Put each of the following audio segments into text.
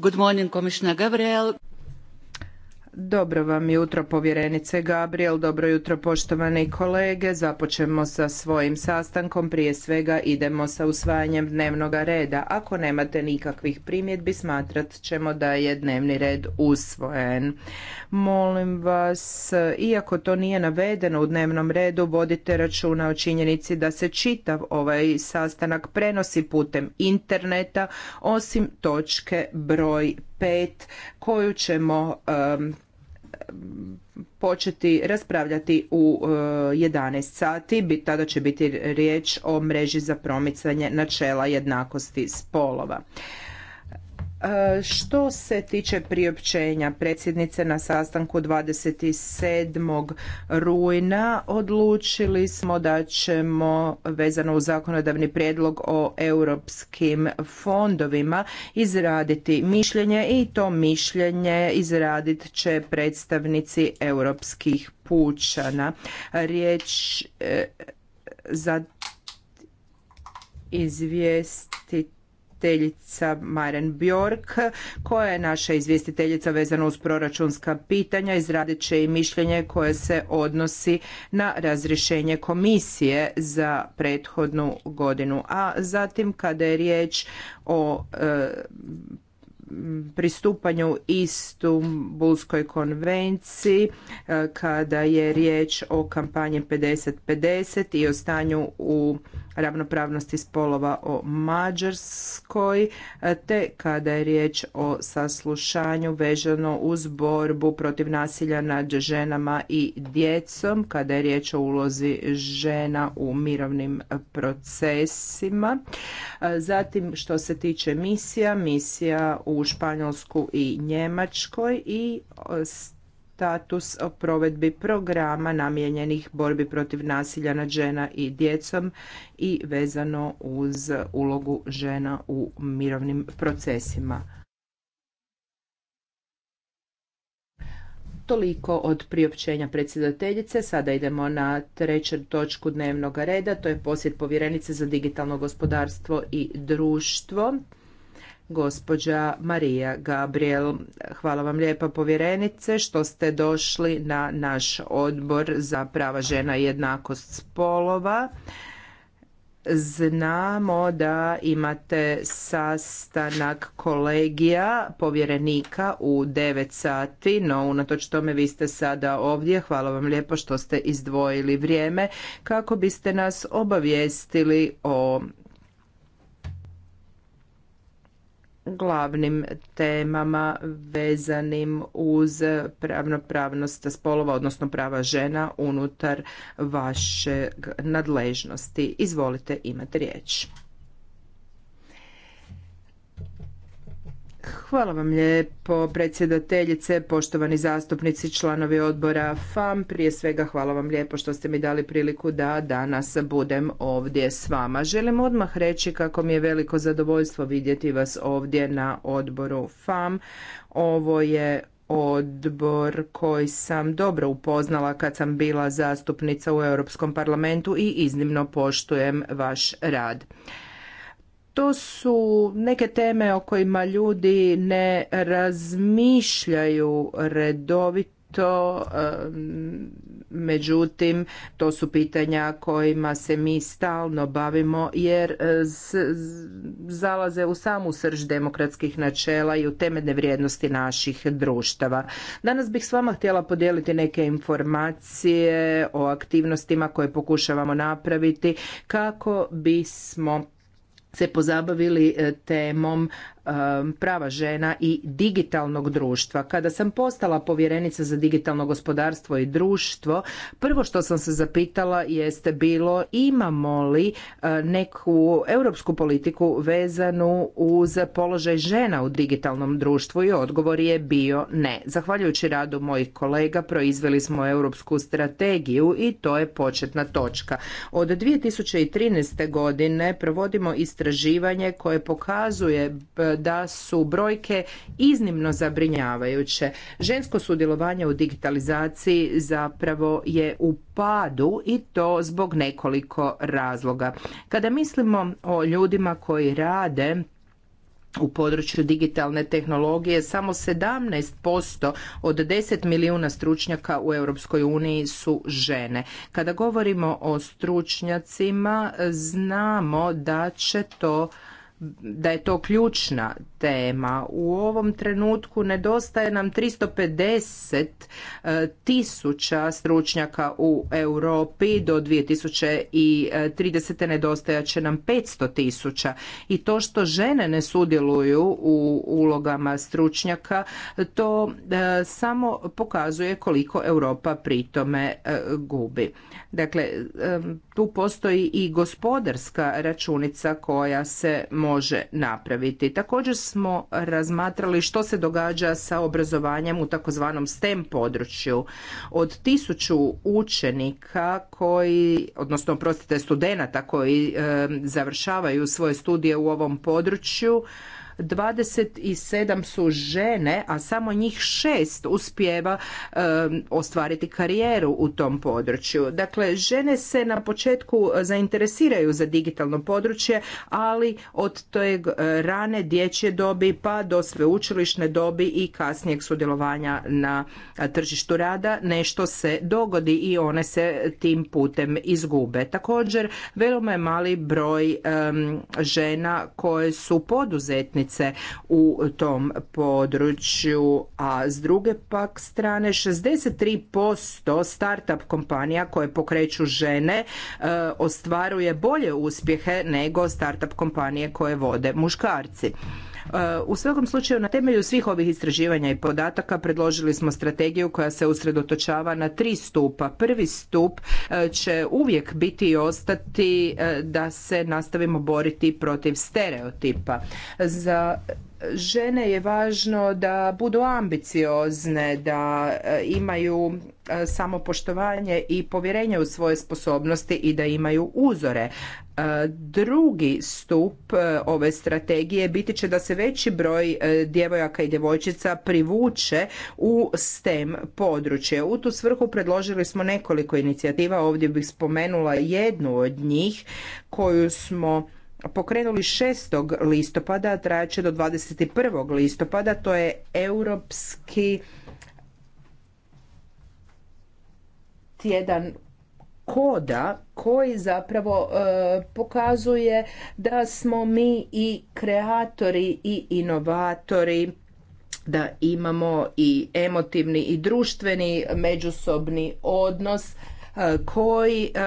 Good morning, Commissioner Gabriel. Dobro vam jutro povjerenice Gabriel, dobro jutro poštovani kolege. Započemo sa svojim sastankom, prije svega idemo sa usvajanjem dnevnog reda. Ako nemate nikakvih primjedbi smatrat ćemo da je dnevni red usvojen. Molim vas, iako to nije navedeno u dnevnom redu, vodite računa o činjenici da se čitav ovaj sastanak prenosi putem interneta, osim točke broj 5 koju ćemo početi raspravljati u 11 eh, sati. Tada će biti riječ o mreži za promicanje načela jednakosti spolova. Što se tiče priopćenja predsjednice na sastanku 27. rujna odlučili smo da ćemo vezano u zakonodavni prijedlog o europskim fondovima izraditi mišljenje i to mišljenje izradit će predstavnici europskih pučana. Riječ e, za izvijestiti izvjestiteljica Maren Bjork, koja je naša izvjestiteljica vezana uz proračunska pitanja, izradit će i mišljenje koje se odnosi na razrješenje komisije za prethodnu godinu. A zatim kada je riječ o e, pristupanju Istanbulskoj konvenciji e, kada je riječ o kampanji 50-50 i o stanju u ravnopravnosti spolova o Mađarskoj, e, te kada je riječ o saslušanju vezano uz borbu protiv nasilja nad ženama i djecom, kada je riječ o ulozi žena u mirovnim procesima. E, zatim što se tiče misija, misija u Španjolsku i Njemačkoj i e, status o provedbi programa namijenjenih borbi protiv nasilja nad žena i djecom i vezano uz ulogu žena u mirovnim procesima. Toliko od priopćenja predsjedateljice. Sada idemo na treću točku dnevnog reda. To je posjet povjerenice za digitalno gospodarstvo i društvo gospođa Marija Gabriel. Hvala vam lijepa povjerenice što ste došli na naš odbor za prava žena i jednakost spolova. Znamo da imate sastanak kolegija povjerenika u 9 sati, no unatoč tome vi ste sada ovdje. Hvala vam lijepo što ste izdvojili vrijeme kako biste nas obavijestili o glavnim temama vezanim uz pravnopravnost spolova, odnosno prava žena unutar vaše nadležnosti. Izvolite, imate riječ. Hvala vam lijepo, predsjedateljice, poštovani zastupnici, članovi odbora FAM. Prije svega hvala vam lijepo što ste mi dali priliku da danas budem ovdje s vama. Želim odmah reći kako mi je veliko zadovoljstvo vidjeti vas ovdje na odboru FAM. Ovo je odbor koji sam dobro upoznala kad sam bila zastupnica u Europskom parlamentu i iznimno poštujem vaš rad to su neke teme o kojima ljudi ne razmišljaju redovito, međutim to su pitanja kojima se mi stalno bavimo jer e, zalaze u samu srž demokratskih načela i u temeljne vrijednosti naših društava. Danas bih s vama htjela podijeliti neke informacije o aktivnostima koje pokušavamo napraviti kako bismo se pozabavili e, temom Um, prava žena i digitalnog društva. Kada sam postala povjerenica za digitalno gospodarstvo i društvo, prvo što sam se zapitala jeste bilo imamo li uh, neku europsku politiku vezanu uz položaj žena u digitalnom društvu i odgovor je bio ne. Zahvaljujući radu mojih kolega proizveli smo europsku strategiju i to je početna točka. Od 2013. godine provodimo istraživanje koje pokazuje uh, da su brojke iznimno zabrinjavajuće. Žensko sudjelovanje u digitalizaciji zapravo je u padu i to zbog nekoliko razloga. Kada mislimo o ljudima koji rade u području digitalne tehnologije samo 17% od 10 milijuna stručnjaka u Europskoj uniji su žene. Kada govorimo o stručnjacima znamo da će to da je to ključna tema. U ovom trenutku nedostaje nam 350 e, tisuća stručnjaka u Europi, do 2030. nedostajat će nam 500 tisuća. I to što žene ne sudjeluju u ulogama stručnjaka, to e, samo pokazuje koliko Europa pri tome e, gubi. Dakle, tu postoji i gospodarska računica koja se može može napraviti. Također smo razmatrali što se događa sa obrazovanjem u takozvanom STEM području. Od tisuću učenika koji, odnosno prostite studenata koji završavaju svoje studije u ovom području, 27 su žene, a samo njih šest uspijeva ostvariti karijeru u tom području. Dakle, žene se na početku zainteresiraju za digitalno područje, ali od te rane dječje dobi pa do sveučilišne dobi i kasnijeg sudjelovanja na tržištu rada nešto se dogodi i one se tim putem izgube. Također, veoma je mali broj žena koje su poduzetnice se u tom području, a s druge pak strane 63% startup kompanija koje pokreću žene e, ostvaruje bolje uspjehe nego startup kompanije koje vode muškarci. E, u svakom slučaju na temelju svih ovih istraživanja i podataka predložili smo strategiju koja se usredotočava na tri stupa. Prvi stup e, će uvijek biti i ostati e, da se nastavimo boriti protiv stereotipa. Za žene je važno da budu ambiciozne, da e, imaju e, samopoštovanje i povjerenje u svoje sposobnosti i da imaju uzore. E, drugi stup ove strategije biti će da se veći broj djevojaka i djevojčica privuče u STEM područje. U tu svrhu predložili smo nekoliko inicijativa, ovdje bih spomenula jednu od njih koju smo pokrenuli 6. listopada, trajaće do 21. listopada, to je europski tjedan koda koji zapravo e, pokazuje da smo mi i kreatori i inovatori da imamo i emotivni i društveni međusobni odnos E, koji e,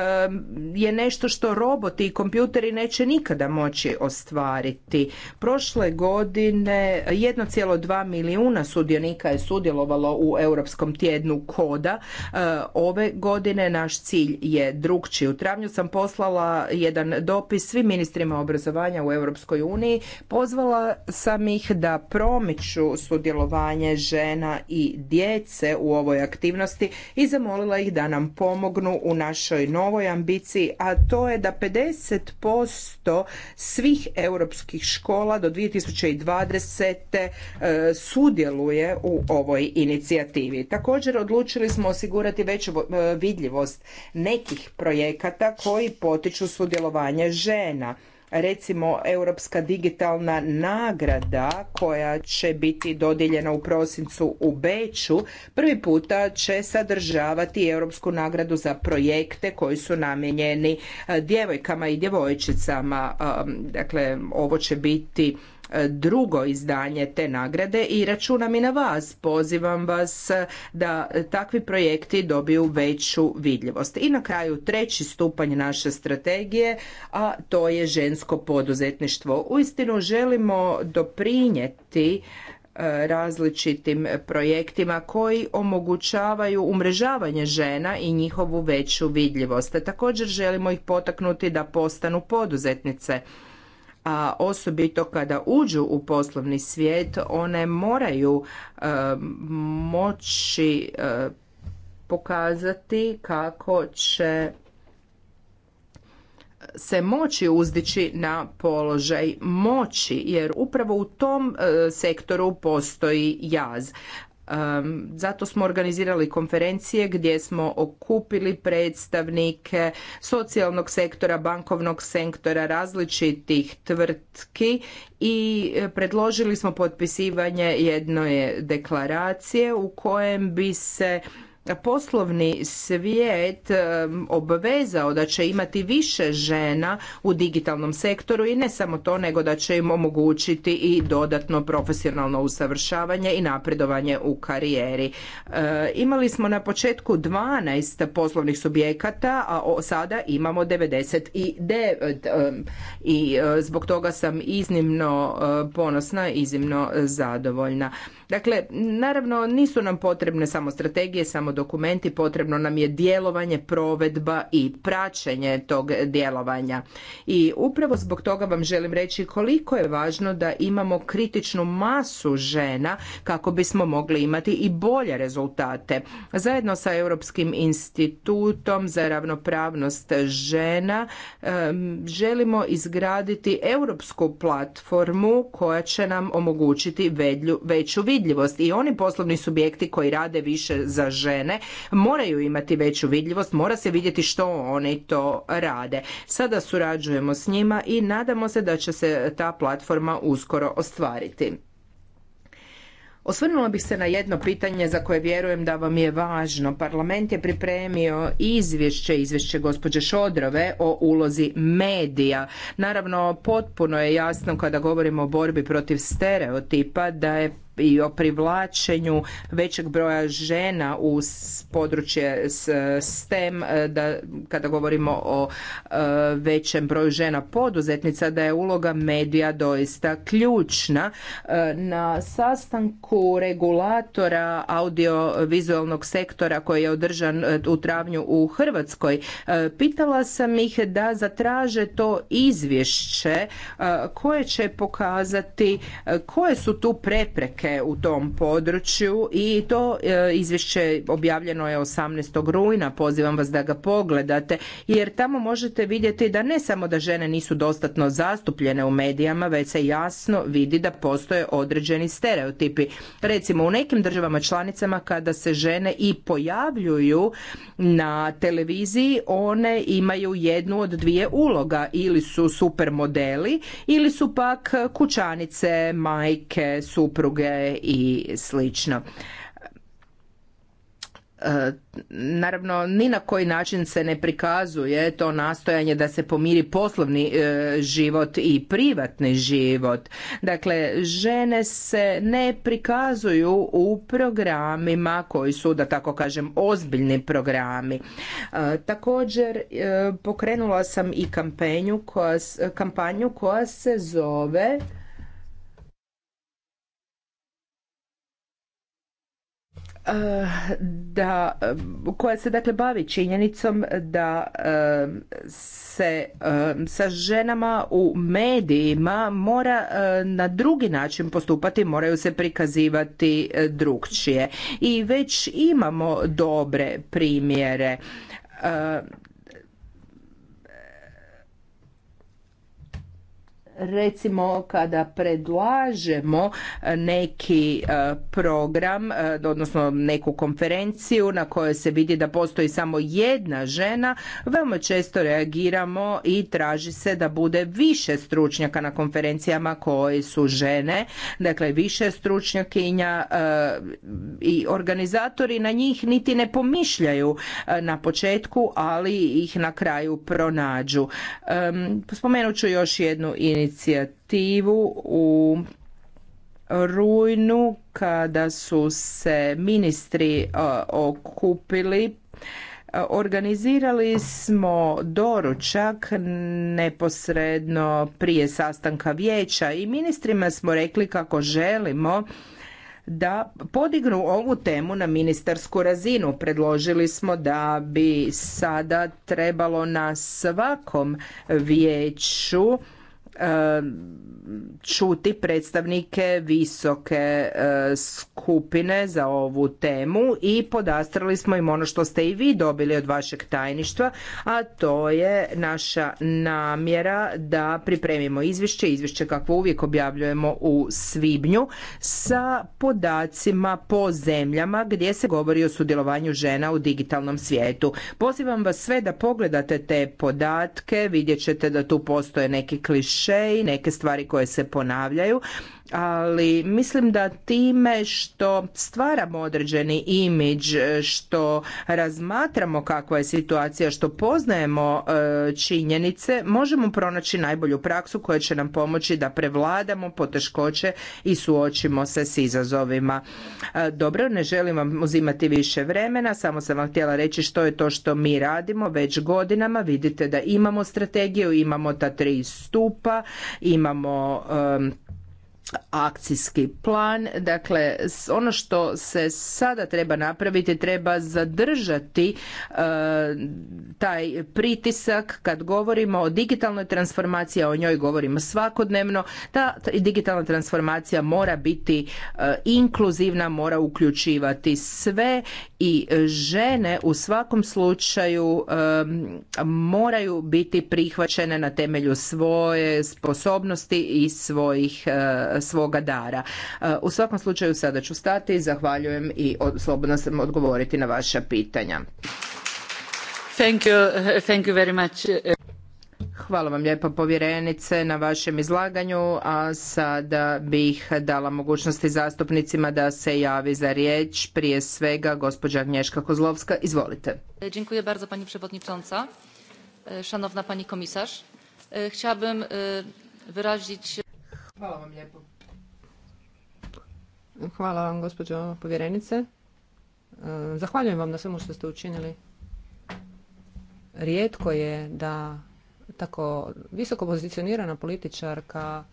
je nešto što roboti i kompjuteri neće nikada moći ostvariti. Prošle godine 1,2 milijuna sudionika je sudjelovalo u Europskom tjednu koda. E, ove godine naš cilj je drugčiji. U travnju sam poslala jedan dopis svim ministrima obrazovanja u Europskoj uniji. Pozvala sam ih da promiču sudjelovanje žena i djece u ovoj aktivnosti i zamolila ih da nam pomognu u našoj novoj ambiciji, a to je da 50% svih europskih škola do 2020. E, sudjeluje u ovoj inicijativi. Također odlučili smo osigurati veću e, vidljivost nekih projekata koji potiču sudjelovanje žena recimo Europska digitalna nagrada koja će biti dodijeljena u prosincu u Beču, prvi puta će sadržavati Europsku nagradu za projekte koji su namijenjeni e, djevojkama i djevojčicama. E, dakle, ovo će biti drugo izdanje te nagrade i računam i na vas. Pozivam vas da takvi projekti dobiju veću vidljivost. I na kraju treći stupanj naše strategije, a to je žensko poduzetništvo. Uistinu želimo doprinijeti e, različitim projektima koji omogućavaju umrežavanje žena i njihovu veću vidljivost. Također želimo ih potaknuti da postanu poduzetnice a osobito kada uđu u poslovni svijet one moraju e, moći e, pokazati kako će se moći uzdići na položaj moći jer upravo u tom e, sektoru postoji jaz. Zato smo organizirali konferencije gdje smo okupili predstavnike socijalnog sektora, bankovnog sektora, različitih tvrtki i predložili smo potpisivanje jedne deklaracije u kojem bi se poslovni svijet obvezao da će imati više žena u digitalnom sektoru i ne samo to nego da će im omogućiti i dodatno profesionalno usavršavanje i napredovanje u karijeri. E, imali smo na početku 12 poslovnih subjekata, a sada imamo 99 i e, zbog toga sam iznimno e, ponosna, iznimno zadovoljna. Dakle, naravno nisu nam potrebne samo strategije, samo dokumenti, potrebno nam je djelovanje, provedba i praćenje tog djelovanja. I upravo zbog toga vam želim reći koliko je važno da imamo kritičnu masu žena kako bismo mogli imati i bolje rezultate. Zajedno sa Europskim institutom za ravnopravnost žena želimo izgraditi europsku platformu koja će nam omogućiti veću vidljivost i oni poslovni subjekti koji rade više za žene ne, moraju imati veću vidljivost, mora se vidjeti što oni to rade. Sada surađujemo s njima i nadamo se da će se ta platforma uskoro ostvariti. Osvrnula bih se na jedno pitanje za koje vjerujem da vam je važno. Parlament je pripremio izvješće, izvješće gospođe Šodrove o ulozi medija. Naravno, potpuno je jasno kada govorimo o borbi protiv stereotipa da je i o privlačenju većeg broja žena u područje STEM, e, da kada govorimo o e, većem broju žena poduzetnica, da je uloga medija doista ključna. E, na sastanku regulatora audiovizualnog sektora koji je održan u travnju u Hrvatskoj, pitala sam ih da zatraže to izvješće koje će pokazati koje su tu prepreke u tom području i to e, izvješće objavljeno je 18. rujna, pozivam vas da ga pogledate jer tamo možete vidjeti da ne samo da žene nisu dostatno zastupljene u medijama, već se jasno vidi da postoje određeni stereotipi. Recimo u nekim državama članicama kada se žene i pojavljuju na televiziji, one imaju jednu od dvije uloga ili su supermodeli ili su pak kućanice, majke, supruge i slično e, naravno ni na koji način se ne prikazuje to nastojanje da se pomiri poslovni e, život i privatni život. Dakle, žene se ne prikazuju u programima koji su, da tako kažem, ozbiljni programi. E, također, pokrenula sam i kampanju kampanju koja se zove Eh, da, eh, koja se dakle bavi činjenicom da eh, se sa ženama u medijima mora na drugi način postupati, moraju se prikazivati drugčije. I već imamo dobre primjere recimo kada predlažemo neki e, program e, odnosno neku konferenciju na kojoj se vidi da postoji samo jedna žena veoma često reagiramo i traži se da bude više stručnjaka na konferencijama koje su žene dakle više stručnjakinja e, i organizatori na njih niti ne pomišljaju na početku ali ih na kraju pronađu spomenut ću još jednu inicijativu inicijativu u rujnu kada su se ministri e, okupili e, Organizirali smo doručak neposredno prije sastanka vijeća i ministrima smo rekli kako želimo da podignu ovu temu na ministarsku razinu. Predložili smo da bi sada trebalo na svakom vijeću čuti predstavnike visoke eh, skupine za ovu temu i podastrali smo im ono što ste i vi dobili od vašeg tajništva, a to je naša namjera da pripremimo izvješće, izvješće kakvo uvijek objavljujemo u svibnju sa podacima po zemljama gdje se govori o sudjelovanju žena u digitalnom svijetu. Pozivam vas sve da pogledate te podatke, vidjet ćete da tu postoje neki kliše i neke stvari koje se ponavljaju ali mislim da time što stvaramo određeni imidž, što razmatramo kakva je situacija, što poznajemo e, činjenice, možemo pronaći najbolju praksu koja će nam pomoći da prevladamo poteškoće i suočimo se s izazovima. E, dobro, ne želim vam uzimati više vremena, samo sam vam htjela reći što je to što mi radimo već godinama. Vidite da imamo strategiju, imamo ta tri stupa, imamo akcijski plan. Dakle, ono što se sada treba napraviti, treba zadržati e, taj pritisak kad govorimo o digitalnoj transformaciji, a o njoj govorimo svakodnevno, ta digitalna transformacija mora biti e, inkluzivna, mora uključivati sve i žene u svakom slučaju e, moraju biti prihvaćene na temelju svoje sposobnosti i svojih svoga dara. E, u svakom slučaju sada ću stati, zahvaljujem i slobodno sam odgovoriti na vaša pitanja. Thank you, thank you Hvala vam lijepo povjerenice na vašem izlaganju, a sada bih dala mogućnosti zastupnicima da se javi za riječ. Prije svega, gospođa Agnješka Kozlovska, izvolite. Dziękuję bardzo pani przewodnicząca, e, szanowna pani komisarz. E, chciałabym wyrazić Hvala vam lijepo. Hvala vam gospođo povjerenice. E, zahvaljujem vam na svemu što ste učinili. Rijetko je da tako visoko pozicionirana političarka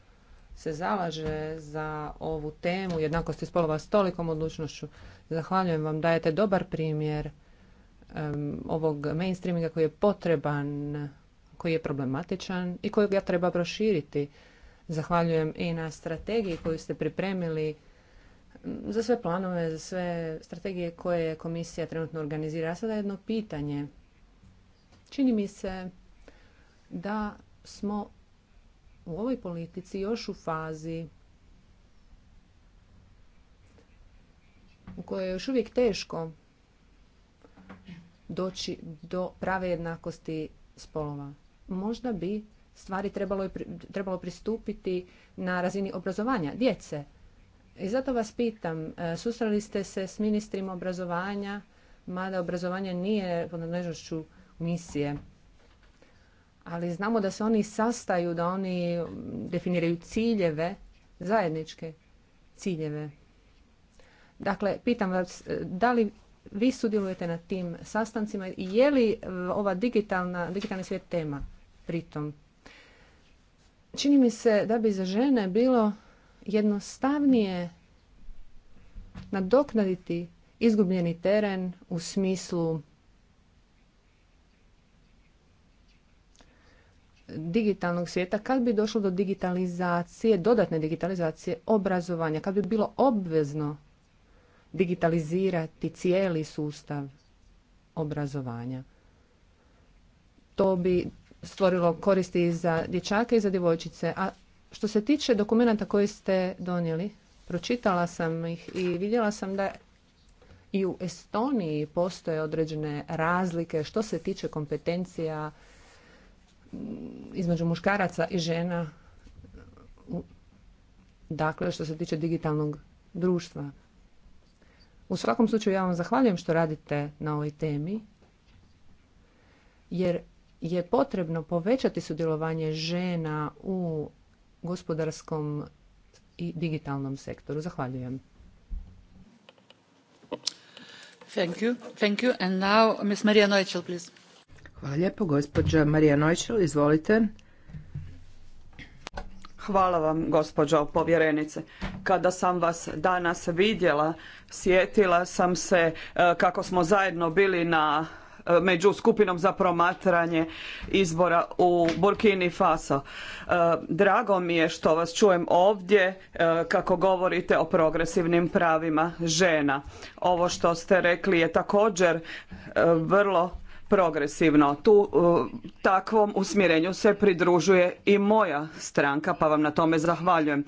se zalaže za ovu temu jednakosti spolova s tolikom odlučnošću. Zahvaljujem vam, dajete dobar primjer ovog mainstreaminga koji je potreban, koji je problematičan i kojeg ja treba proširiti Zahvaljujem i na strategiji koju ste pripremili za sve planove, za sve strategije koje komisija trenutno organizira. Sada jedno pitanje. Čini mi se da smo u ovoj politici još u fazi u kojoj je još uvijek teško doći do prave jednakosti spolova. Možda bi stvari trebalo, trebalo pristupiti na razini obrazovanja djece. I zato vas pitam, e, susreli ste se s ministrima obrazovanja, mada obrazovanje nije pod nadležnošću misije, ali znamo da se oni sastaju, da oni definiraju ciljeve, zajedničke ciljeve. Dakle, pitam vas, e, da li vi sudjelujete na tim sastancima i je li e, ova digitalna, digitalni svijet tema pritom? Čini mi se da bi za žene bilo jednostavnije nadoknaditi izgubljeni teren u smislu digitalnog svijeta, kad bi došlo do digitalizacije, dodatne digitalizacije obrazovanja, kad bi bilo obvezno digitalizirati cijeli sustav obrazovanja. To bi stvorilo koristi i za dječake i za djevojčice. A što se tiče dokumenta koji ste donijeli, pročitala sam ih i vidjela sam da i u Estoniji postoje određene razlike što se tiče kompetencija mm, između muškaraca i žena dakle što se tiče digitalnog društva. U svakom slučaju ja vam zahvaljujem što radite na ovoj temi jer je potrebno povećati sudjelovanje žena u gospodarskom i digitalnom sektoru. Zahvaljujem. Hvala lijepo, gospođa Marija izvolite. Hvala vam, gospođo povjerenice. Kada sam vas danas vidjela, sjetila sam se eh, kako smo zajedno bili na E, među skupinom za promatranje izbora u Burkini Faso. E, drago mi je što vas čujem ovdje e, kako govorite o progresivnim pravima žena. Ovo što ste rekli je također vrlo progresivno. Tu takvom usmjerenju se pridružuje i moja stranka, pa vam na tome zahvaljujem.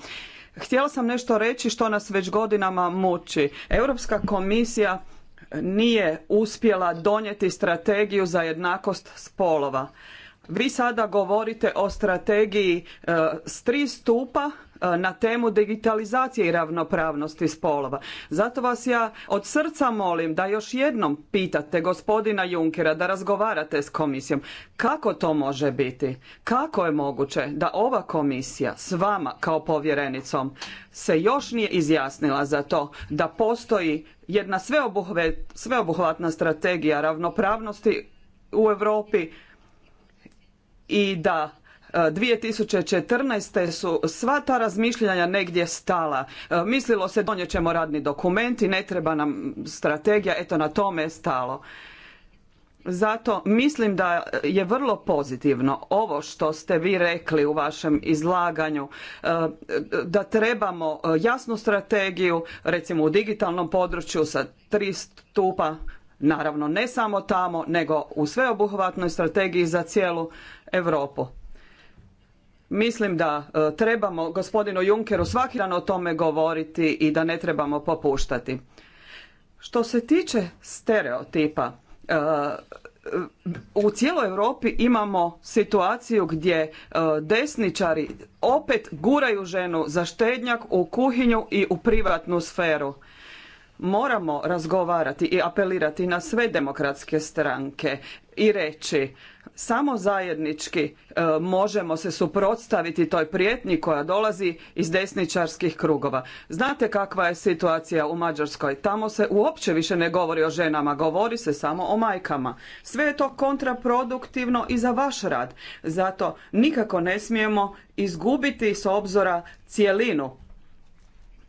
Htjela sam nešto reći što nas već godinama muči. Europska komisija nije uspjela donijeti strategiju za jednakost spolova. Vi sada govorite o strategiji e, s tri stupa E, na temu digitalizacije i ravnopravnosti spolova. Zato vas ja od srca molim da još jednom pitate gospodina Junkera da razgovarate s komisijom kako to može biti? Kako je moguće da ova komisija s vama kao povjerenicom se još nije izjasnila za to da postoji jedna sveobuhvatna strategija ravnopravnosti u Europi i da 2014. su sva ta razmišljanja negdje stala. E, mislilo se donijet ćemo radni dokument i ne treba nam strategija, eto na tome je stalo. Zato mislim da je vrlo pozitivno ovo što ste vi rekli u vašem izlaganju e, da trebamo jasnu strategiju recimo u digitalnom području sa tri stupa naravno ne samo tamo nego u sveobuhvatnoj strategiji za cijelu Europu. Mislim da e, trebamo gospodinu Junkeru svaki dan o tome govoriti i da ne trebamo popuštati. Što se tiče stereotipa, e, u cijeloj Europi imamo situaciju gdje e, desničari opet guraju ženu za štednjak u kuhinju i u privatnu sferu moramo razgovarati i apelirati na sve demokratske stranke i reći samo zajednički e, možemo se suprotstaviti toj prijetnji koja dolazi iz desničarskih krugova. Znate kakva je situacija u Mađarskoj? Tamo se uopće više ne govori o ženama, govori se samo o majkama. Sve je to kontraproduktivno i za vaš rad. Zato nikako ne smijemo izgubiti s obzora cjelinu.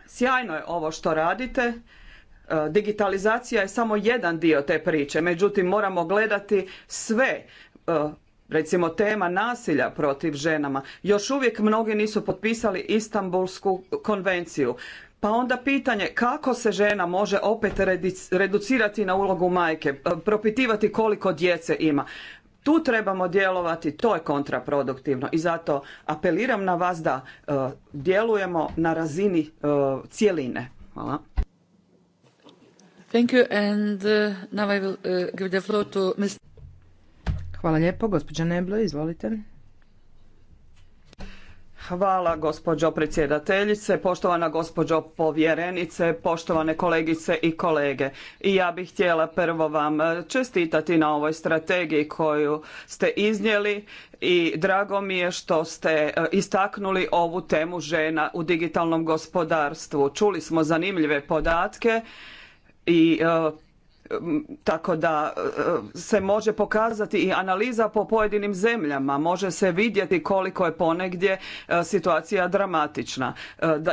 Sjajno je ovo što radite E, digitalizacija je samo jedan dio te priče, međutim moramo gledati sve e, recimo tema nasilja protiv ženama. Još uvijek mnogi nisu potpisali Istanbulsku konvenciju. Pa onda pitanje kako se žena može opet reducirati na ulogu majke, e, propitivati koliko djece ima. Tu trebamo djelovati, to je kontraproduktivno i zato apeliram na vas da djelujemo na razini cjeline. Hvala. Hvala lijepo, gospođa Neblo, izvolite. Hvala gospođo predsjedateljice, poštovana gospođo povjerenice, poštovane kolegice i kolege. I ja bih htjela prvo vam e, čestitati na ovoj strategiji koju ste iznijeli i drago mi je što ste e, istaknuli ovu temu žena u digitalnom gospodarstvu. Čuli smo zanimljive podatke i e, tako da e, se može pokazati i analiza po pojedinim zemljama, može se vidjeti koliko je ponegdje e, situacija dramatična.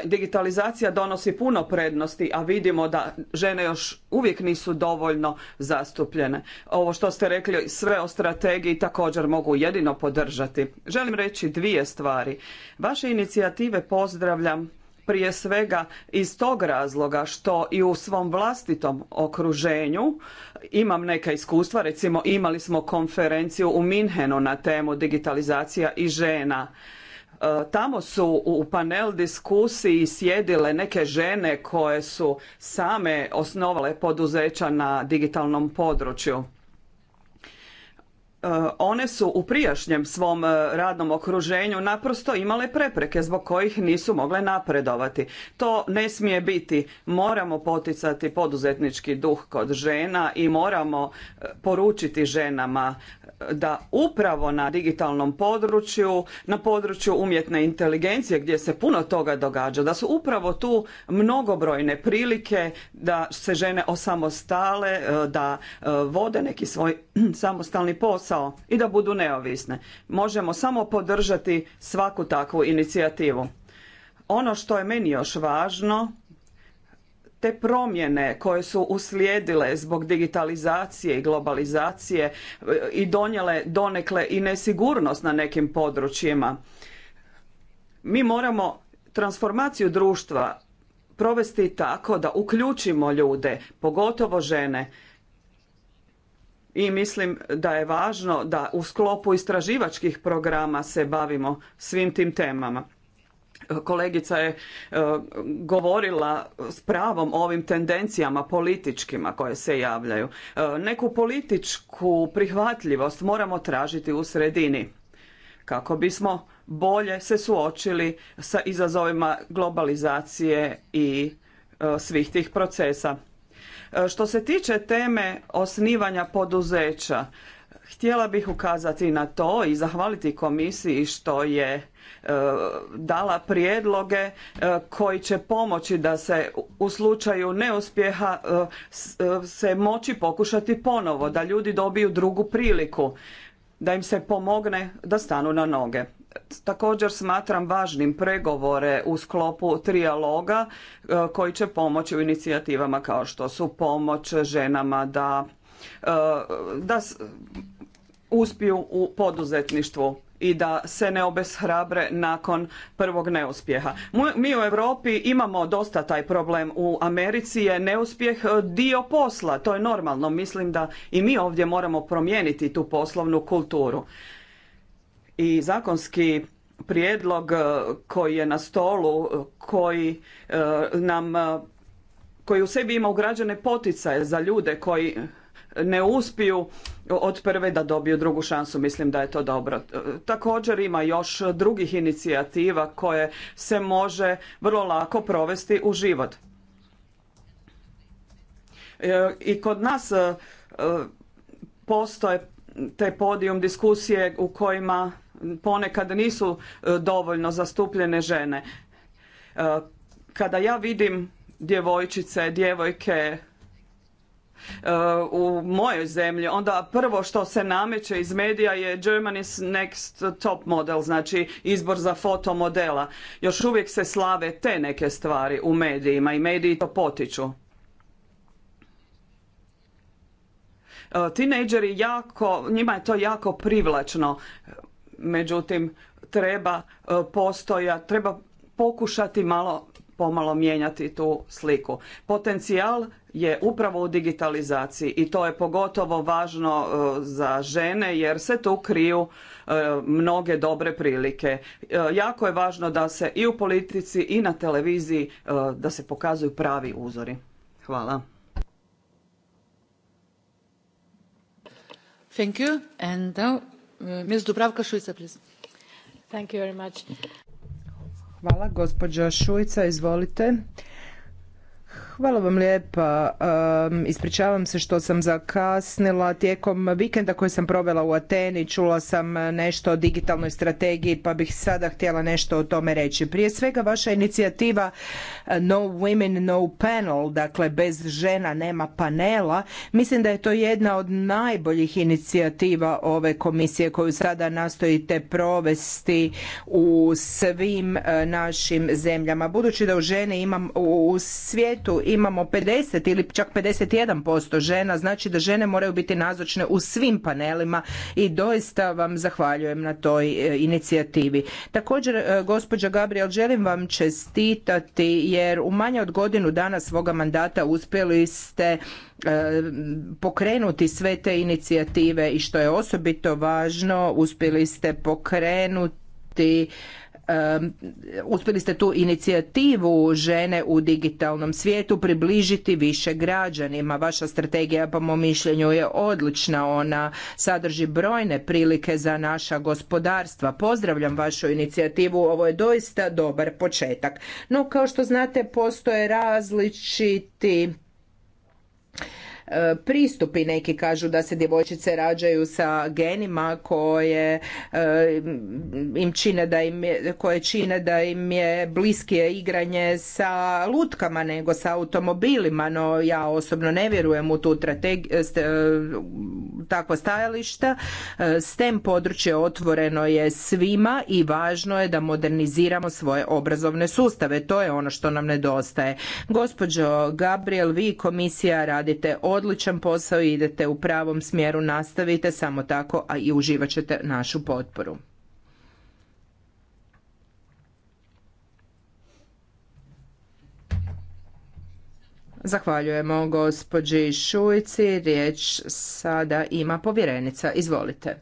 Digitalizacija donosi puno prednosti, a vidimo da žene još uvijek nisu dovoljno zastupljene. Ovo što ste rekli sve o strategiji također mogu jedino podržati. Želim reći dvije stvari. Vaše inicijative pozdravljam prije svega iz tog razloga što i u svom vlastitom okruženju imam neka iskustva, recimo imali smo konferenciju u Minhenu na temu digitalizacija i žena. E, tamo su u panel diskusiji sjedile neke žene koje su same osnovale poduzeća na digitalnom području. E, one su u prijašnjem svom e, radnom okruženju naprosto imale prepreke zbog kojih nisu mogle napredovati. To ne smije biti. Moramo poticati poduzetnički duh kod žena i moramo e, poručiti ženama da upravo na digitalnom području, na području umjetne inteligencije gdje se puno toga događa, da su upravo tu mnogobrojne prilike da se žene osamostale, da vode neki svoj samostalni posao i da budu neovisne. Možemo samo podržati svaku takvu inicijativu. Ono što je meni još važno, te promjene koje su uslijedile zbog digitalizacije i globalizacije e, i donijele donekle i nesigurnost na nekim područjima. Mi moramo transformaciju društva provesti tako da uključimo ljude, pogotovo žene, i mislim da je važno da u sklopu istraživačkih programa se bavimo svim tim temama. Kolegica je e, govorila s pravom o ovim tendencijama političkima koje se javljaju. E, neku političku prihvatljivost moramo tražiti u sredini kako bismo bolje se suočili sa izazovima globalizacije i e, svih tih procesa. Što se tiče teme osnivanja poduzeća, htjela bih ukazati na to i zahvaliti komisiji što je e, dala prijedloge e, koji će pomoći da se u slučaju neuspjeha e, se moći pokušati ponovo da ljudi dobiju drugu priliku da im se pomogne da stanu na noge također smatram važnim pregovore u sklopu trijaloga e, koji će pomoći u inicijativama kao što su pomoć ženama da, e, da uspiju u poduzetništvu i da se ne obeshrabre nakon prvog neuspjeha. Mi u Europi imamo dosta taj problem. U Americi je neuspjeh e, dio posla, to je normalno. Mislim da i mi ovdje moramo promijeniti tu poslovnu kulturu i zakonski prijedlog e, koji je na stolu, e, koji e, nam koji u sebi ima ugrađene poticaje za ljude koji ne uspiju od prve da dobiju drugu šansu. Mislim da je to dobro. Također ima još drugih inicijativa koje se može vrlo lako provesti u život. I kod nas postoje te podijum diskusije u kojima ponekad nisu e, dovoljno zastupljene žene. E, kada ja vidim djevojčice, djevojke e, u mojoj zemlji, onda prvo što se nameće iz medija je Germany's next top model, znači izbor za fotomodela. Još uvijek se slave te neke stvari u medijima i mediji to potiču. Tinejdžeri jako, njima je to jako privlačno međutim treba e, postoja, treba pokušati malo pomalo mijenjati tu sliku. Potencijal je upravo u digitalizaciji i to je pogotovo važno e, za žene jer se tu kriju e, mnoge dobre prilike. Jako je važno da se i u politici i na televiziji da se pokazuju pravi uzori. Hvala. Eh, Hvala, gospođa Šuica, izvolite. Hvala vam lijepa. Ispričavam se što sam zakasnila. Tijekom vikenda koji sam provela u Ateni čula sam nešto o digitalnoj strategiji pa bih sada htjela nešto o tome reći. Prije svega vaša inicijativa eh, No Women No Panel, dakle bez žena nema panela, mislim da je to jedna od najboljih inicijativa ove komisije koju sada nastojite provesti u svim eh, našim zemljama. Budući da u ženi imam u svijetu imamo 50 ili čak 51% žena, znači da žene moraju biti nazočne u svim panelima i doista vam zahvaljujem na toj e, inicijativi. Također, e, gospođa Gabriel, želim vam čestitati jer u manje od godinu dana svoga mandata uspjeli ste e, pokrenuti sve te inicijative i što je osobito važno, uspjeli ste pokrenuti uspjeli ste tu inicijativu žene u digitalnom svijetu približiti više građanima. Vaša strategija po mom mišljenju je odlična. Ona sadrži brojne prilike za naša gospodarstva. Pozdravljam vašu inicijativu. Ovo je doista dobar početak. No, kao što znate, postoje različiti E, pristupi. Neki kažu da se djevojčice rađaju sa genima koje e, im čine da im je, koje čine da im je bliskije igranje sa lutkama nego sa automobilima, no ja osobno ne vjerujem u tu strategi, e, takva stajališta. STEM područje otvoreno je svima i važno je da moderniziramo svoje obrazovne sustave. To je ono što nam nedostaje. Gospođo Gabriel, vi komisija radite odličan posao i idete u pravom smjeru, nastavite samo tako, a i uživat ćete našu potporu. Zahvaljujemo gospođi Šujici. Riječ sada ima povjerenica. Izvolite.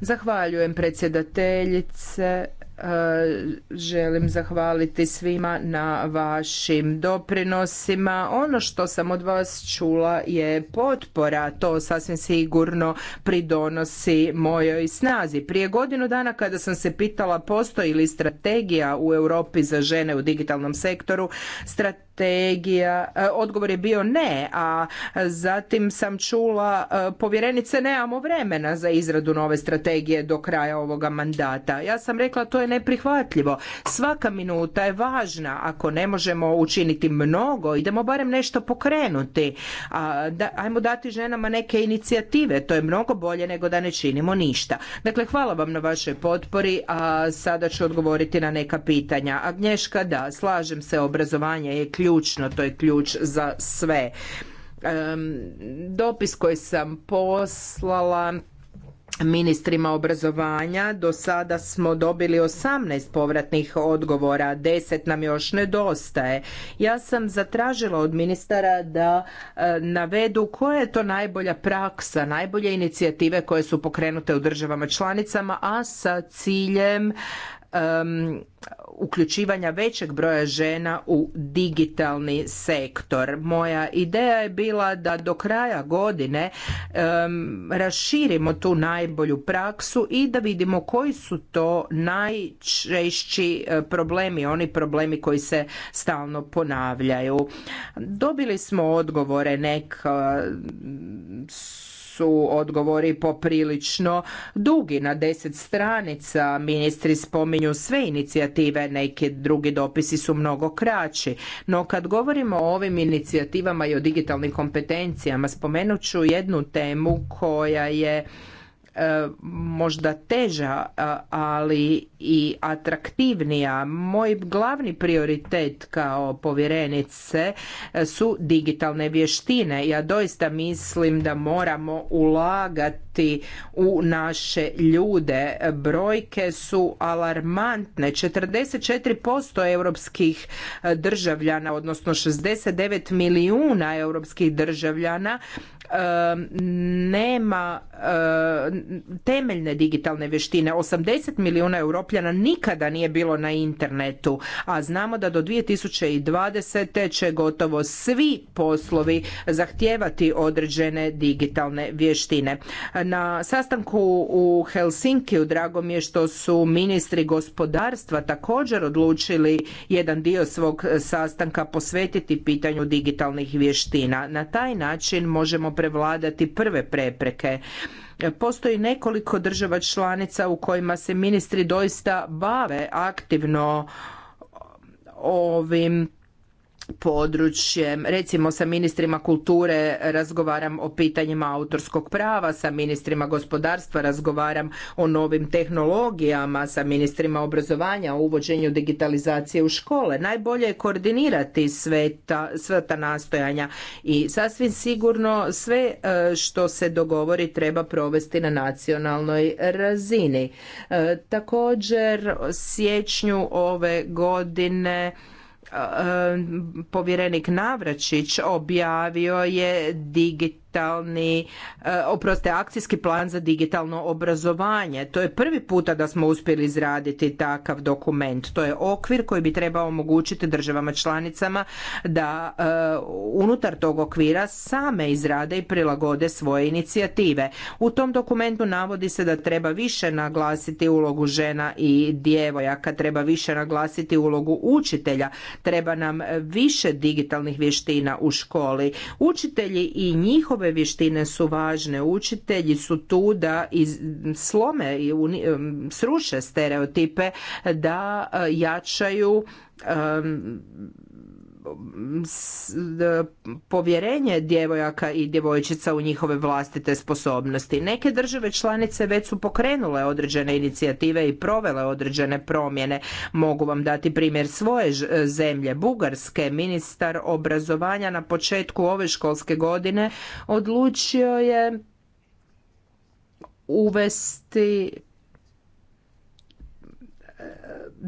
Zahvaljujem predsjedateljice E, želim zahvaliti svima na vašim doprinosima. Ono što sam od vas čula je potpora. To sasvim sigurno pridonosi mojoj snazi. Prije godinu dana kada sam se pitala postoji li strategija u Europi za žene u digitalnom sektoru, strategija strategija, e, odgovor je bio ne, a zatim sam čula e, povjerenice nemamo vremena za izradu nove strategije do kraja ovoga mandata. Ja sam rekla to je neprihvatljivo. Svaka minuta je važna. Ako ne možemo učiniti mnogo, idemo barem nešto pokrenuti. A, ajmo dati ženama neke inicijative. To je mnogo bolje nego da ne činimo ništa. Dakle, hvala vam na vašoj potpori, a sada ću odgovoriti na neka pitanja. Agnješka, da, slažem se, obrazovanje je ključ ključno, to je ključ za sve. Dopis koji sam poslala ministrima obrazovanja. Do sada smo dobili 18 povratnih odgovora, 10 nam još nedostaje. Ja sam zatražila od ministara da e, navedu koja je to najbolja praksa, najbolje inicijative koje su pokrenute u državama članicama, a sa ciljem um, uključivanja većeg broja žena u digitalni sektor. Moja ideja je bila da do kraja godine um, raširimo tu najbolju praksu i da vidimo koji su to najčešći e, problemi, oni problemi koji se stalno ponavljaju. Dobili smo odgovore neka su odgovori poprilično dugi, na deset stranica. Ministri spominju sve inicijative, neki drugi dopisi su mnogo kraći. No kad govorimo o ovim inicijativama i o digitalnim kompetencijama, spomenut ću jednu temu koja je E, možda teža, ali i atraktivnija. Moj glavni prioritet kao povjerenice e, su digitalne vještine. Ja doista mislim da moramo ulagati u naše ljude. Brojke su alarmantne. 44% europskih e, državljana, odnosno 69 milijuna europskih državljana nema temeljne digitalne vještine. 80 milijuna europljana nikada nije bilo na internetu, a znamo da do 2020. će gotovo svi poslovi zahtijevati određene digitalne vještine. Na sastanku u Helsinkiju drago mi je što su ministri gospodarstva također odlučili jedan dio svog sastanka posvetiti pitanju digitalnih vještina. Na taj način možemo prevladati prve prepreke Postoji nekoliko država članica u kojima se ministri doista bave aktivno ovim područjem. Recimo sa ministrima kulture razgovaram o pitanjima autorskog prava, sa ministrima gospodarstva razgovaram o novim tehnologijama, sa ministrima obrazovanja o uvođenju digitalizacije u škole. Najbolje je koordinirati sve ta, nastojanja i sasvim sigurno sve e, što se dogovori treba provesti na nacionalnoj razini. E, također siječnju ove godine povjerenik Navračić objavio je digitalno digitalni, e, oproste, akcijski plan za digitalno obrazovanje. To je prvi puta da smo uspjeli izraditi takav dokument. To je okvir koji bi trebao omogućiti državama članicama da e, unutar tog okvira same izrade i prilagode svoje inicijative. U tom dokumentu navodi se da treba više naglasiti ulogu žena i djevojaka, treba više naglasiti ulogu učitelja, treba nam više digitalnih vještina u školi. Učitelji i njihov ove vještine su važne. Učitelji su tu da iz, slome i sruše stereotipe, da e, jačaju povjerenje djevojaka i djevojčica u njihove vlastite sposobnosti. Neke države članice već su pokrenule određene inicijative i provele određene promjene. Mogu vam dati primjer svoje zemlje. Bugarske ministar obrazovanja na početku ove školske godine odlučio je uvesti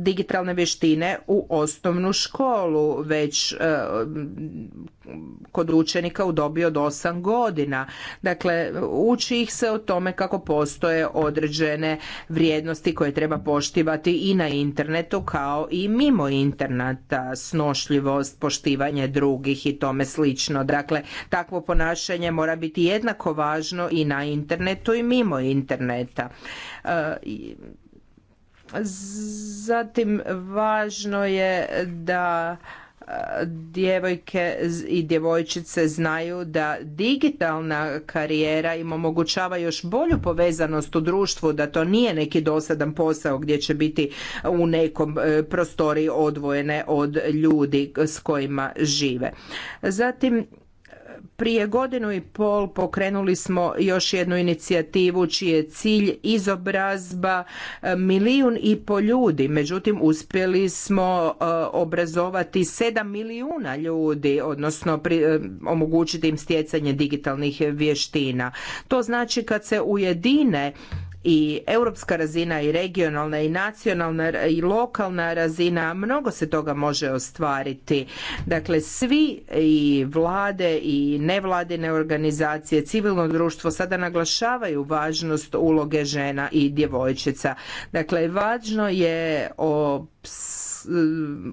digitalne vještine u osnovnu školu već e, kod učenika u dobi od 8 godina. Dakle, uči ih se o tome kako postoje određene vrijednosti koje treba poštivati i na internetu kao i mimo interneta, snošljivost, poštivanje drugih i tome slično. Dakle, takvo ponašanje mora biti jednako važno i na internetu i mimo interneta. E, Zatim važno je da djevojke i djevojčice znaju da digitalna karijera im omogućava još bolju povezanost u društvu, da to nije neki dosadan posao gdje će biti u nekom e, prostoriji odvojene od ljudi s kojima žive. Zatim prije godinu i pol pokrenuli smo još jednu inicijativu čiji je cilj izobrazba e, milijun i pol ljudi. Međutim, uspjeli smo e, obrazovati sedam milijuna ljudi, odnosno e, omogućiti im stjecanje digitalnih vještina. To znači kad se ujedine i europska razina i regionalna i nacionalna i lokalna razina, mnogo se toga može ostvariti. Dakle, svi i vlade i nevladine organizacije, civilno društvo sada naglašavaju važnost uloge žena i djevojčica. Dakle, važno je o E,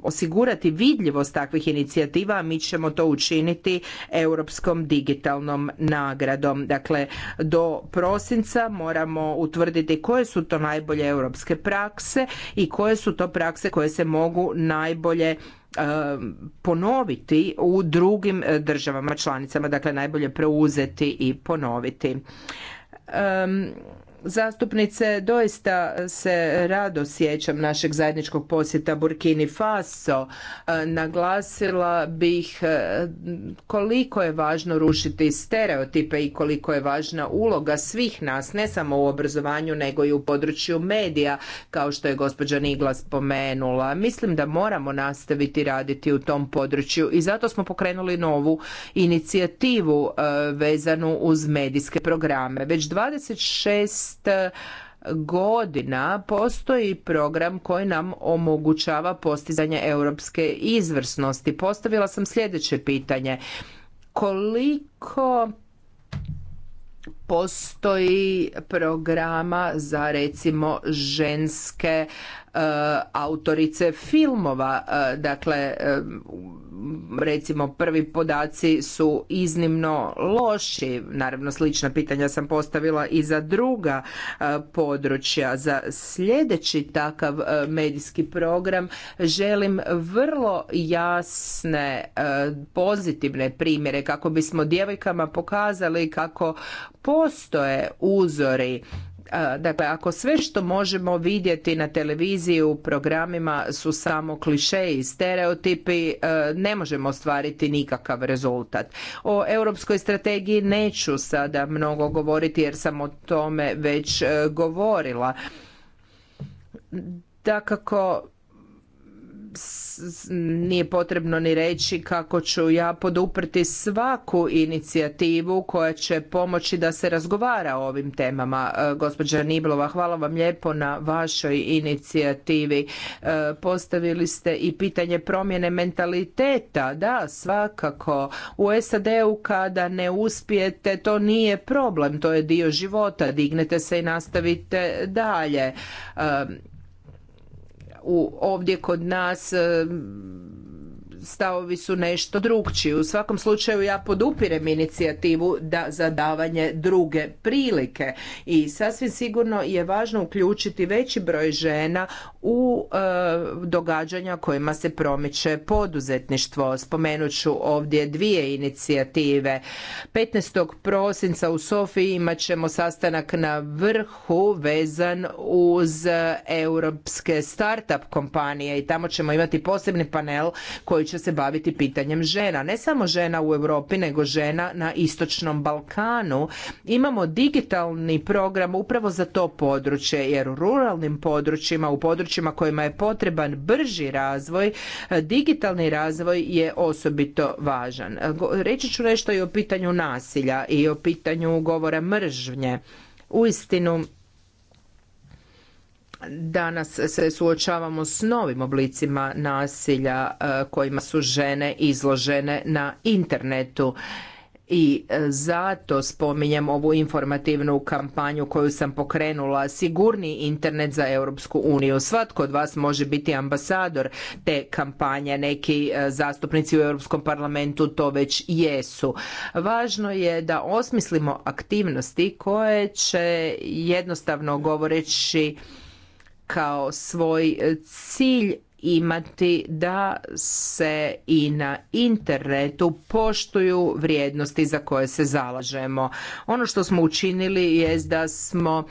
osigurati vidljivost takvih inicijativa, a mi ćemo to učiniti europskom digitalnom nagradom. Dakle, do prosinca moramo utvrditi koje su to najbolje europske prakse i koje su to prakse koje se mogu najbolje e, ponoviti u drugim državama članicama, dakle najbolje preuzeti i ponoviti zastupnice, doista se rado sjećam našeg zajedničkog posjeta Burkini Faso. E, naglasila bih e, koliko je važno rušiti stereotipe i koliko je važna uloga svih nas, ne samo u obrazovanju, nego i u području medija, kao što je gospođa Nigla spomenula. Mislim da moramo nastaviti raditi u tom području i zato smo pokrenuli novu inicijativu e, vezanu uz medijske programe. Već 26 godina postoji program koji nam omogućava postizanje europske izvrsnosti. Postavila sam sljedeće pitanje. Koliko postoji programa za recimo ženske e, autorice filmova e, dakle e, recimo prvi podaci su iznimno loši naravno slična pitanja sam postavila i za druga područja za sljedeći takav medijski program želim vrlo jasne pozitivne primjere kako bismo djevojkama pokazali kako po postoje uzori e, dakle ako sve što možemo vidjeti na televiziji u programima su samo kliše i stereotipi e, ne možemo ostvariti nikakav rezultat. O europskoj strategiji neću sada mnogo govoriti jer sam o tome već e, govorila. Dakako nije potrebno ni reći kako ću ja poduprti svaku inicijativu koja će pomoći da se razgovara o ovim temama. E, gospođa Niblova, hvala vam lijepo na vašoj inicijativi. E, postavili ste i pitanje promjene mentaliteta. Da, svakako. U SAD-u kada ne uspijete, to nije problem. To je dio života. Dignete se i nastavite dalje. E, u, ovdje kod nas eh, stavovi su nešto drugčiji. U svakom slučaju ja podupirem inicijativu da za davanje druge prilike i sasvim sigurno je važno uključiti veći broj žena u e, događanja kojima se promiče poduzetništvo. Spomenut ću ovdje dvije inicijative. 15. prosinca u Sofiji imat ćemo sastanak na vrhu vezan uz europske startup kompanije i tamo ćemo imati posebni panel koji će se baviti pitanjem žena. Ne samo žena u Europi, nego žena na istočnom Balkanu. Imamo digitalni program upravo za to područje, jer u ruralnim područjima, u područjima kojima je potreban brži razvoj, digitalni razvoj je osobito važan. Reći ću nešto i o pitanju nasilja i o pitanju govora mržnje. istinu, Danas se suočavamo s novim oblicima nasilja e, kojima su žene izložene na internetu i e, zato spominjem ovu informativnu kampanju koju sam pokrenula Sigurni internet za Europsku uniju. Svatko od vas može biti ambasador te kampanje, neki e, zastupnici u Europskom parlamentu to već jesu. Važno je da osmislimo aktivnosti koje će jednostavno govoreći kao svoj cilj imati da se i na internetu poštuju vrijednosti za koje se zalažemo. Ono što smo učinili jest da smo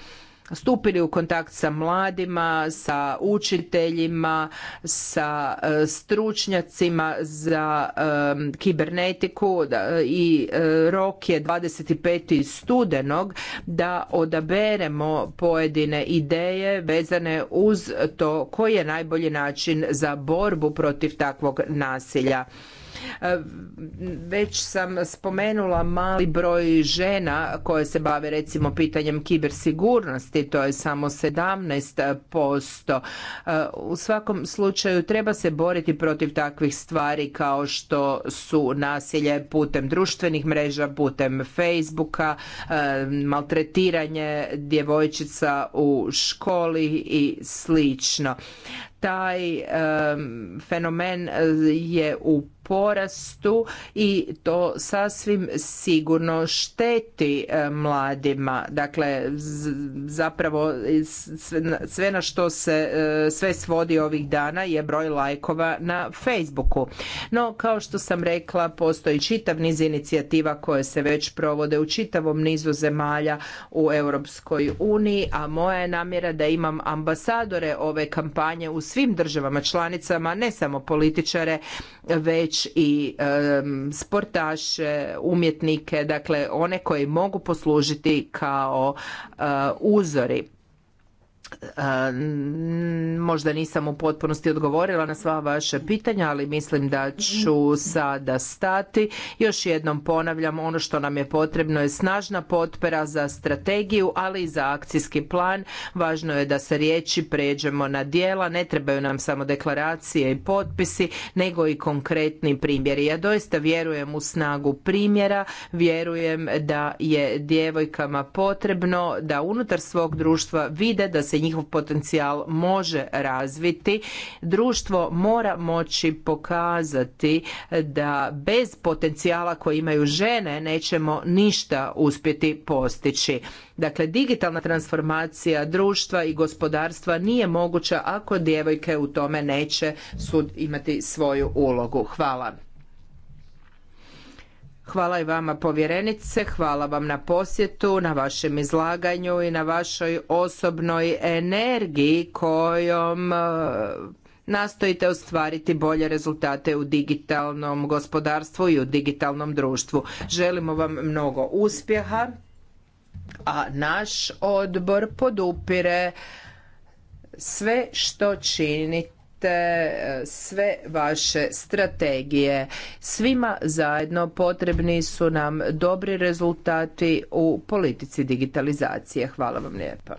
stupili u kontakt sa mladima, sa učiteljima, sa e, stručnjacima za e, kibernetiku i e, rok je 25. studenog da odaberemo pojedine ideje vezane uz to koji je najbolji način za borbu protiv takvog nasilja. E, već sam spomenula mali broj žena koje se bave recimo pitanjem kibersigurnosti, to je samo 17%. E, u svakom slučaju treba se boriti protiv takvih stvari kao što su nasilje putem društvenih mreža, putem Facebooka, e, maltretiranje djevojčica u školi i slično taj fenomen eh, je u porastu i to sasvim sigurno šteti eh, mladima. Dakle, zapravo sve na što se eh, sve svodi ovih dana je broj lajkova na Facebooku. No, kao što sam rekla, postoji čitav niz inicijativa koje se već provode u čitavom nizu zemalja u Europskoj uniji, a moja je namjera da imam ambasadore ove kampanje u svim državama članicama, ne samo političare, već i sportaše, umjetnike, dakle one koji mogu poslužiti kao eh, uzori. Možda nisam u potpunosti odgovorila na sva vaša pitanja, ali mislim da ću sada stati. Još jednom ponavljam, ono što nam je potrebno je snažna potpora za strategiju, ali i za akcijski plan. Važno je da se riječi pređemo na dijela, ne trebaju nam samo deklaracije i potpisi, nego i konkretni primjeri. Ja doista vjerujem u snagu primjera, vjerujem da je djevojkama potrebno da unutar svog društva vide da se njihov potencijal može razviti. Društvo mora moći pokazati da bez potencijala koji imaju žene nećemo ništa uspjeti postići. Dakle, digitalna transformacija društva i gospodarstva nije moguća ako djevojke u tome neće sud imati svoju ulogu. Hvala. Hvala i vama povjerenice, hvala vam na posjetu, na vašem izlaganju i na vašoj osobnoj energiji kojom e, nastojite ostvariti bolje rezultate u digitalnom gospodarstvu i u digitalnom društvu. Želimo vam mnogo uspjeha, a naš odbor podupire sve što činite E, sve vaše strategije. Svima zajedno potrebni su nam dobri rezultati u politici digitalizacije. Hvala vam lijepa.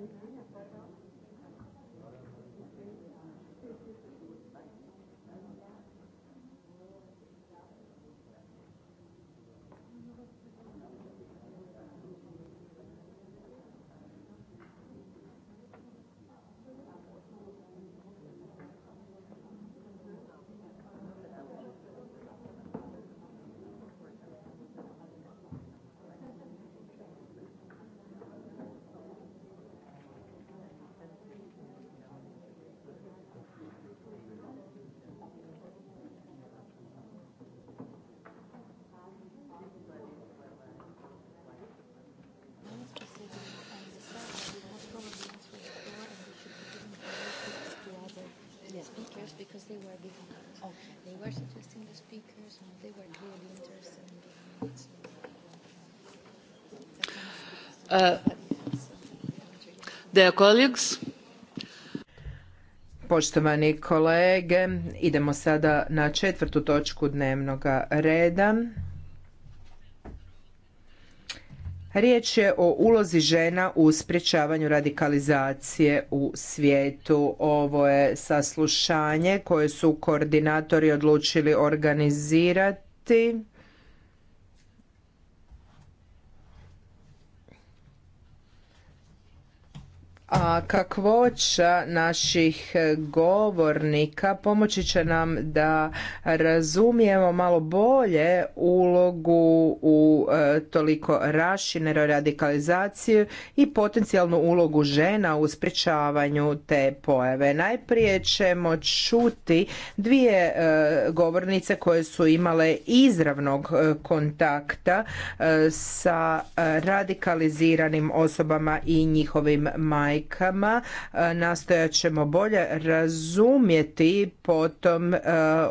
Hvala Poštovani kolege, idemo sada na četvrtu točku dnevnoga reda. Riječ je o ulozi žena u sprječavanju radikalizacije u svijetu. Ovo je saslušanje koje su koordinatori odlučili organizirati a kakvoća naših govornika pomoći će nam da razumijemo malo bolje ulogu u e, toliko rašineroj radikalizaciju i potencijalnu ulogu žena u sprječavanju te pojave. Najprije ćemo čuti dvije e, govornice koje su imale izravnog e, kontakta sa radikaliziranim osobama i njihovim majkama brojkama e, nastojat ćemo bolje razumjeti potom e,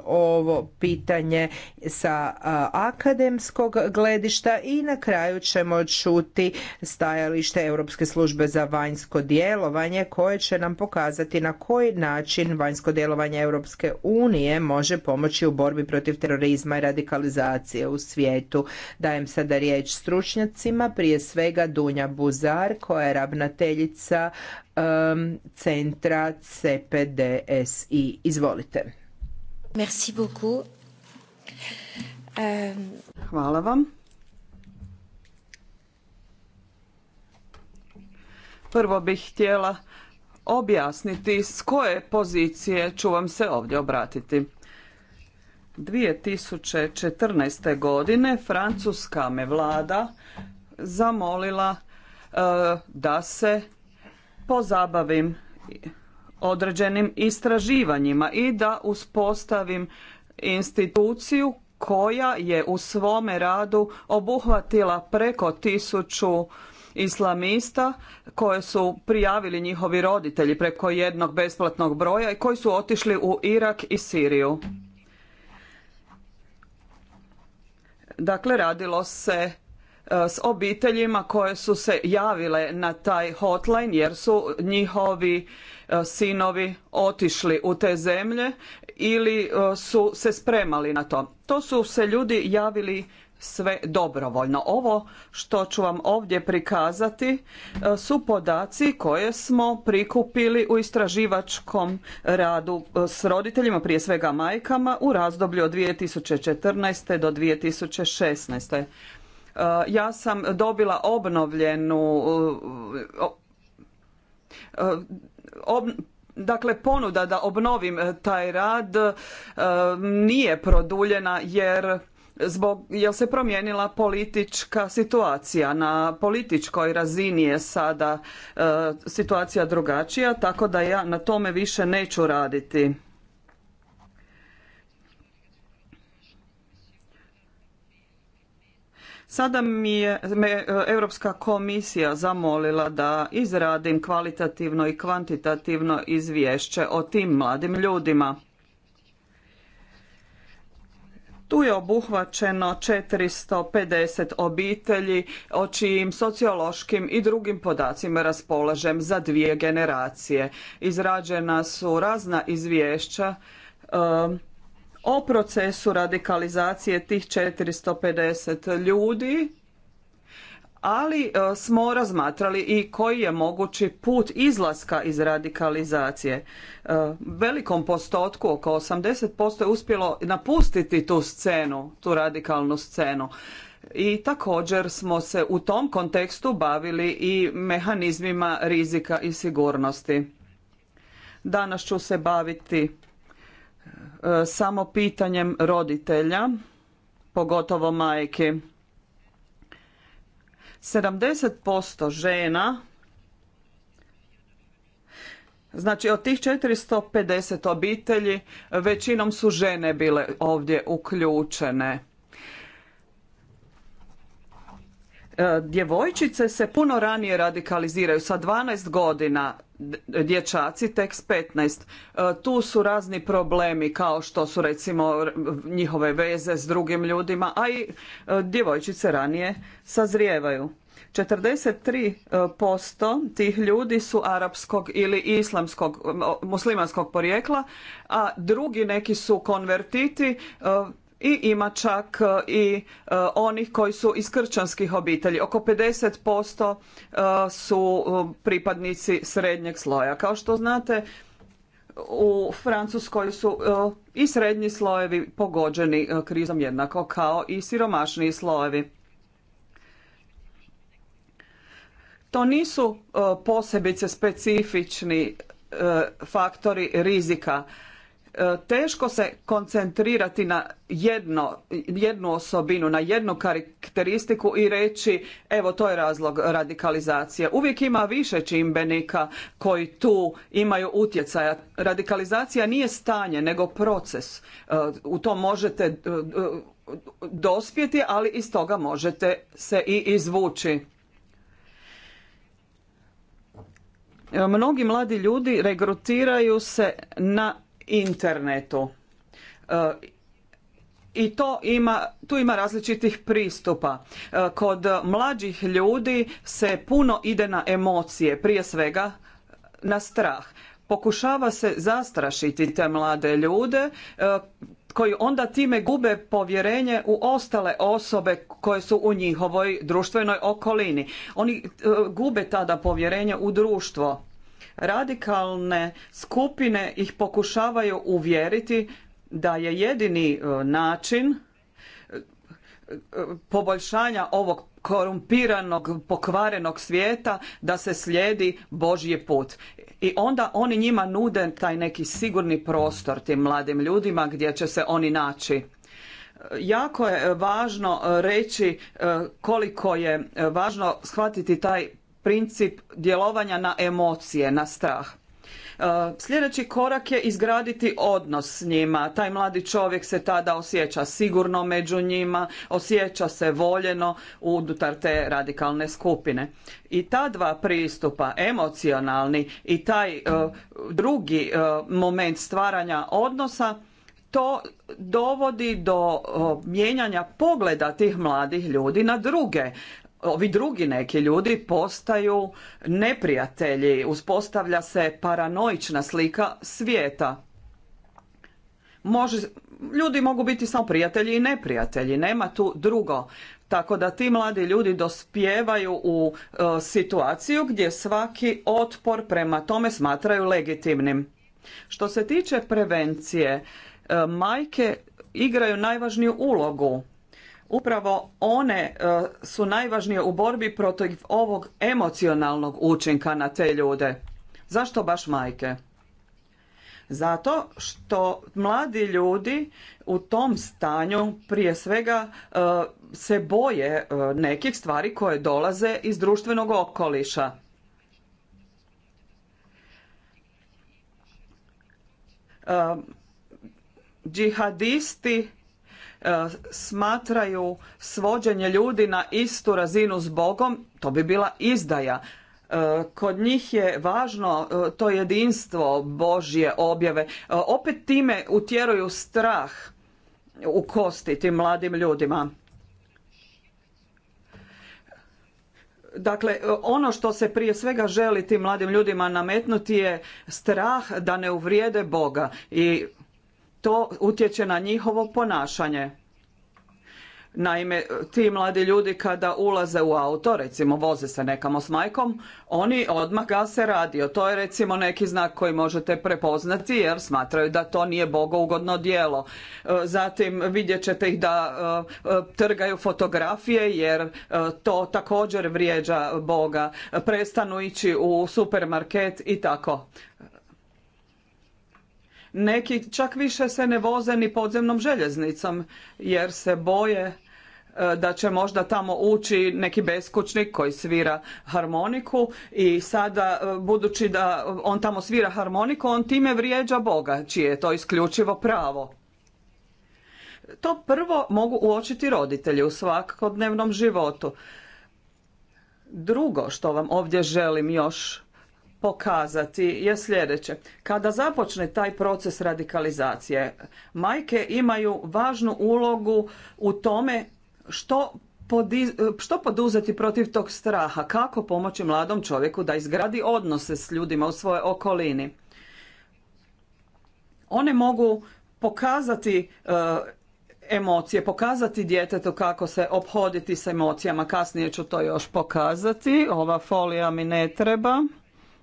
ovo pitanje sa e, akademskog gledišta i na kraju ćemo čuti stajalište Europske službe za vanjsko djelovanje koje će nam pokazati na koji način vanjsko djelovanje Europske unije može pomoći u borbi protiv terorizma i radikalizacije u svijetu. Dajem sada riječ stručnjacima, prije svega Dunja Buzar koja je ravnateljica centra CPDSI. Izvolite. Merci beaucoup. Hvala vam. Prvo bih htjela objasniti s koje pozicije ću vam se ovdje obratiti. 2014. godine francuska me vlada zamolila e, da se pozabavim određenim istraživanjima i da uspostavim instituciju koja je u svome radu obuhvatila preko tisuću islamista koje su prijavili njihovi roditelji preko jednog besplatnog broja i koji su otišli u Irak i Siriju. Dakle, radilo se E, s obiteljima koje su se javile na taj hotline jer su njihovi e, sinovi otišli u te zemlje ili e, su se spremali na to. To su se ljudi javili sve dobrovoljno. Ovo što ću vam ovdje prikazati su podaci koje smo prikupili u istraživačkom radu s roditeljima, prije svega majkama, u razdoblju od 2014. do 2016. Eh, ja sam dobila obnovljenu eh, eh, dakle ponuda da obnovim taj rad nije produljena jer jer se promijenila politička situacija na političkoj razini je sada situacija drugačija tako da ja na tome više neću raditi Sada mi je me e, Europska komisija zamolila da izradim kvalitativno i kvantitativno izvješće o tim mladim ljudima. Tu je obuhvaćeno 450 obitelji o čijim sociološkim i drugim podacima raspolažem za dvije generacije. Izrađena su razna izvješća e, o procesu radikalizacije tih 450 ljudi, ali e, smo razmatrali i koji je mogući put izlaska iz radikalizacije. E, velikom postotku, oko 80% je uspjelo napustiti tu scenu, tu radikalnu scenu. I također smo se u tom kontekstu bavili i mehanizmima rizika i sigurnosti. Danas ću se baviti E, samo pitanjem roditelja, pogotovo majki. 70% žena Znači od tih 450 obitelji većinom su žene bile ovdje uključene. E, djevojčice se puno ranije radikaliziraju, sa 12 godina dječaci tek s 15. E, tu su razni problemi kao što su recimo njihove veze s drugim ljudima, a i e, djevojčice ranije sazrijevaju. 43% tih ljudi su arapskog ili islamskog, muslimanskog porijekla, a drugi neki su konvertiti, i ima čak e, i e, onih koji su iz krčanskih obitelji. Oko 50% e, su pripadnici srednjeg sloja. Kao što znate, u Francuskoj su i srednji slojevi pogođeni krizom jednako kao i siromašniji slojevi. To nisu posebice specifični faktori rizika E, teško se koncentrirati na jednu osobinu, na jednu karakteristiku i reći evo to je razlog radikalizacije. Uvijek ima više čimbenika koji tu imaju utjecaja. Radikalizacija nije stanje, nego proces. E, u to možete e, dospjeti, ali iz toga možete se i izvući. Mnogi mladi ljudi regrutiraju se na internetu. E, I to ima, tu ima različitih pristupa. E, kod mlađih ljudi se puno ide na emocije, prije svega na strah. Pokušava se zastrašiti te mlade ljude e, koji onda time gube povjerenje u ostale osobe koje su u njihovoj društvenoj okolini. Oni gube tada povjerenje u društvo radikalne skupine ih pokušavaju uvjeriti da je jedini e, način e, poboljšanja ovog korumpiranog, pokvarenog svijeta da se slijedi Božji put. I onda oni njima nude taj neki sigurni prostor tim mladim ljudima gdje će se oni naći. E, jako je važno reći koliko je važno shvatiti taj princip djelovanja na emocije, na strah. E, sljedeći korak je izgraditi odnos s njima. Taj mladi čovjek se tada osjeća sigurno među njima, osjeća se voljeno unutar te radikalne skupine. I ta dva pristupa, emocionalni i taj e, drugi e, moment stvaranja odnosa, to dovodi do mijenjanja pogleda tih mladih ljudi na druge ovi drugi neki ljudi postaju neprijatelji, uspostavlja se paranoična slika svijeta. Može, ljudi mogu biti samo prijatelji i neprijatelji, nema tu drugo. Tako da ti mladi ljudi dospijevaju u e, situaciju gdje svaki otpor prema tome smatraju legitimnim. Što se tiče prevencije, e, majke igraju najvažniju ulogu Upravo one e, su najvažnije u borbi protiv ovog emocionalnog učinka na te ljude. Zašto baš majke? Zato što mladi ljudi u tom stanju prije svega e, se boje e, nekih stvari koje dolaze iz društvenog okoliša. Džihadisti E, smatraju svođenje ljudi na istu razinu s Bogom, to bi bila izdaja. E, kod njih je važno e, to jedinstvo Božje objave. Opet time utjeruju strah u kosti tim mladim ljudima. Dakle, ono što se prije svega želi tim mladim ljudima nametnuti je strah da ne uvrijede Boga i to utječe na njihovo ponašanje. Naime, ti mladi ljudi kada ulaze u auto, recimo voze se nekamo s majkom, oni odmah se radio. To je recimo neki znak koji možete prepoznati jer smatraju da to nije bogougodno djelo. E, zatim vidjet ćete ih da e, e, trgaju fotografije jer to također vrijeđa Boga. Prestanu ići u supermarket i tako. Neki čak više se ne voze ni podzemnom željeznicom jer se boje e, da će možda tamo ući neki beskućnik koji svira harmoniku i sada e, budući da on tamo svira harmoniku on time vrijeđa Boga čije je to isključivo pravo. To prvo mogu uočiti roditelji u svakodnevnom životu. Drugo što vam ovdje želim još pokazati je sljedeće. Kada započne taj proces radikalizacije, majke imaju važnu ulogu u tome što što poduzeti protiv tog straha? Kako pomoći mladom čovjeku da izgradi odnose s ljudima u svojoj okolini? One mogu pokazati e, emocije, pokazati djetetu kako se obhoditi s emocijama. Kasnije ću to još pokazati. Ova folija mi ne treba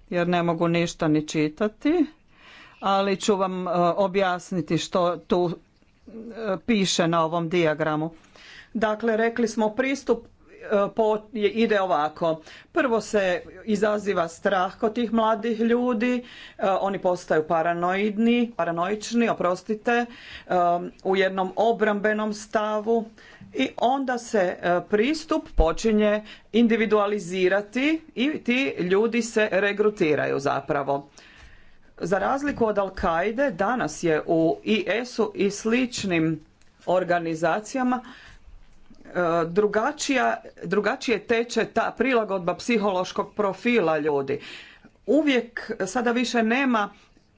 jer ne mogu ništa ni čitati, ali ću vam e, objasniti što tu e, piše na ovom dijagramu. Dakle, rekli smo pristup e, po, ide ovako. Prvo se izaziva strah kod tih mladih ljudi, oni postaju paranoidni, paranoični, oprostite, u jednom obrambenom stavu i onda se e, pristup počinje individualizirati i ti ljudi se regrutiraju zapravo. Za razliku od al danas je u IS-u i sličnim organizacijama e, drugačija, drugačije teče ta prilagodba psihološkog profila ljudi. Uvijek sada više nema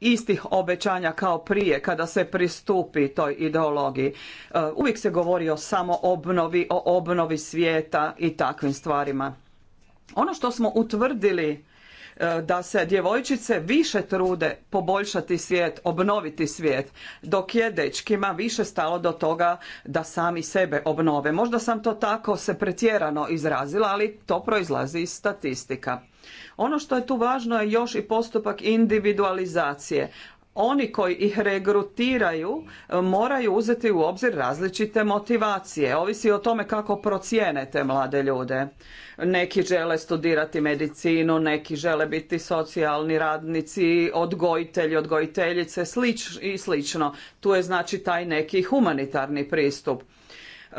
istih obećanja kao prije kada se pristupi toj ideologiji. E, uvijek se govori o samo obnovi o obnovi svijeta i takvim stvarima. Ono što smo utvrdili e, da se djevojčice više trude poboljšati svijet, obnoviti svijet, dok je dečkima više stalo do toga da sami sebe obnove. Možda sam to tako se pretjerano izrazila, ali to proizlazi iz statistika. Ono što je tu važno je još i postupak individualizacije. Oni koji ih regrutiraju e, moraju uzeti u obzir različite motivacije. Ovisi o tome kako procijene te mlade ljude. Neki žele studirati medicinu, neki žele biti socijalni radnici, odgojitelji, odgojiteljice slič, i slično. Tu je znači taj neki humanitarni pristup. E,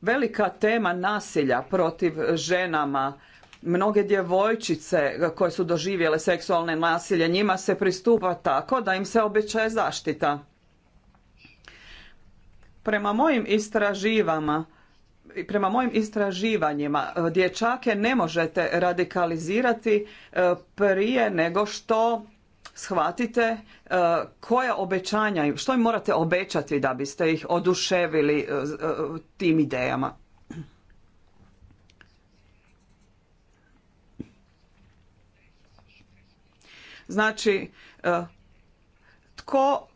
velika tema nasilja protiv ženama Mnoge djevojčice koje su doživjele seksualne nasilje, njima se pristupa tako da im se obećaje zaštita. Prema mojim istraživama, prema mojim istraživanjima dječake ne možete radikalizirati e, prije nego što shvatite e, koja obećanja, što im morate obećati da biste ih oduševili e, tim idejama. Znači, e, tko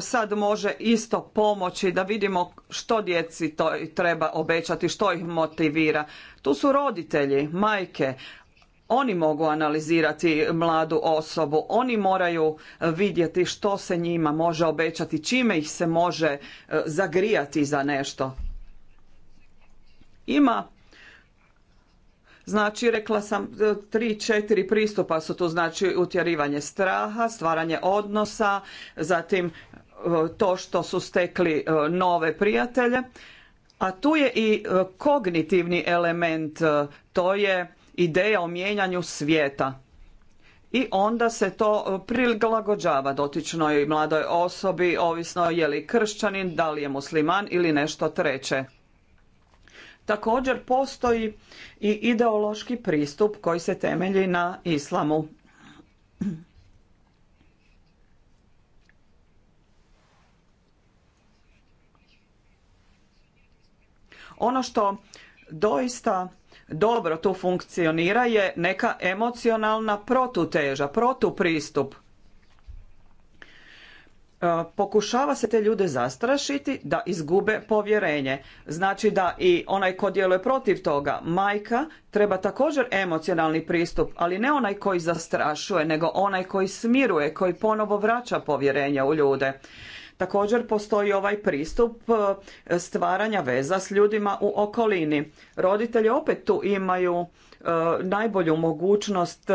sad može isto pomoći da vidimo što djeci to treba obećati, što ih motivira. Tu su roditelji, majke, oni mogu analizirati mladu osobu, oni moraju vidjeti što se njima može obećati, čime ih se može e, zagrijati za nešto. Ima Znači, rekla sam, e, tri, četiri pristupa su to, znači utjerivanje straha, stvaranje odnosa, zatim e, to što su stekli e, nove prijatelje. A tu je i kognitivni element, to je ideja o mijenjanju svijeta. I onda se to prilagođava dotičnoj mladoj osobi, ovisno je li kršćanin, da li je musliman ili nešto treće. Također postoji i ideološki pristup koji se temelji na islamu. Ono što doista dobro tu funkcionira je neka emocionalna protuteža, protupristup E, pokušava se te ljude zastrašiti da izgube povjerenje. Znači da i onaj ko djeluje protiv toga, majka, treba također emocionalni pristup, ali ne onaj koji zastrašuje, nego onaj koji smiruje, koji ponovo vraća povjerenje u ljude. Također postoji ovaj pristup e, stvaranja veza s ljudima u okolini. Roditelji opet tu imaju e, najbolju mogućnost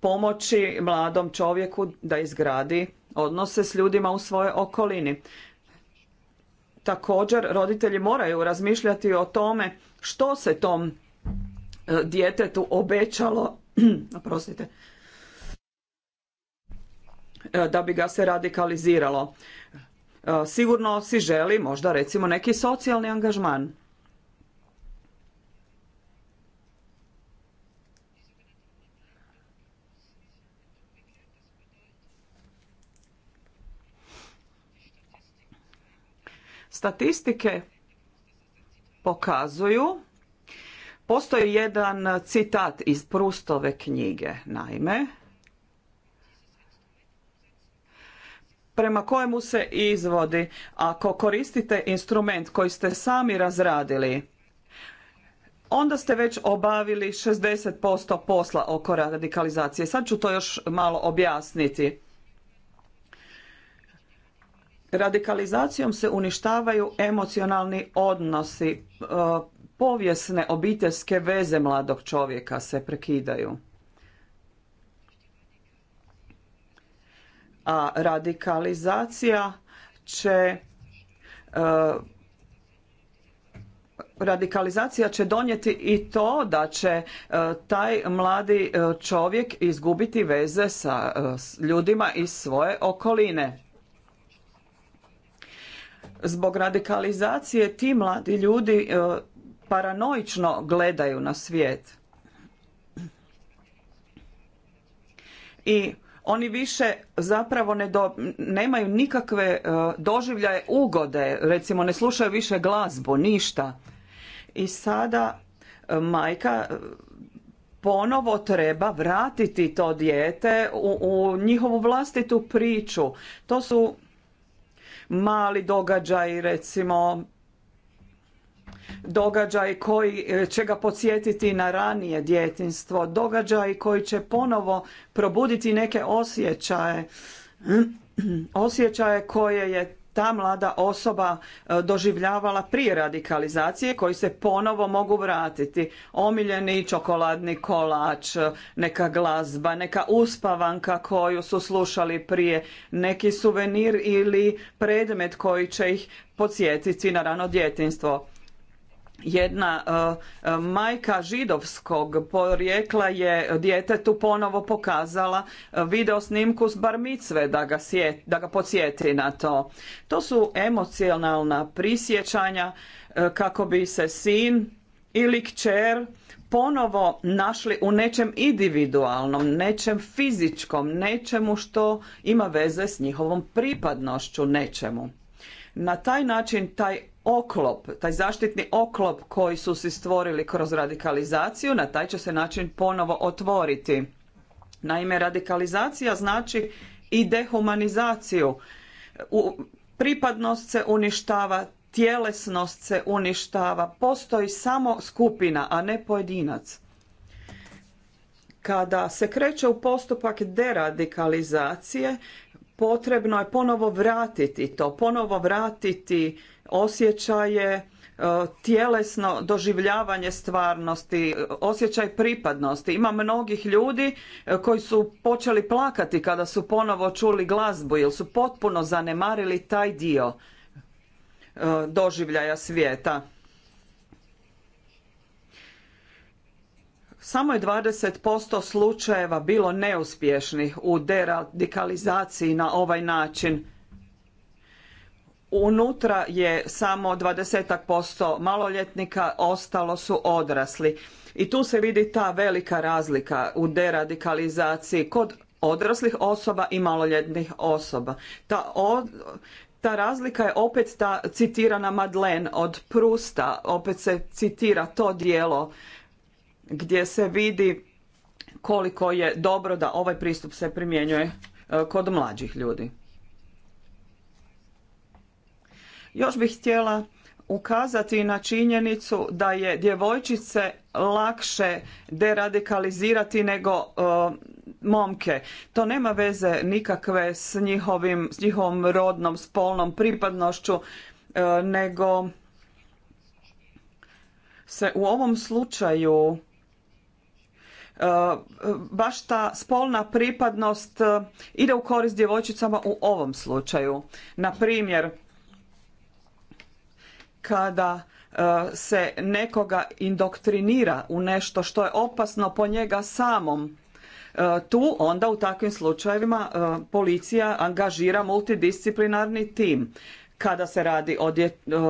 pomoći mladom čovjeku da izgradi odnose s ljudima u svojoj okolini. Također, roditelji moraju razmišljati o tome što se tom e, djetetu obećalo oprostite, e, da bi ga se radikaliziralo. E, sigurno si želi možda recimo neki socijalni angažman. Statistike pokazuju, postoji jedan citat iz Prustove knjige, naime, prema kojemu se izvodi ako koristite instrument koji ste sami razradili, onda ste već obavili 60% posla oko radikalizacije. Sad ću to još malo objasniti. Radikalizacijom se uništavaju emocionalni odnosi, e, povijesne obiteljske veze mladog čovjeka se prekidaju. A radikalizacija će e, radikalizacija će donijeti i to da će e, taj mladi čovjek izgubiti veze sa ljudima iz svoje okoline Zbog radikalizacije ti mladi ljudi e, paranoično gledaju na svijet. I oni više zapravo ne nemaju nikakve e, doživljaje ugode, recimo ne slušaju više glazbu, ništa. I sada e, majka ponovo treba vratiti to dijete u, u njihovu vlastitu priču. To su mali događaj recimo događaj koji e, će ga podsjetiti na ranije djetinstvo, događaj koji će ponovo probuditi neke osjećaje, osjećaje koje je ta mlada osoba e, doživljavala prije radikalizacije koji se ponovo mogu vratiti. Omiljeni čokoladni kolač, e, neka glazba, neka uspavanka koju su slušali prije, neki suvenir ili predmet koji će ih podsjetiti na rano djetinstvo jedna e, e, majka židovskog porijekla je djetetu ponovo pokazala e, video snimku s barmicve da ga, da ga podsjeti na to. To su emocionalna prisjećanja kako bi se sin ili kćer ponovo našli u nečem individualnom, nečem fizičkom, nečemu što ima veze s njihovom pripadnošću nečemu. Na taj način taj oklop, taj zaštitni oklop koji su se stvorili kroz radikalizaciju, na taj će se način ponovo otvoriti. Naime, radikalizacija znači i dehumanizaciju. U, pripadnost se uništava, tjelesnost se uništava, postoji samo skupina, a ne pojedinac. Kada se kreće u postupak deradikalizacije, potrebno je ponovo vratiti to, ponovo vratiti osjećaje, e, tjelesno doživljavanje stvarnosti, osjećaj pripadnosti. Ima mnogih ljudi e, koji su počeli plakati kada su ponovo čuli glazbu jer su potpuno zanemarili taj dio e, doživljaja svijeta. Samo je 20% slučajeva bilo neuspješnih u deradikalizaciji na ovaj način unutra je samo dvadesetak posto maloljetnika ostalo su odrasli i tu se vidi ta velika razlika u deradikalizaciji kod odraslih osoba i maloljetnih osoba ta, ta razlika je opet ta citirana Madlen od Prusta opet se citira to djelo gdje se vidi koliko je dobro da ovaj pristup se primjenjuje e, kod mlađih ljudi Još bih htjela ukazati na činjenicu da je djevojčice lakše deradikalizirati nego e, momke. To nema veze nikakve s, njihovim, s njihovom rodnom, spolnom pripadnošću, e, nego se u ovom slučaju e, baš ta spolna pripadnost ide u korist djevojčicama u ovom slučaju. Na primjer, kada e, se nekoga indoktrinira u nešto što je opasno po njega samom e, tu onda u takvim slučajevima e, policija angažira multidisciplinarni tim. Kada se radi o,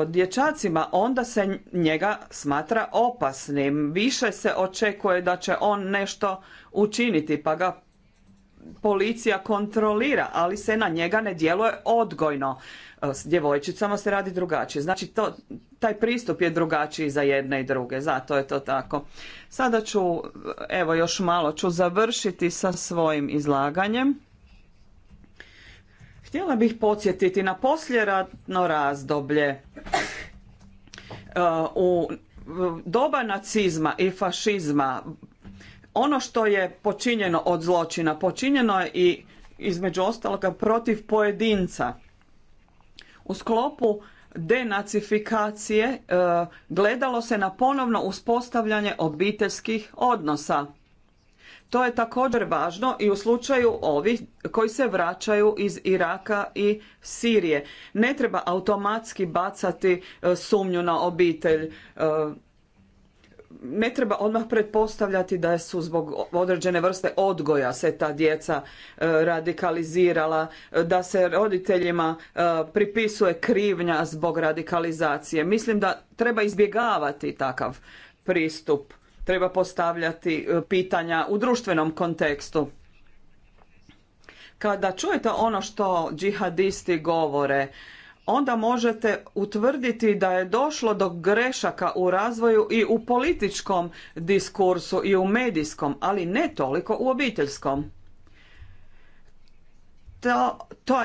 dječacima, onda se njega smatra opasnim. Više se očekuje da će on nešto učiniti, pa ga policija kontrolira, ali se na njega ne djeluje odgojno s djevojčicama se radi drugačije. Znači to, taj pristup je drugačiji za jedne i druge, zato je to tako. Sada ću, evo još malo ću završiti sa svojim izlaganjem. Htjela bih podsjetiti na posljeratno razdoblje e, u doba nacizma i fašizma ono što je počinjeno od zločina počinjeno je i između ostaloga protiv pojedinca u sklopu denacifikacije e, gledalo se na ponovno uspostavljanje obiteljskih odnosa. To je također važno i u slučaju ovih koji se vraćaju iz Iraka i Sirije. Ne treba automatski bacati e, sumnju na obitelj. E, ne treba odmah pretpostavljati da su zbog određene vrste odgoja se ta djeca e, radikalizirala, e, da se roditeljima e, pripisuje krivnja zbog radikalizacije. Mislim da treba izbjegavati takav pristup, treba postavljati pitanja u društvenom kontekstu. Kada čujete ono što džihadisti govore, onda možete utvrditi da je došlo do grešaka u razvoju i u političkom diskursu i u medijskom, ali ne toliko u obiteljskom. To,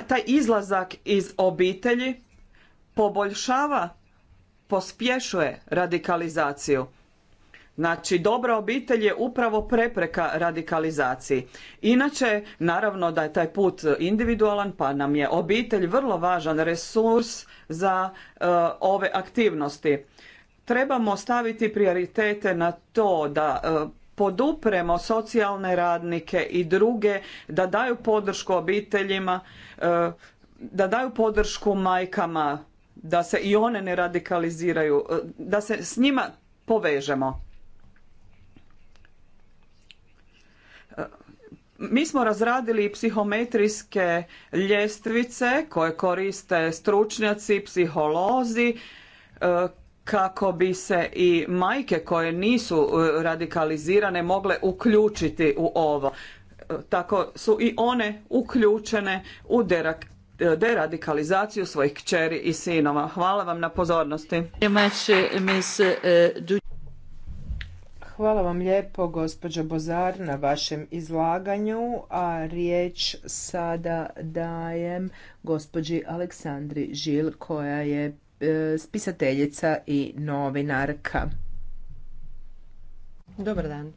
taj izlazak iz obitelji poboljšava, pospješuje radikalizaciju Znači, dobra obitelj je upravo prepreka radikalizaciji. Inače, naravno da je taj put individualan, pa nam je obitelj vrlo važan resurs za e, ove aktivnosti. Trebamo staviti prioritete na to da e, podupremo socijalne radnike i druge da daju podršku obiteljima, e, da daju podršku majkama, da se i one ne radikaliziraju, da se s njima povežemo. Mi smo razradili psihometrijske ljestvice koje koriste stručnjaci, psiholozi e, kako bi se i majke koje nisu e, radikalizirane mogle uključiti u ovo. E, tako su i one uključene u deradikalizaciju svojih kćeri i sinova. Hvala vam na pozornosti. Hvala vam lijepo, gospođo Bozar, na vašem izlaganju, a riječ sada dajem gospođi Aleksandri Žil, koja je e, spisateljica i novinarka. Dobar dan.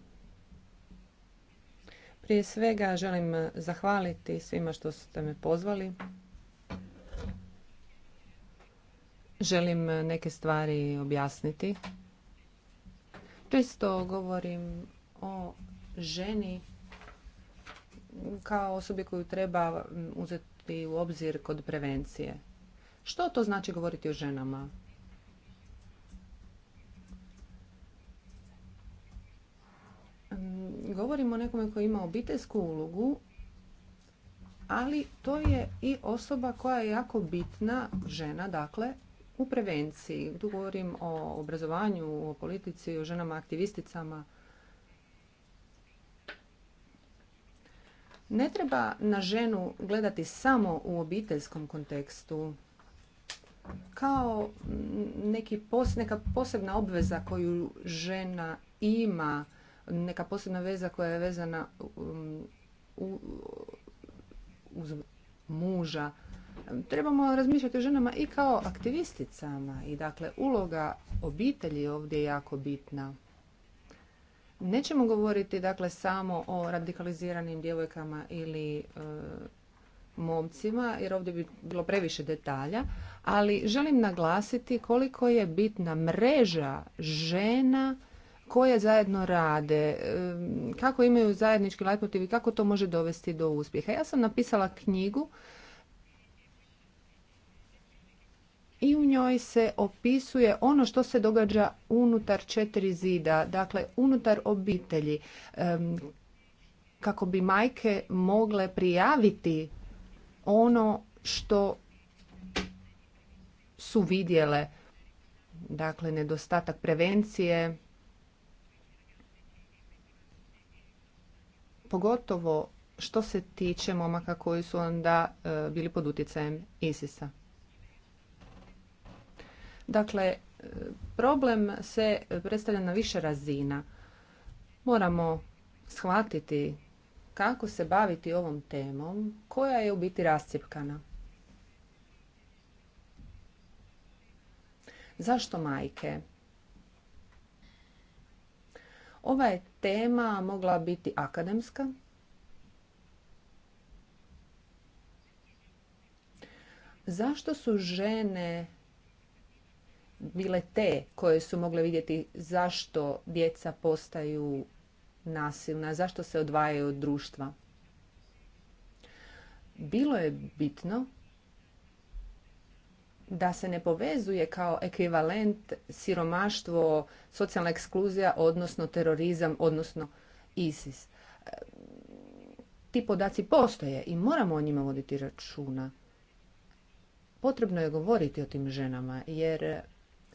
Prije svega želim zahvaliti svima što ste me pozvali. Želim neke stvari objasniti Često govorim o ženi kao osobi koju treba uzeti u obzir kod prevencije. Što to znači govoriti o ženama? Mm, Govorimo o nekome koji ima obiteljsku ulogu, ali to je i osoba koja je jako bitna, žena dakle, u prevenciji. Tu govorim o obrazovanju, o politici, o ženama aktivisticama. Ne treba na ženu gledati samo u obiteljskom kontekstu, kao neki pos, neka posebna obveza koju žena ima, neka posebna veza koja je vezana um, u, uz muža. Trebamo razmišljati o ženama i kao aktivisticama i dakle uloga obitelji ovdje je jako bitna. Nećemo govoriti dakle samo o radikaliziranim djevojkama ili e, momcima jer ovdje bi bilo previše detalja, ali želim naglasiti koliko je bitna mreža žena koje zajedno rade, e, kako imaju zajednički leitmotiv i kako to može dovesti do uspjeha. Ja sam napisala knjigu i u njoj se opisuje ono što se događa unutar četiri zida, dakle unutar obitelji, kako bi majke mogle prijaviti ono što su vidjele, dakle nedostatak prevencije, pogotovo što se tiče momaka koji su onda e, bili pod utjecajem ISIS-a. Dakle, e, problem se predstavlja na više razina. Moramo shvatiti kako se baviti ovom temom koja je u biti rascjepkana. Zašto majke? Ova je tema mogla biti akademska. Zašto su žene bile te koje su mogle vidjeti zašto djeca postaju nasilna, zašto se odvajaju od društva. Bilo je bitno da se ne povezuje kao ekvivalent siromaštvo, socijalna ekskluzija, odnosno terorizam, odnosno ISIS. Ti podaci postoje i moramo o njima voditi računa. Potrebno je govoriti o tim ženama jer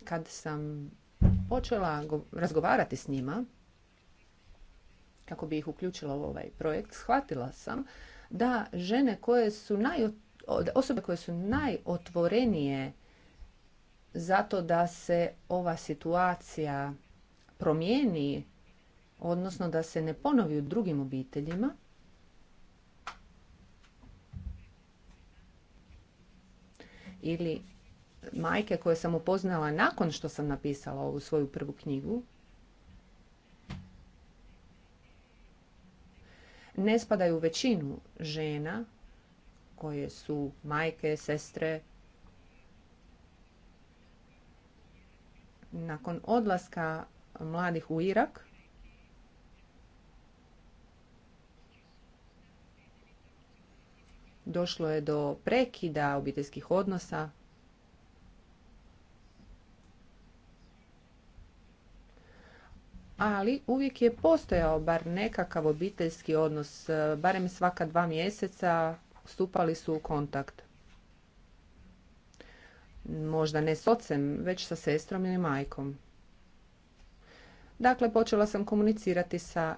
kad sam počela razgovarati s njima, kako bi ih uključila u ovaj projekt, shvatila sam da žene koje su naj, osobe koje su najotvorenije zato da se ova situacija promijeni, odnosno da se ne ponovi u drugim obiteljima, ili majke koje sam upoznala nakon što sam napisala ovu svoju prvu knjigu, ne spadaju u većinu žena koje su majke, sestre. Nakon odlaska mladih u Irak, došlo je do prekida obiteljskih odnosa ali uvijek je postojao bar nekakav obiteljski odnos, e, barem svaka dva mjeseca stupali su u kontakt. Možda ne s ocem, već sa sestrom ili majkom. Dakle, počela sam komunicirati sa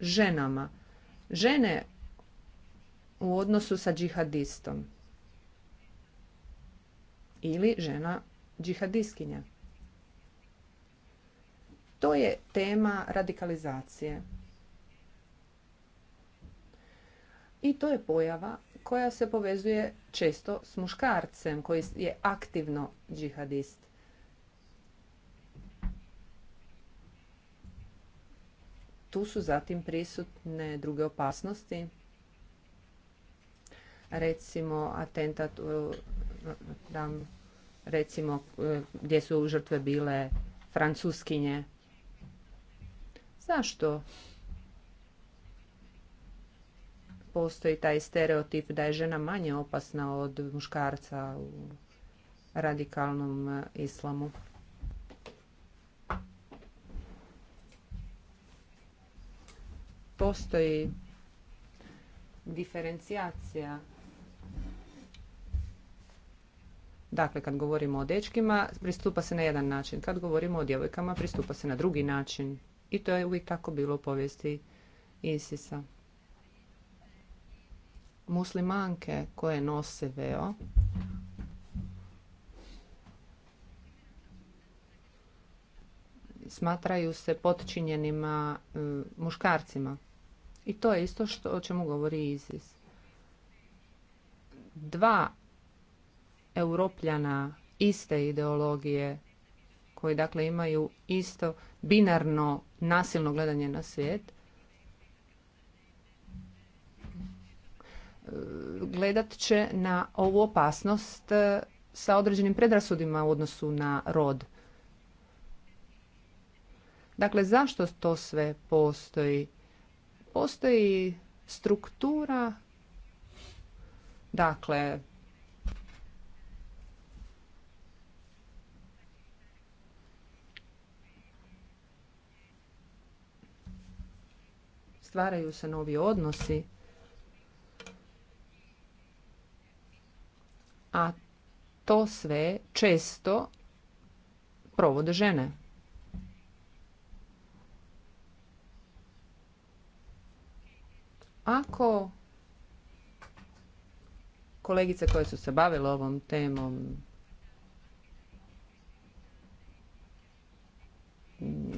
ženama. Žene u odnosu sa džihadistom. Ili žena džihadiskinja. To je tema radikalizacije. I to je pojava koja se povezuje često s muškarcem koji je aktivno džihadist. Tu su zatim prisutne druge opasnosti. Recimo atentat e, recimo e, gdje su žrtve bile francuskinje Zašto postoji taj stereotip da je žena manje opasna od muškarca u radikalnom e, islamu? Postoji diferencijacija Dakle, kad govorimo o dečkima, pristupa se na jedan način. Kad govorimo o djevojkama, pristupa se na drugi način. I to je uvijek tako bilo u povijesti Isisa. Muslimanke koje nose veo smatraju se potčinjenima e, muškarcima. I to je isto što, o čemu govori Isis. Dva europljana iste ideologije koji dakle imaju isto binarno nasilno gledanje na svijet. Gledat će na ovu opasnost e, sa određenim predrasudima u odnosu na rod. Dakle, zašto to sve postoji? Postoji struktura, dakle, stvaraju se novi odnosi, a to sve često provode žene. Ako kolegice koje su se bavile ovom temom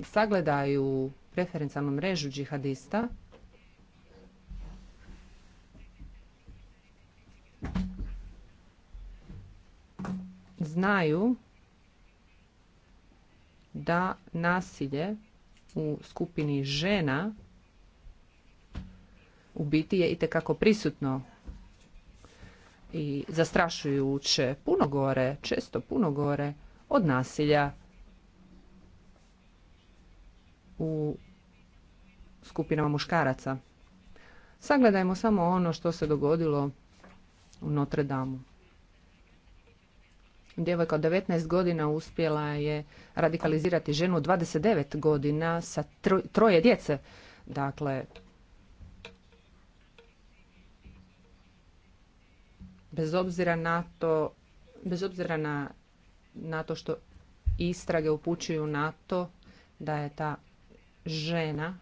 sagledaju preferencijalnu mrežu džihadista, znaju da nasilje u skupini žena u biti je itekako prisutno i zastrašujuće puno gore, često puno gore od nasilja u skupinama muškaraca. Sagledajmo samo ono što se dogodilo u Notre Dame. Djevojka od 19 godina uspjela je radikalizirati ženu 29 godina sa troje djece. Dakle, bez obzira na to, bez obzira na, na to što istrage upućuju na to da je ta žena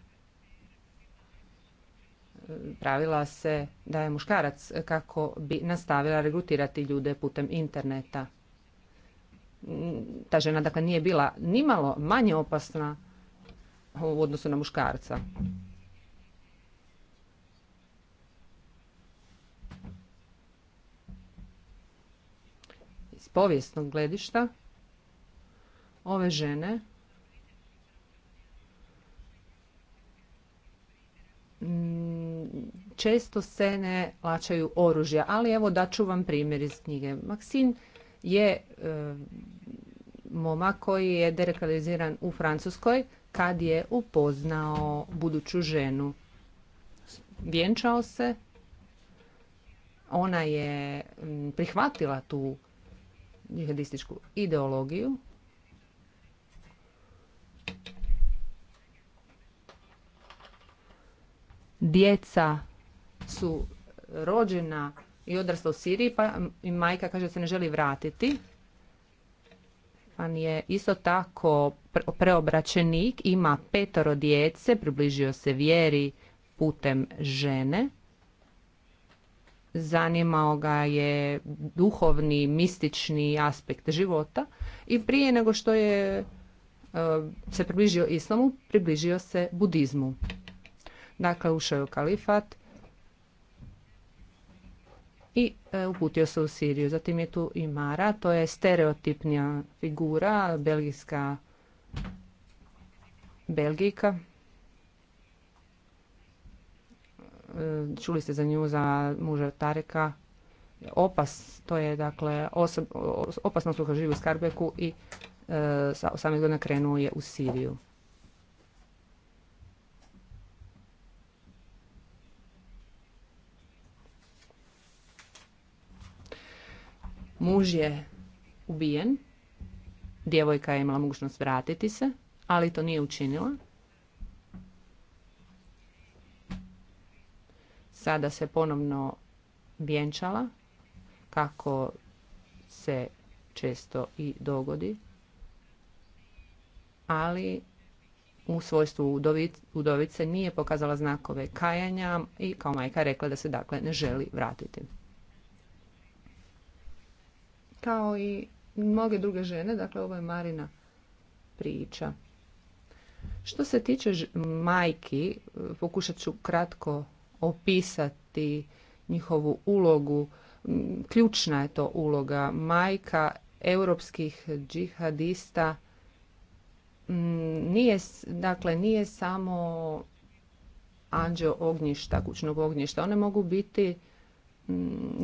pravila se da je muškarac kako bi nastavila regrutirati ljude putem interneta ta žena dakle nije bila nimalo manje opasna u odnosu na muškarca. Iz povijesnog gledišta ove žene često se ne lačaju oružja, ali evo ću vam primjer iz knjige. Maksin je eh, moma koji je derekaliziran u Francuskoj kad je upoznao buduću ženu. Vjenčao se, ona je mm, prihvatila tu jihadističku ideologiju. Djeca su rođena i odrasla u Siriji, pa i majka kaže da se ne želi vratiti. On je isto tako preobraćenik, ima petoro djece, približio se vjeri putem žene. Zanimao ga je duhovni, mistični aspekt života i prije nego što je e, se približio islamu, približio se budizmu. Dakle, ušao je u kalifat, i e, uputio se u Siriju. Zatim je tu i Mara, to je stereotipnija figura, belgijska Belgijka. E, čuli ste za nju, za muža Tareka. Opas, to je dakle osob, opasno sluha živi u Skarbeku i e, sa 18 godina krenuo je u Siriju. Muž je ubijen, djevojka je imala mogućnost vratiti se, ali to nije učinila. Sada se ponovno vjenčala, kako se često i dogodi, ali u svojstvu udovice nije pokazala znakove kajanja i kao majka rekla da se dakle ne želi vratiti kao i mnoge druge žene, dakle ovo je Marina priča. Što se tiče majki, e, pokušat ću kratko opisati njihovu ulogu. Ključna je to uloga majka europskih džihadista. Nije, dakle, nije samo anđeo ognjišta, kućnog ognjišta. One mogu biti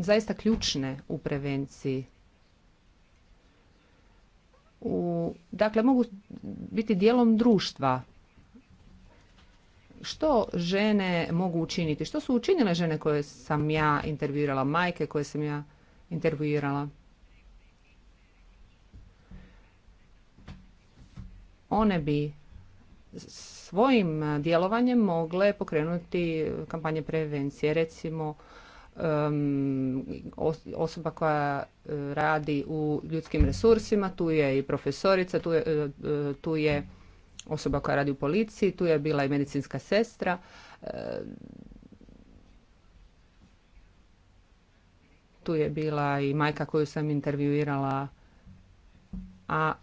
zaista ključne u prevenciji u, dakle mogu biti dijelom društva. Što žene mogu učiniti? Što su učinile žene koje sam ja intervjuirala, majke koje sam ja intervjuirala? One bi svojim djelovanjem mogle pokrenuti kampanje prevencije, recimo osoba koja e, radi u ljudskim resursima, tu je i profesorica, tu je, e, e, tu je osoba koja radi u policiji, tu je bila i medicinska sestra. Tu je bila i majka koju sam intervjuirala, a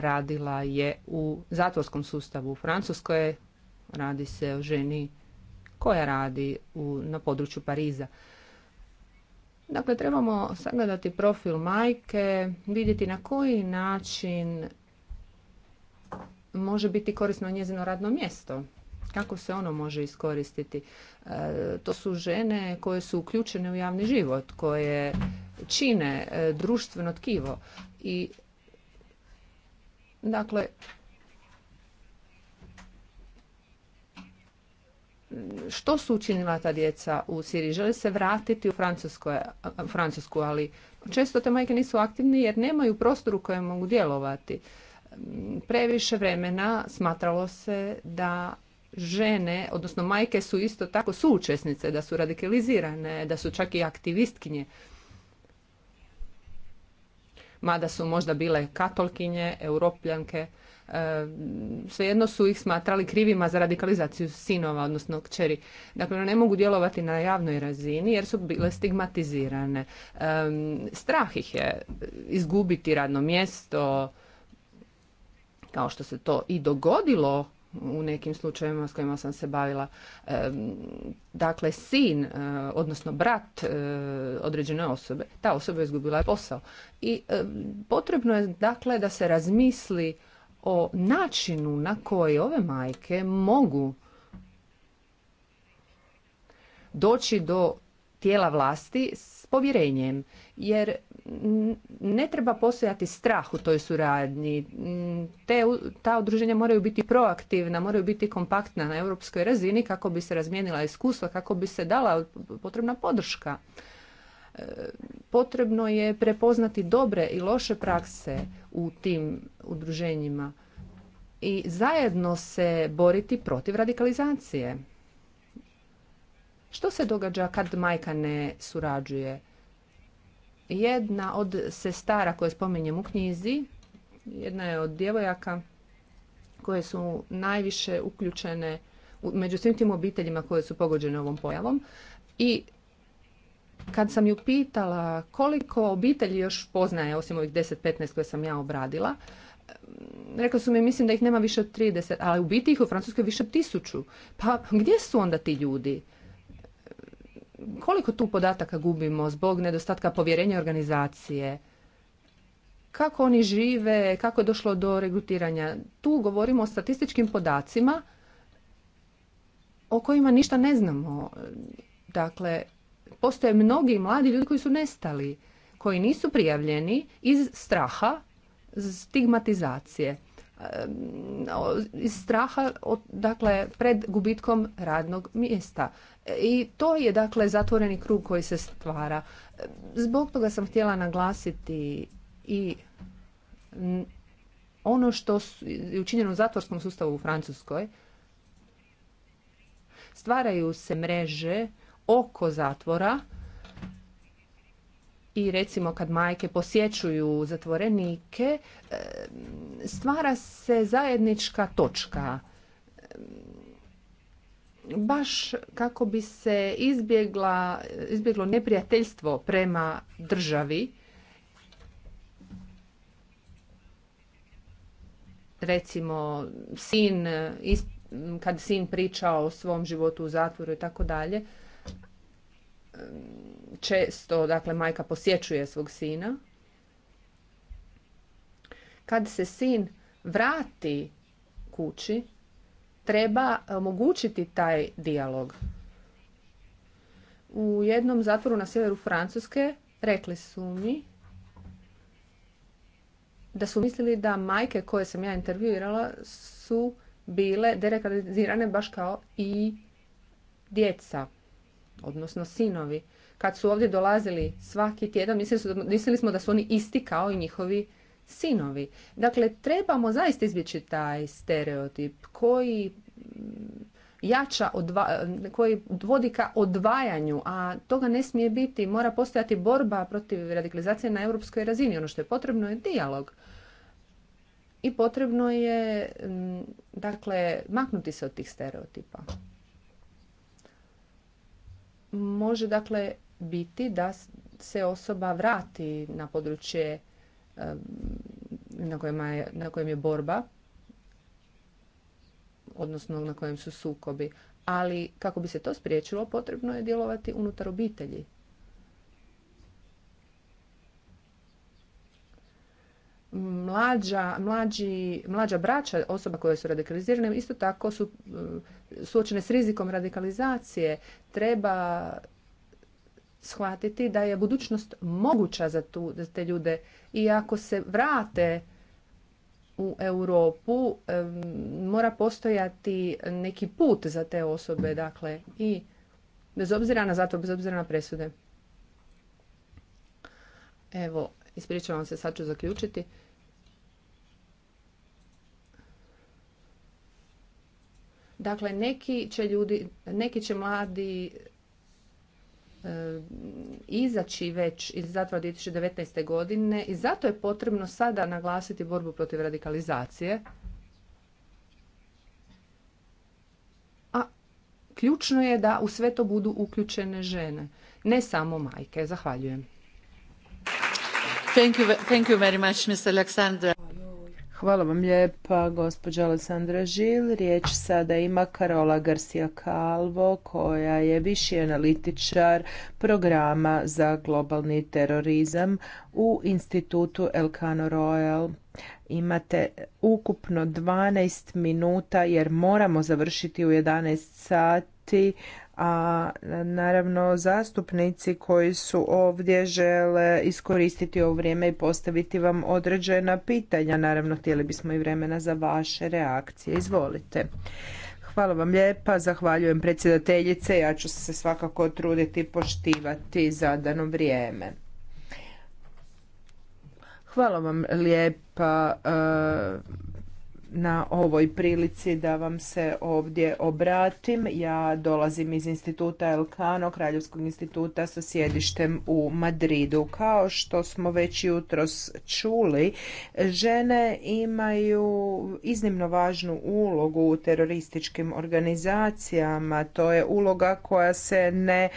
radila je u zatvorskom sustavu u Francuskoj. Radi se o ženi koja radi u, na području Pariza. Dakle, trebamo sagledati profil majke, vidjeti na koji način može biti korisno njezino radno mjesto. Kako se ono može iskoristiti? E, to su žene koje su uključene u javni život, koje čine e, društveno tkivo i dakle što su učinila ta djeca u Siriji? Žele se vratiti u Francusku, ali često te majke nisu aktivne jer nemaju prostor u kojem mogu djelovati. Previše vremena smatralo se da žene, odnosno majke su isto tako suučesnice, da su radikalizirane, da su čak i aktivistkinje. Mada su možda bile katolkinje, europljanke, Ehm, svejedno su ih smatrali krivima za radikalizaciju sinova, odnosno kćeri. Dakle, ne mogu djelovati na javnoj razini jer su bile stigmatizirane. Ehm, strah ih je izgubiti radno mjesto, kao što se to i dogodilo u nekim slučajevima s kojima sam se bavila. Ehm, dakle, sin, e, odnosno brat e, određene osobe, ta osoba je izgubila posao. I e, potrebno je, dakle, da se razmisli o načinu na koji ove majke mogu doći do tijela vlasti s povjerenjem jer ne treba postojati strah u toj suradnji. ta udruženja moraju biti proaktivna, moraju biti kompaktna na europskoj razini kako bi se razmijenila iskustva, kako bi se dala potrebna podrška potrebno je prepoznati dobre i loše prakse u tim udruženjima i zajedno se boriti protiv radikalizacije. Što se događa kad majka ne surađuje? Jedna od sestara koje spominjem u knjizi, jedna je od djevojaka koje su najviše uključene među svim tim obiteljima koje su pogođene ovom pojavom i kad sam ju pitala koliko obitelji još poznaje, osim ovih 10-15 koje sam ja obradila, mm, rekla su mi, mislim da ih nema više od 30, ali u biti ih u Francuskoj više od tisuću. Pa gdje su onda ti ljudi? Koliko tu podataka gubimo zbog nedostatka povjerenja organizacije? Kako oni žive, kako je došlo do regrutiranja? Tu govorimo o statističkim podacima o kojima ništa ne znamo. Dakle, postoje mnogi mladi ljudi koji su nestali, koji nisu prijavljeni iz straha stigmatizacije ehm, iz straha od, dakle, pred gubitkom radnog mjesta. I to je dakle zatvoreni krug koji se stvara. Zbog toga sam htjela naglasiti i ono što je učinjeno u zatvorskom sustavu u Francuskoj. Stvaraju se mreže oko zatvora i recimo kad majke posjećuju zatvorenike, e, stvara se zajednička točka. E, baš kako bi se izbjegla, izbjeglo neprijateljstvo prema državi, recimo sin, kad sin priča o svom životu u zatvoru i tako dalje, često, dakle, majka posjećuje svog sina. Kad se sin vrati kući, treba omogućiti taj dijalog. U jednom zatvoru na sjeveru Francuske rekli su mi da su mislili da majke koje sam ja intervjuirala su bile derekalizirane baš kao i djeca odnosno sinovi, kad su ovdje dolazili svaki tjedan, mislili smo da su oni isti kao i njihovi sinovi. Dakle, trebamo zaista izbjeći taj stereotip koji jača, odva, koji vodi ka odvajanju, a toga ne smije biti. Mora postojati borba protiv radikalizacije na europskoj razini. Ono što je potrebno je dijalog. I potrebno je, mm, dakle, maknuti se od tih stereotipa može dakle biti da se osoba vrati na područje na, na kojem je borba, odnosno na kojem su sukobi. Ali kako bi se to spriječilo, potrebno je djelovati unutar obitelji. mlađa, mlađi, mlađa braća osoba koje su radikalizirane isto tako su e, suočene s rizikom radikalizacije. Treba shvatiti da je budućnost moguća za, tu, te ljude i ako se vrate u Europu e, mora postojati neki put za te osobe, dakle, i bez obzira na zato, bez obzira na presude. Evo, ispričavam se, sad ću zaključiti. Dakle, neki će, ljudi, neki će mladi e, izaći već iz zatvora 2019. godine i zato je potrebno sada naglasiti borbu protiv radikalizacije. A ključno je da u sve to budu uključene žene, ne samo majke. Zahvaljujem. Thank you, thank you very much, Hvala vam lijepa, gospođa Alessandra Žil. Riječ sada ima Karola Garcia Calvo, koja je viši analitičar programa za globalni terorizam u institutu Elcano Royal. Imate ukupno 12 minuta jer moramo završiti u 11 sati a naravno zastupnici koji su ovdje žele iskoristiti ovo vrijeme i postaviti vam određena pitanja. Naravno, htjeli bismo i vremena za vaše reakcije. Izvolite. Hvala vam lijepa, zahvaljujem predsjedateljice, ja ću se svakako truditi poštivati zadano vrijeme. Hvala vam lijepa e, na ovoj prilici da vam se ovdje obratim. Ja dolazim iz instituta Elkano, Kraljevskog instituta sa sjedištem u Madridu. Kao što smo već jutros čuli, žene imaju iznimno važnu ulogu u terorističkim organizacijama. To je uloga koja se ne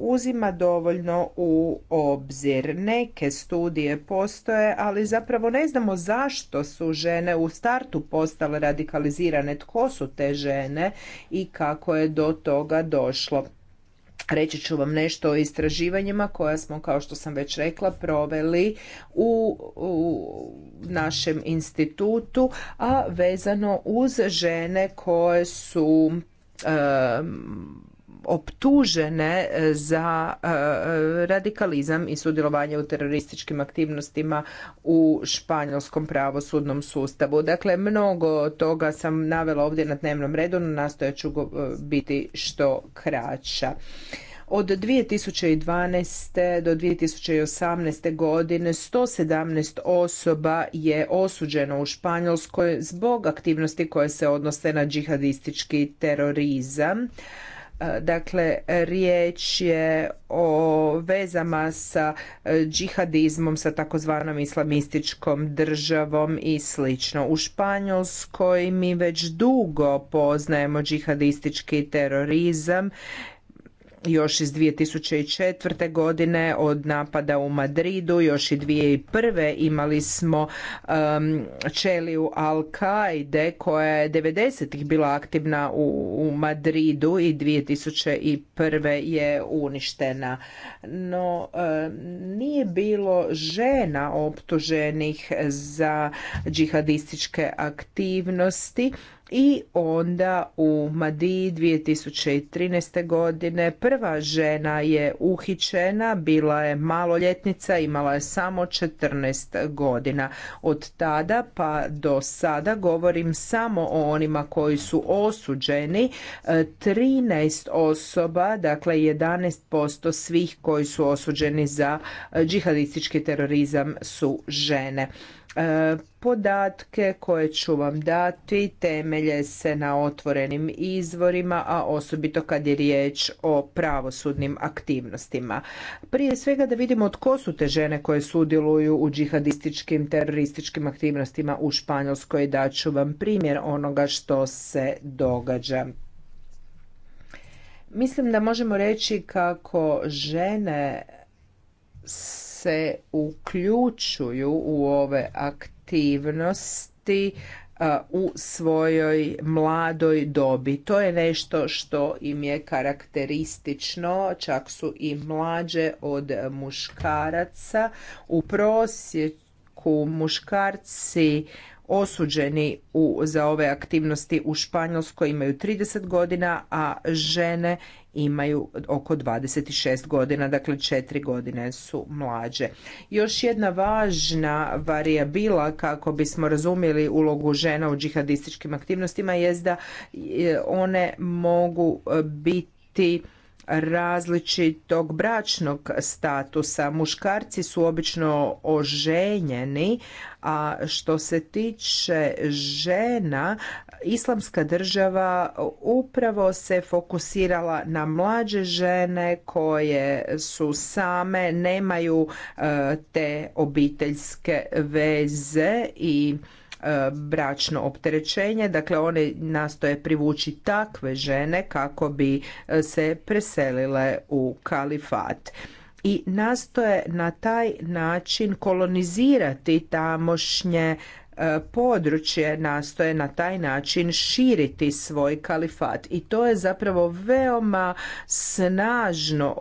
uzima dovoljno u obzir. Neke studije postoje, ali zapravo ne znamo zašto su žene u u startu postale radikalizirane, tko su te žene i kako je do toga došlo. Reći ću vam nešto o istraživanjima koja smo, kao što sam već rekla, proveli u, našem institutu, a vezano uz žene koje su optužene e, za e, radikalizam i sudjelovanje u terorističkim aktivnostima u španjolskom pravosudnom sustavu. Dakle, mnogo toga sam navela ovdje na dnevnom redu, no nastojat ću e, biti što kraća. Od 2012. do 2018. godine 117 osoba je osuđeno u Španjolskoj zbog aktivnosti koje se odnose na džihadistički terorizam. E, dakle, riječ je o vezama sa e, džihadizmom, sa takozvanom islamističkom državom i slično. U Španjolskoj mi već dugo poznajemo džihadistički terorizam još iz 2004. godine od napada u Madridu, još i 2001. imali smo um, čeliju Al-Qaide koja je 90. bila aktivna u, Madridu i 2001. je uništena. No, um, nije bilo žena optuženih za džihadističke aktivnosti i onda u Madi 2013. godine prva žena je uhićena, bila je maloljetnica, imala je samo 14 godina. Od tada pa do sada govorim samo o onima koji su osuđeni, 13 e, osoba, dakle 11% svih koji su osuđeni za e, džihadistički terorizam su žene. E, podatke koje ću vam dati temelje se na otvorenim izvorima, a osobito kad je riječ o pravosudnim aktivnostima. Prije svega da vidimo tko su te žene koje sudjeluju u džihadističkim terorističkim aktivnostima u Španjolskoj. Daću vam primjer onoga što se događa. Mislim da možemo reći kako žene se uključuju u ove aktivnosti u svojoj mladoj dobi. To je nešto što im je karakteristično, čak su i mlađe od muškaraca. U prosjeku muškarci osuđeni u, za ove aktivnosti u Španjolskoj imaju 30 godina, a žene imaju oko 26 godina, dakle četiri godine su mlađe. Još jedna važna varijabila kako bismo razumjeli ulogu žena u džihadističkim aktivnostima jest da e, one mogu e, biti različitog bračnog statusa. Muškarci su obično oženjeni, a što se tiče žena, islamska država upravo se fokusirala na mlađe žene koje su same, nemaju e, te obiteljske veze i E, bračno opterećenje, dakle one nastoje privući takve žene kako bi e, se preselile u kalifat i nastoje na taj način kolonizirati tamošnje e, područje nastoje na taj način širiti svoj kalifat i to je zapravo veoma snažno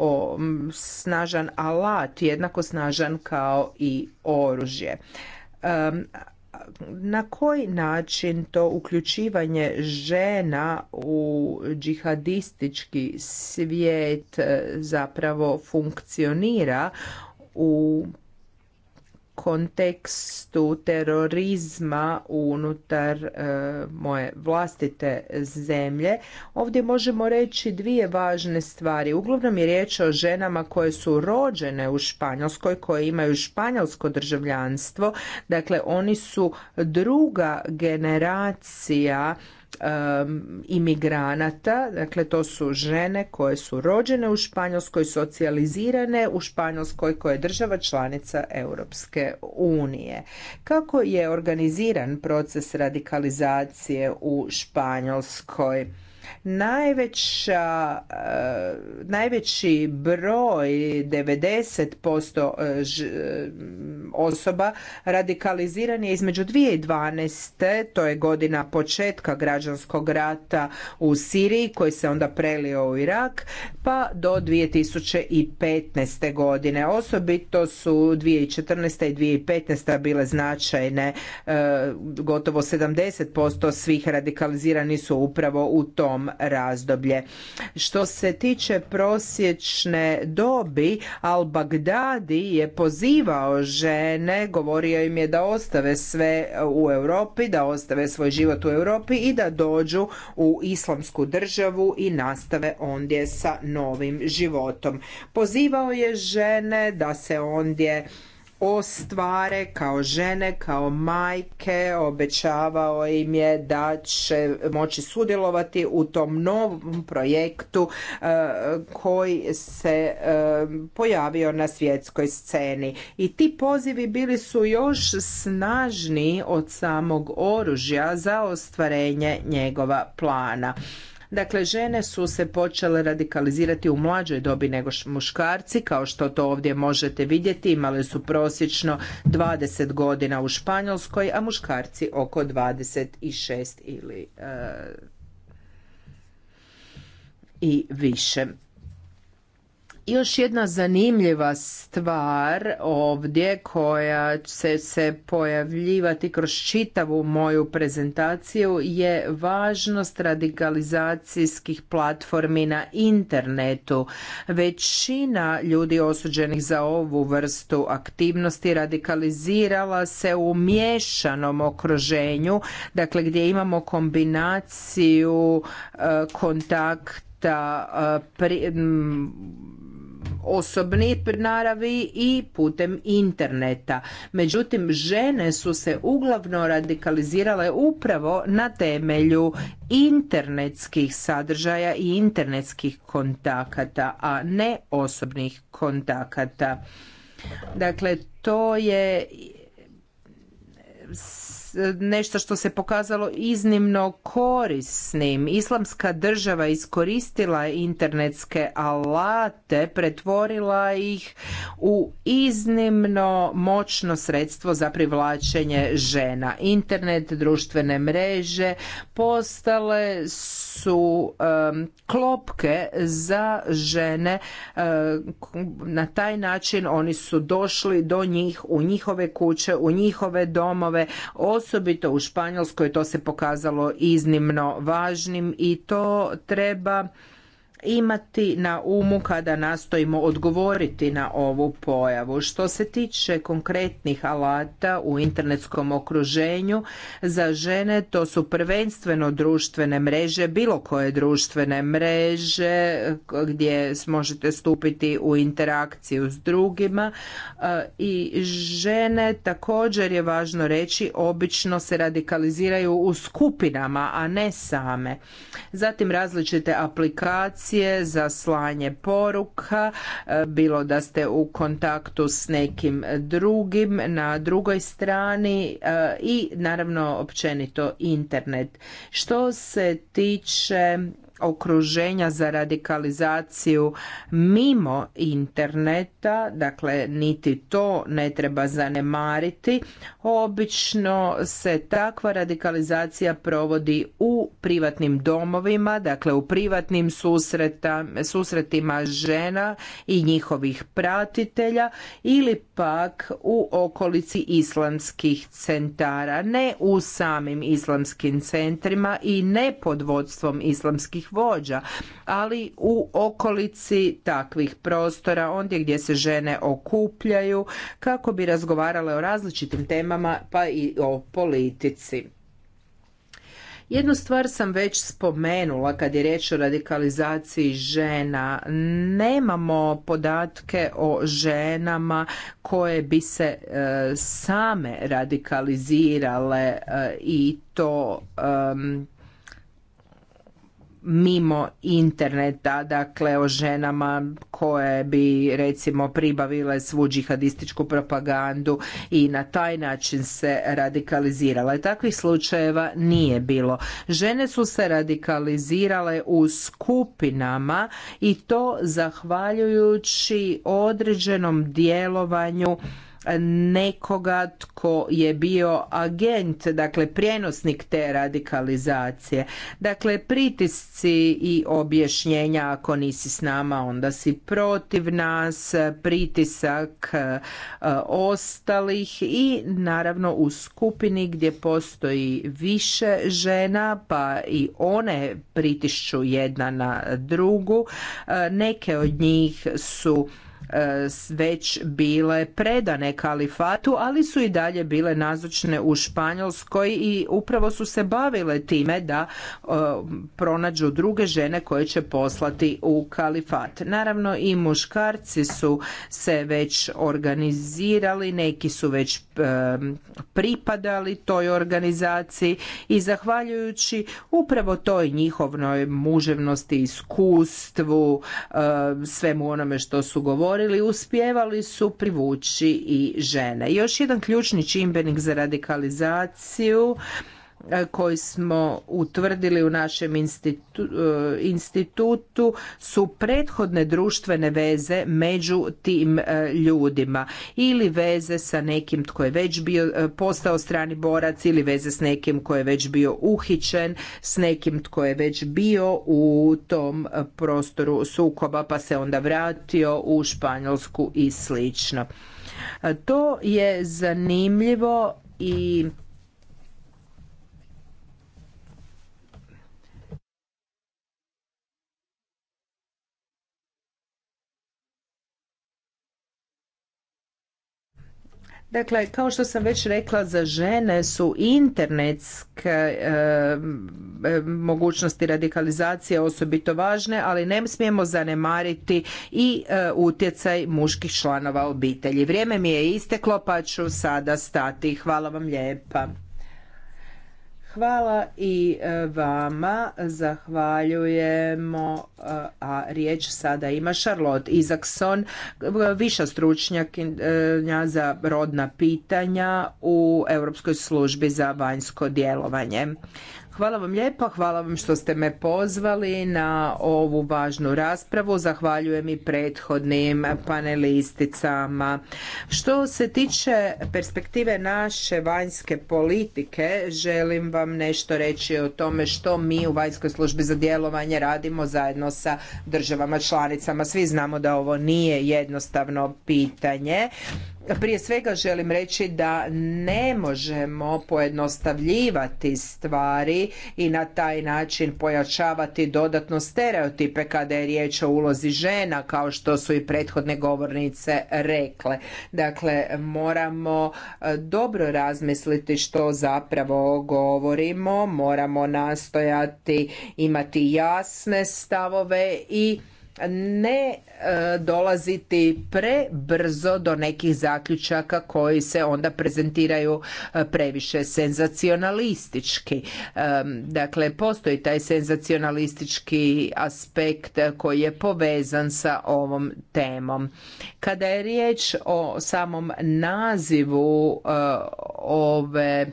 snažan alat jednako snažan kao i oružje na koji način to uključivanje žena u džihadistički svijet e, zapravo funkcionira u kontekstu terorizma unutar e, moje vlastite zemlje. Ovdje možemo reći dvije važne stvari. Uglavnom je riječ o ženama koje su rođene u Španjolskoj, koje imaju španjolsko državljanstvo. Dakle, oni su druga generacija um, imigranata, dakle to su žene koje su rođene u Španjolskoj, socijalizirane u Španjolskoj koja je država članica Europske unije. Kako je organiziran proces radikalizacije u Španjolskoj? Najveća, eh, najveći broj 90% eh, eh, osoba radikaliziran je između 2012. to je godina početka građanskog rata u Siriji koji se onda prelio u Irak pa do 2015. godine. Osobito su 2014. i 2015. bile značajne gotovo 70% svih radikalizirani su upravo u tom razdoblje. Što se tiče prosječne dobi, Al-Baghdadi je pozivao žene, govorio im je da ostave sve u Europi, da ostave svoj život u Europi i da dođu u islamsku državu i nastave ondje sa novim životom. Pozivao je žene da se ondje ostvare kao žene, kao majke, obećavao im je da će moći sudjelovati u tom novom projektu e, koji se e, pojavio na svjetskoj sceni. I ti pozivi bili su još snažniji od samog oružja za ostvarenje njegova plana. Dakle, žene su se počele radikalizirati u mlađoj dobi nego muškarci, kao što to ovdje možete vidjeti, imale su prosječno 20 godina u Španjolskoj, a muškarci oko 26 ili e, i više. Još jedna zanimljiva stvar ovdje koja će se pojavljivati kroz čitavu moju prezentaciju je važnost radikalizacijskih platformi na internetu. Većina ljudi osuđenih za ovu vrstu aktivnosti radikalizirala se u miješanom okruženju, dakle gdje imamo kombinaciju e, kontakta e, osobni naravi i putem interneta. Međutim, žene su se uglavno radikalizirale upravo na temelju internetskih sadržaja i internetskih kontakata, a ne osobnih kontakata. Dakle, to je nešto što se pokazalo iznimno korisnim. Islamska država iskoristila internetske alate, pretvorila ih u iznimno moćno sredstvo za privlačenje žena. Internet, društvene mreže postale su klopke za žene. na taj način oni su došli do njih, u njihove kuće, u njihove domove, Osobito u Španjolskoj to se pokazalo iznimno važnim i to treba imati na umu kada nastojimo odgovoriti na ovu pojavu. Što se tiče konkretnih alata u internetskom okruženju za žene, to su prvenstveno društvene mreže, bilo koje društvene mreže gdje možete stupiti u interakciju s drugima e, i žene također je važno reći obično se radikaliziraju u skupinama, a ne same. Zatim različite aplikacije za slanje poruka, e, bilo da ste u kontaktu s nekim drugim na drugoj strani e, i naravno općenito internet. Što se tiče okruženja za radikalizaciju mimo interneta, dakle niti to ne treba zanemariti. Obično se takva radikalizacija provodi u privatnim domovima, dakle u privatnim susreta, susretima žena i njihovih pratitelja ili pak u okolici islamskih centara, ne u samim islamskim centrima i ne pod vodstvom islamskih vođa, ali u okolici takvih prostora, ondje gdje se žene okupljaju kako bi razgovarale o različitim temama pa i o politici. Jednu stvar sam već spomenula kad je riječ o radikalizaciji žena. Nemamo podatke o ženama koje bi se e, same radikalizirale e, i to mimo interneta, dakle o ženama koje bi recimo pribavile svu džihadističku propagandu i na taj način se radikalizirale. Takvih slučajeva nije bilo. Žene su se radikalizirale u skupinama i to zahvaljujući određenom djelovanju nekoga tko je bio agent, dakle prijenosnik te radikalizacije. Dakle, pritisci i objašnjenja ako nisi s nama, onda si protiv nas, pritisak e, ostalih i naravno u skupini gdje postoji više žena, pa i one pritišću jedna na drugu. E, neke od njih su E, već bile predane kalifatu, ali su i dalje bile nazočne u Španjolskoj i upravo su se bavile time da e, pronađu druge žene koje će poslati u kalifat. Naravno i muškarci su se već organizirali, neki su već e, pripadali toj organizaciji i zahvaljujući upravo toj njihovnoj muževnosti, iskustvu, svemu onome što su govorili, ili uspijevali su privući i žene. Još jedan ključni čimbenik za radikalizaciju E, koji smo utvrdili u našem e, institutu su prethodne društvene veze među tim e, ljudima ili veze sa nekim tko je već bio postao strani borac ili veze s nekim tko je već bio uhićen, s nekim tko je već bio u tom prostoru sukoba pa se onda vratio u Španjolsku i slično. To je zanimljivo i Dakle, kao što sam već rekla, za žene su internetske eh, eh, mogućnosti radikalizacije osobito važne, ali ne smijemo zanemariti i eh, utjecaj muških članova obitelji. Vrijeme mi je isteklo, pa ću sada stati. Hvala vam lijepa. Hvala i e, vama. Zahvaljujemo. E, a riječ sada ima Charlotte Izakson, viša stručnjakinja za rodna pitanja u Europskoj službi za vanjsko djelovanje. Hvala vam lijepa, hvala vam što ste me pozvali na ovu važnu raspravu. Zahvaljujem i prethodnim panelisticama. Što se tiče perspektive naše vanjske politike, želim vam nešto reći o tome što mi u vanjskoj službi za djelovanje radimo zajedno sa državama članicama. Svi znamo da ovo nije jednostavno pitanje prije svega želim reći da ne možemo pojednostavljivati stvari i na taj način pojačavati dodatno stereotipe kada je riječ o ulozi žena kao što su i prethodne govornice rekle. Dakle, moramo e, dobro razmisliti što zapravo govorimo, moramo nastojati imati jasne stavove i ne e, dolaziti prebrzo do nekih zaključaka koji se onda prezentiraju e, previše senzacionalistički. E, dakle, postoji taj senzacionalistički aspekt koji je povezan sa ovom temom. Kada je riječ o samom nazivu ove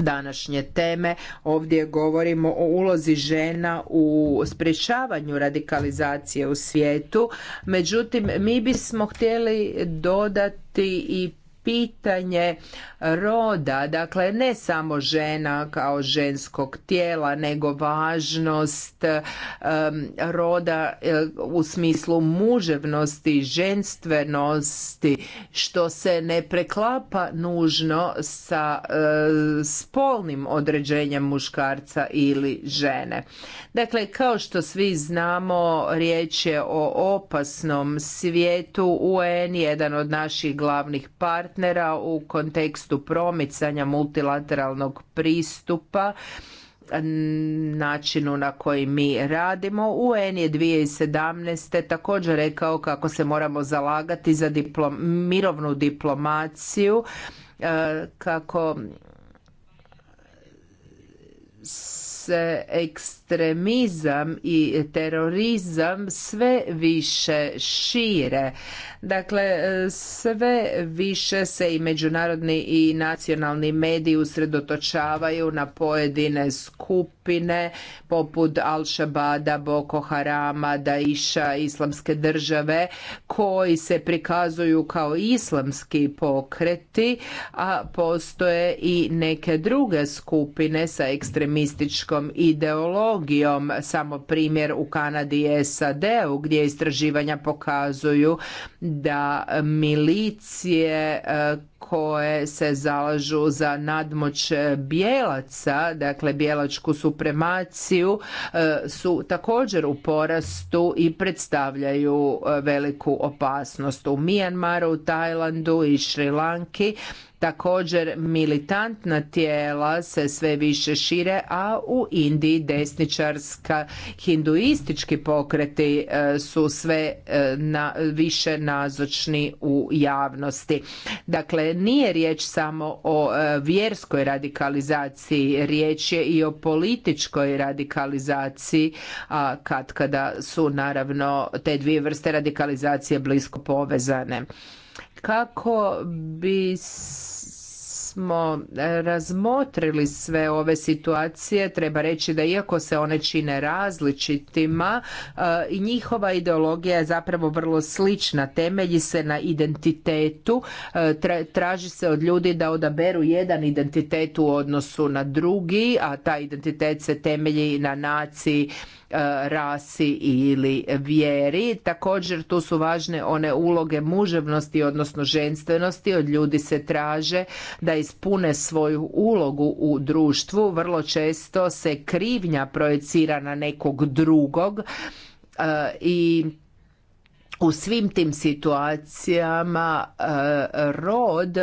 današnje teme. Ovdje govorimo o ulozi žena u sprječavanju radikalizacije u svijetu. Međutim, mi bismo htjeli dodati i pitanje roda, dakle ne samo žena kao ženskog tijela, nego važnost roda eh, u smislu muževnosti, ženstvenosti, što se ne preklapa nužno sa eh, spolnim određenjem muškarca ili žene. Dakle, kao što svi znamo, riječ je o opasnom svijetu. UN, jedan od naših glavnih par partnera u kontekstu promicanja multilateralnog pristupa načinu na koji mi radimo. UN je 2017. također rekao kako se moramo zalagati za diplom, mirovnu diplomaciju e, kako se ekst ekstremizam i terorizam sve više šire. Dakle, sve više se i međunarodni i nacionalni mediji usredotočavaju na pojedine skupine poput Al-Shabada, Boko Harama, Daisha, Islamske države koji se prikazuju kao islamski pokreti, a postoje i neke druge skupine sa ekstremističkom ideologijom tehnologijom, samo primjer u Kanadi i SAD-u gdje istraživanja pokazuju da milicije e, koje se zalažu za nadmoć bijelaca, dakle bijelačku supremaciju, e, su također u porastu i predstavljaju e, veliku opasnost. U Mijanmaru, Tajlandu i Šrilanki Također militantna tijela se sve više šire, a u Indiji desničarska hinduistički pokreti e, su sve e, na, više nazočni u javnosti. Dakle, nije riječ samo o e, vjerskoj radikalizaciji, riječ je i o političkoj radikalizaciji, a kad kada su naravno te dvije vrste radikalizacije blisko povezane kako bismo razmotrili sve ove situacije, treba reći da iako se one čine različitima, e, i njihova ideologija je zapravo vrlo slična, temelji se na identitetu, e, traži se od ljudi da odaberu jedan identitet u odnosu na drugi, a taj identitet se temelji na naciji E, rasi ili vjeri. Također tu su važne one uloge muževnosti, odnosno ženstvenosti. Od ljudi se traže da ispune svoju ulogu u društvu. Vrlo često se krivnja projecira na nekog drugog e, i u svim tim situacijama e, rod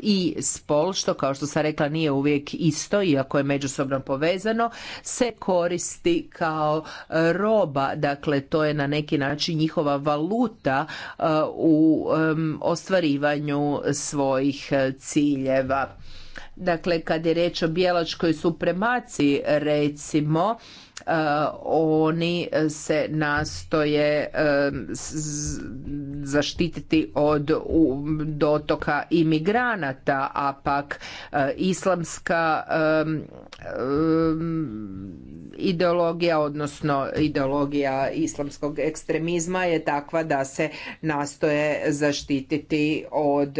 i spol, što kao što sam rekla nije uvijek isto, iako je međusobno povezano, se koristi kao roba. Dakle, to je na neki način njihova valuta e, u ostvarivanju svojih e, ciljeva. Dakle, kad je reč o bijelačkoj supremaciji, recimo, Eh, oni se nastoje zaštititi od dotoka imigranata, a pak eh, islamska ideologija, odnosno ideologija islamskog ekstremizma je takva da se nastoje zaštititi od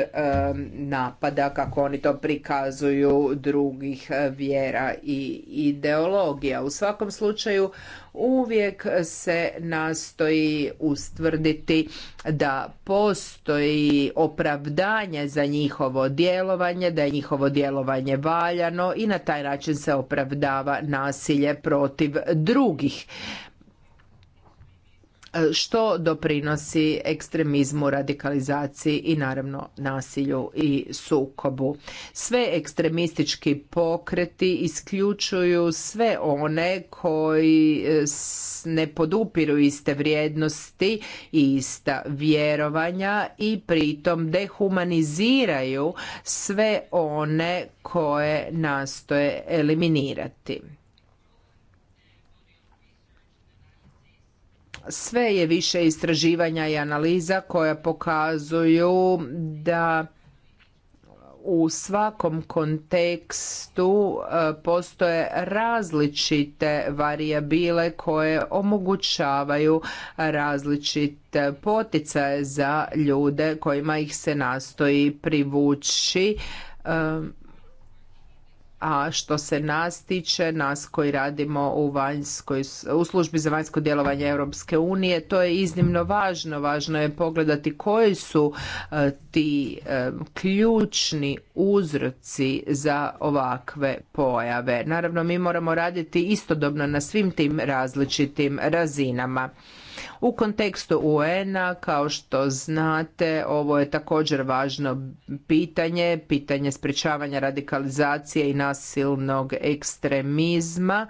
napada, kako oni to prikazuju, drugih eh, vjera i ideologija. U svakom slučaju slučaju uvijek se nastoji ustvrditi da postoji opravdanje za njihovo djelovanje, da je njihovo djelovanje valjano i na taj način se opravdava nasilje protiv drugih što doprinosi ekstremizmu, radikalizaciji i naravno nasilju i sukobu. Sve ekstremistički pokreti isključuju sve one koji e, ne podupiru iste vrijednosti i ista vjerovanja i pritom dehumaniziraju sve one koje nastoje eliminirati. Sve je više istraživanja i analiza koja pokazuju da u svakom kontekstu e, postoje različite varijabile koje omogućavaju različite poticaje za ljude kojima ih se nastoji privući e, a što se nas tiče, nas koji radimo u, vanjskoj, u službi za vanjsko djelovanje Europske unije, to je iznimno važno. Važno je pogledati koji su e, ti e, ključni uzroci za ovakve pojave. Naravno, mi moramo raditi istodobno na svim tim različitim razinama. U kontekstu UN-a, kao što znate, ovo je također važno pitanje, pitanje sprječavanja radikalizacije i nasilnog ekstremizma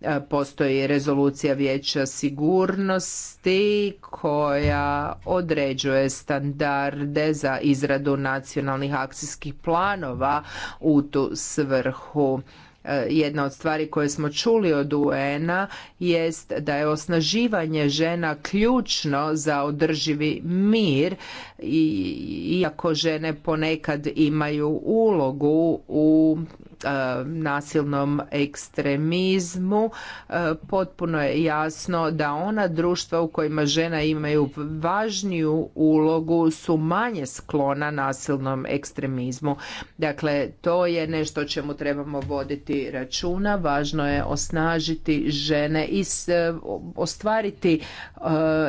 e, postoji rezolucija vijeća sigurnosti koja određuje standarde za izradu nacionalnih akcijskih planova u tu svrhu E, jedna od stvari koje smo čuli od UN-a jest da je osnaživanje žena ključno za održivi mir iako žene ponekad imaju ulogu u e, nasilnom ekstremizmu e, potpuno je jasno da ona društva u kojima žena imaju važniju ulogu su manje sklona nasilnom ekstremizmu. Dakle to je nešto o čemu trebamo voditi računa, važno je osnažiti žene i e, ostvariti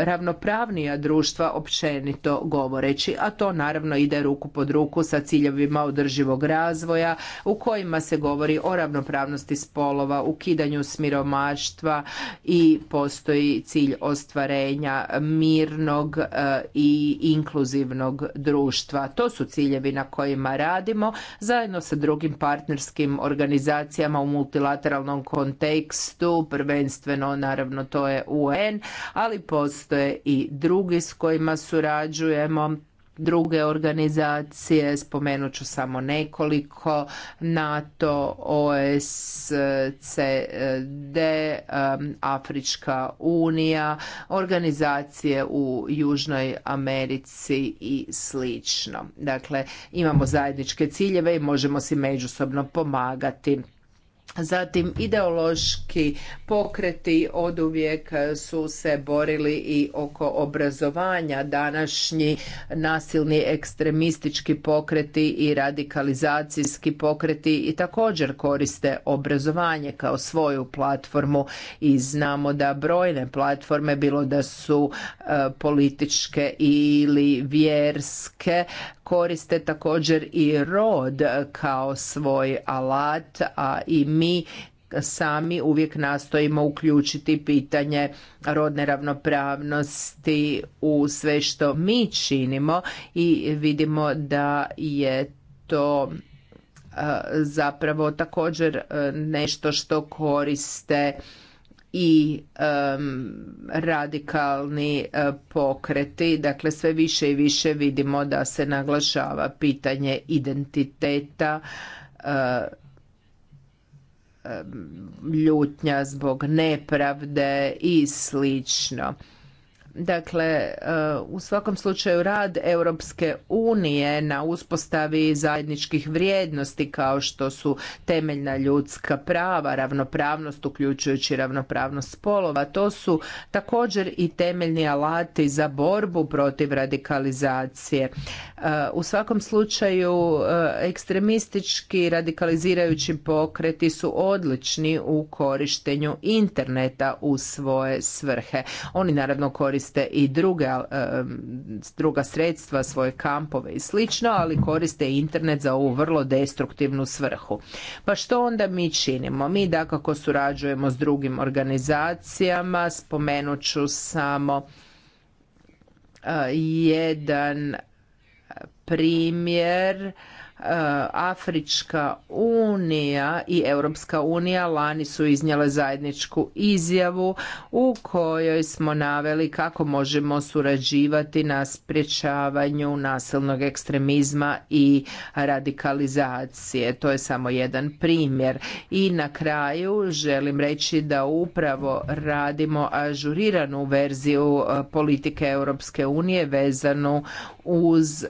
ravnopravnija društva općenito govor reći, a to naravno ide ruku pod ruku sa ciljevima održivog razvoja u kojima se govori o ravnopravnosti spolova, ukidanju smiromaštva i postoji cilj ostvarenja mirnog e, i inkluzivnog društva. To su ciljevi na kojima radimo zajedno sa drugim partnerskim organizacijama u multilateralnom kontekstu, prvenstveno naravno to je UN, ali postoje i drugi s kojima surađujemo druge organizacije, spomenut ću samo nekoliko, NATO, OSCD, Afrička unija, organizacije u Južnoj Americi i slično. Dakle, imamo zajedničke ciljeve i možemo si međusobno pomagati. Zatim ideološki pokreti oduvijek su se borili i oko obrazovanja. Današnji nasilni ekstremistički pokreti i radikalizacijski pokreti i također koriste obrazovanje kao svoju platformu i znamo da brojne platforme bilo da su e, političke ili vjerske koriste također i rod kao svoj alat a i mi mi sami uvijek nastojimo uključiti pitanje rodne ravnopravnosti u sve što mi činimo i vidimo da je to e, zapravo također e, nešto što koriste i radikalni e, pokreti dakle sve više i više vidimo da se naglašava pitanje identiteta ljutnja zbog nepravde i slično. Dakle, e, u svakom slučaju rad Europske unije na uspostavi zajedničkih vrijednosti kao što su temeljna ljudska prava, ravnopravnost uključujući ravnopravnost spolova, to su također i temeljni alati za borbu protiv radikalizacije. E, u svakom slučaju e, ekstremistički radikalizirajući pokreti su odlični u korištenju interneta u svoje svrhe. Oni naravno koriste i druga sredstva, svoje kampove i slično, ali koriste internet za ovu vrlo destruktivnu svrhu. Pa što onda mi činimo? Mi dakako surađujemo s drugim organizacijama, spomenut ću samo eh, jedan eh, primjer Afrička unija i Europska unija lani su iznijele zajedničku izjavu u kojoj smo naveli kako možemo surađivati na sprječavanju nasilnog ekstremizma i radikalizacije. To je samo jedan primjer. I na kraju želim reći da upravo radimo ažuriranu verziju e, politike Europske unije vezanu uz e,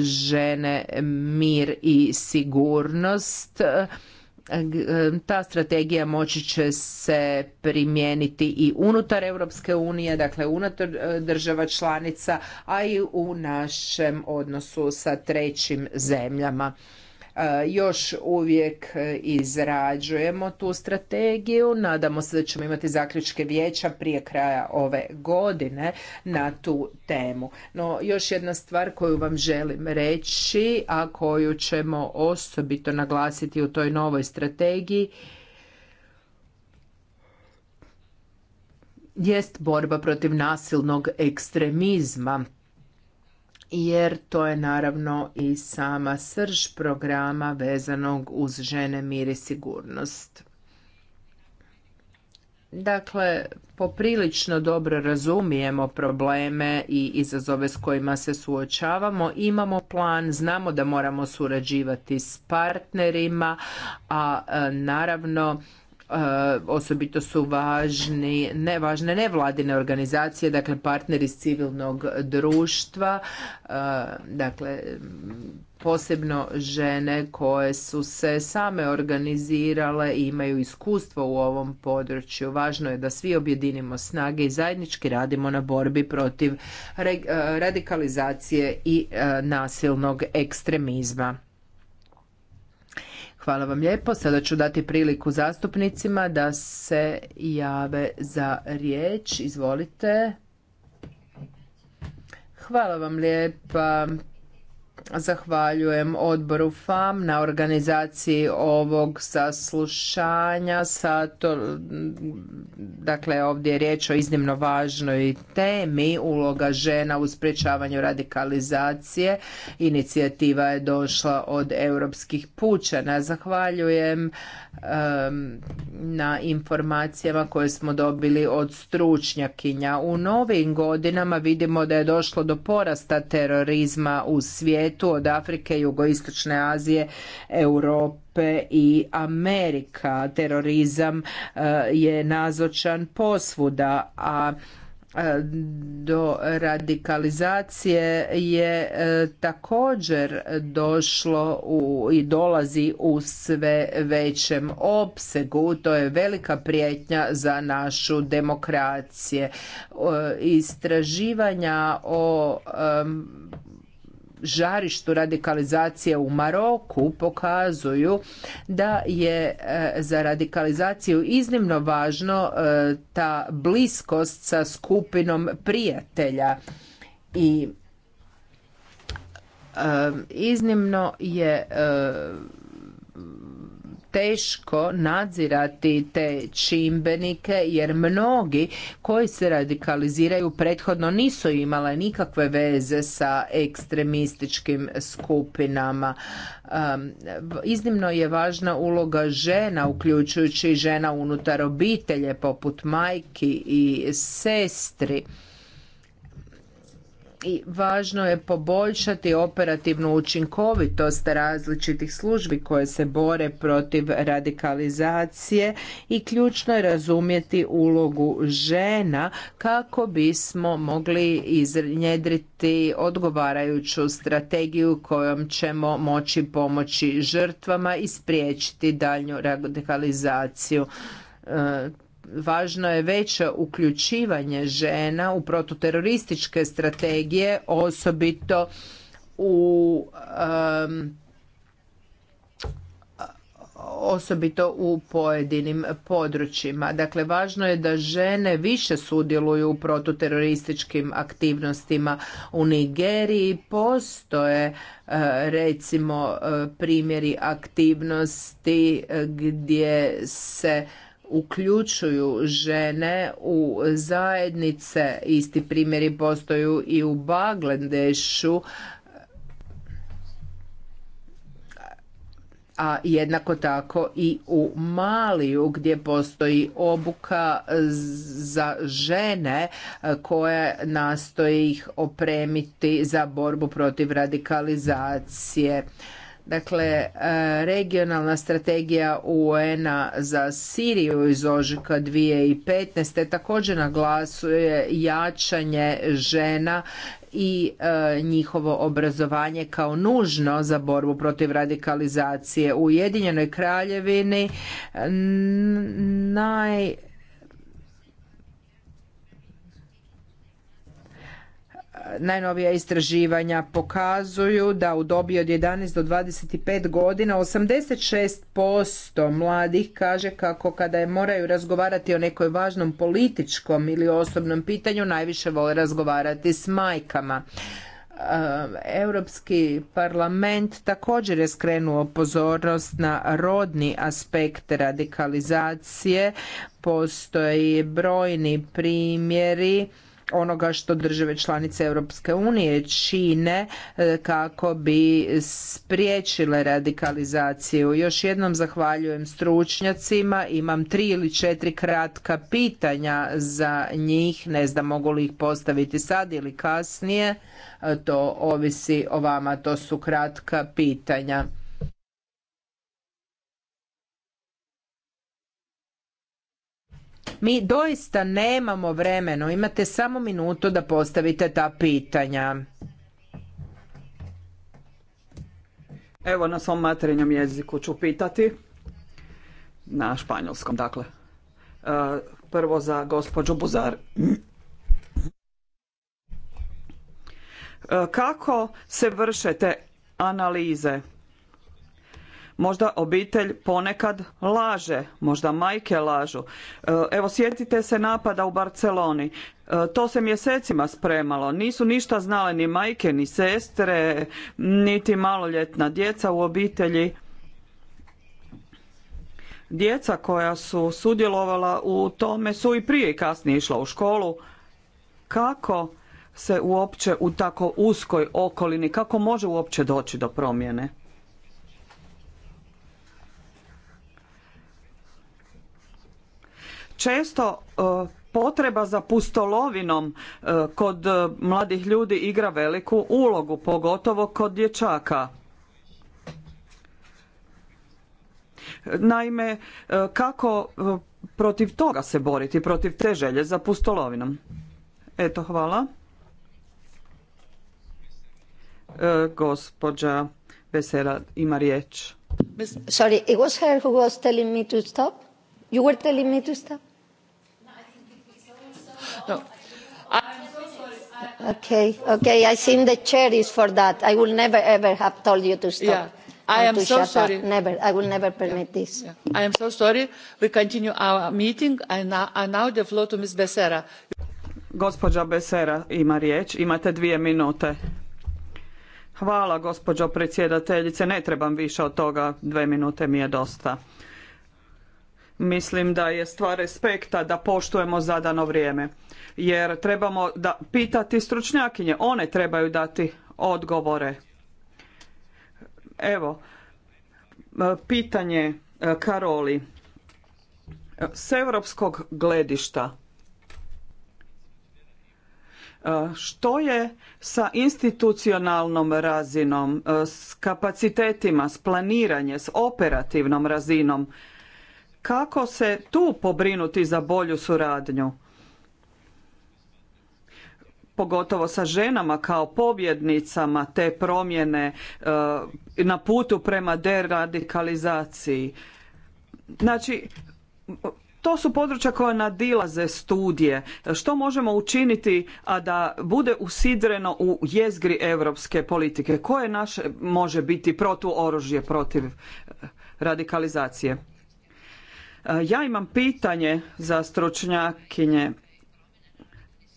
žene mir i sigurnost e, ta strategija moći će se primijeniti i unutar Europske unije, dakle unutar e, država članica, a i u našem odnosu sa trećim zemljama. E, još uvijek e, izrađujemo tu strategiju. Nadamo se da ćemo imati zaključke vijeća prije kraja ove godine na tu temu. No, još jedna stvar koju vam želim reći, a koju ćemo osobito naglasiti u toj novoj strategiji, jest borba protiv nasilnog ekstremizma jer to je naravno i sama srž programa vezanog uz žene, mir i sigurnost. Dakle, poprilično dobro razumijemo probleme i izazove s kojima se suočavamo. Imamo plan, znamo da moramo surađivati s partnerima, a e, naravno E, osobito su važni, ne, važne nevladine organizacije, dakle partneri iz civilnog društva, e, dakle posebno žene koje su se same organizirale i imaju iskustvo u ovom području. Važno je da svi objedinimo snage i zajednički radimo na borbi protiv e, radikalizacije i nasilnog ekstremizma. Hvala vam lijepo. Sada ću dati priliku zastupnicima da se jave za riječ. Izvolite. Hvala vam lijepa Zahvaljujem odboru FAM na organizaciji ovog saslušanja. Sa to, dakle, ovdje je riječ o iznimno važnoj temi, uloga žena u sprečavanju radikalizacije. Inicijativa je došla od europskih pučana. Zahvaljujem na informacijama koje smo dobili od stručnjakinja. U novim godinama vidimo da je došlo do porasta terorizma u svijetu tu od Afrike, Jugoistočne Azije, Europe i Amerika. Terorizam e, je nazočan posvuda, a e, do radikalizacije je e, također došlo u, i dolazi u sve većem opsegu. To je velika prijetnja za našu demokracije. Istraživanja o žarištu radikalizacije u Maroku pokazuju da je e, za radikalizaciju iznimno važno e, ta bliskost sa skupinom prijatelja i e, iznimno je teško nadzirati te čimbenike jer mnogi koji se radikaliziraju prethodno nisu imale nikakve veze sa ekstremističkim skupinama. iznimno je važna uloga žena, uključujući žena unutar obitelje poput majki i sestri i važno je poboljšati operativnu učinkovitost različitih službi koje se bore protiv radikalizacije i ključno je razumjeti ulogu žena kako bismo mogli iznjedriti odgovarajuću strategiju kojom ćemo moći pomoći žrtvama i spriječiti daljnju radikalizaciju e, važno je veće uključivanje žena u prototerorističke strategije, osobito u osobito u pojedinim područjima. Dakle, važno je da žene više sudjeluju u prototerorističkim aktivnostima u Nigeriji. Postoje e, recimo e, primjeri aktivnosti e, gdje se uključuju žene u zajednice. Isti primjeri postoju i u Bangladešu. a jednako tako i u Maliju gdje postoji obuka za žene koje nastoji ih opremiti za borbu protiv radikalizacije. Dakle, e, regionalna strategija UN-a za Siriju iz ožujka 2015. također naglasuje jačanje žena i e, njihovo obrazovanje kao nužno za borbu protiv radikalizacije. U Ujedinjenoj kraljevini naj Najnovija istraživanja pokazuju da u dobi od 11 do 25 godina 86% mladih kaže kako kada je moraju razgovarati o nekoj važnom političkom ili osobnom pitanju najviše vole razgovarati s majkama. E, Europski parlament također je skrenuo pozornost na rodni aspekt radikalizacije. Postoji brojni primjeri onoga što države članice Europske unije čine e, kako bi spriječile radikalizaciju. Još jednom zahvaljujem stručnjacima, imam tri ili četiri kratka pitanja za njih, ne znam mogu li ih postaviti sad ili kasnije, e, to ovisi o vama, to su kratka pitanja. Mi doista nemamo vremeno, imate samo minutu da postavite ta pitanja. Evo na svom materinjem jeziku ću pitati, na španjolskom dakle. E, prvo za gospođu Buzar. E, kako se vrše te analize? Možda obitelj ponekad laže, možda majke lažu. E, evo sjetite se napada u Barceloni. E, to se mjesecima spremalo. Nisu ništa znale ni majke, ni sestre, niti maloljetna djeca u obitelji. Djeca koja su sudjelovala u tome su i prije i kasnije išla u školu. Kako se uopće u tako uskoj okolini, kako može uopće doći do promjene? često e, potreba za pustolovinom e, kod e, mladih ljudi igra veliku ulogu, pogotovo kod dječaka. Naime, kako protiv toga se boriti, protiv te želje za pustolovinom? Eto, hvala. E, gospođa Vesera ima riječ. Sorry, it was her who was telling me to stop. You were telling me to stop no. I'm so sorry. Okay, okay, I think the chair is for that. I will never ever have told you to stop. Yeah. I am so sorry. Up. Never, I will never permit yeah, this. Yeah. I am so sorry. We continue our meeting. I now, I now the floor to Ms. Becerra. Gospođa Besera ima riječ. Imate dvije minute. Hvala, gospođo predsjedateljice. Ne trebam više od toga. Dve minute mi je dosta. Mislim da je stvar respekta da poštujemo zadano vrijeme. Jer trebamo da pitati stručnjakinje. One trebaju dati odgovore. Evo, pitanje e, Karoli. S europskog gledišta, e, što je sa institucionalnom razinom, e, s kapacitetima, s planiranjem, s operativnom razinom? Kako se tu pobrinuti za bolju suradnju? pogotovo sa ženama kao pobjednicama te promjene e, na putu prema deradikalizaciji. Znači, to su područja koja nadilaze studije. Što možemo učiniti, a da bude usidreno u jezgri europske politike? Koje naše može biti protuoružje protiv e, radikalizacije? E, ja imam pitanje za stručnjakinje.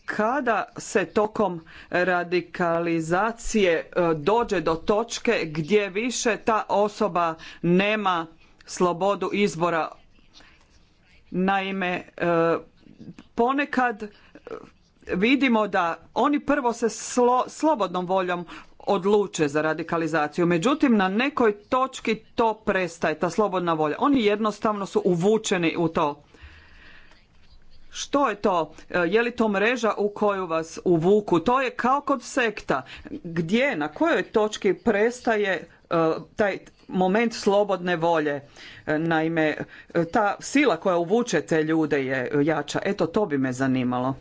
Kada se tokom radikalizacije e, dođe do točke gdje više ta osoba nema slobodu izbora? Naime, e, ponekad vidimo da oni prvo se slobodnom voljom odluče za radikalizaciju. Međutim, na nekoj točki to prestaje, ta slobodna volja. Oni jednostavno su uvučeni u to. Što je to? E, je li to mreža u koju vas uvuku? To je kao kod sekta. Gdje, na kojoj točki prestaje e, taj moment slobodne volje? E, naime, ta sila koja uvuče te ljude je jača. Eto, to bi me zanimalo.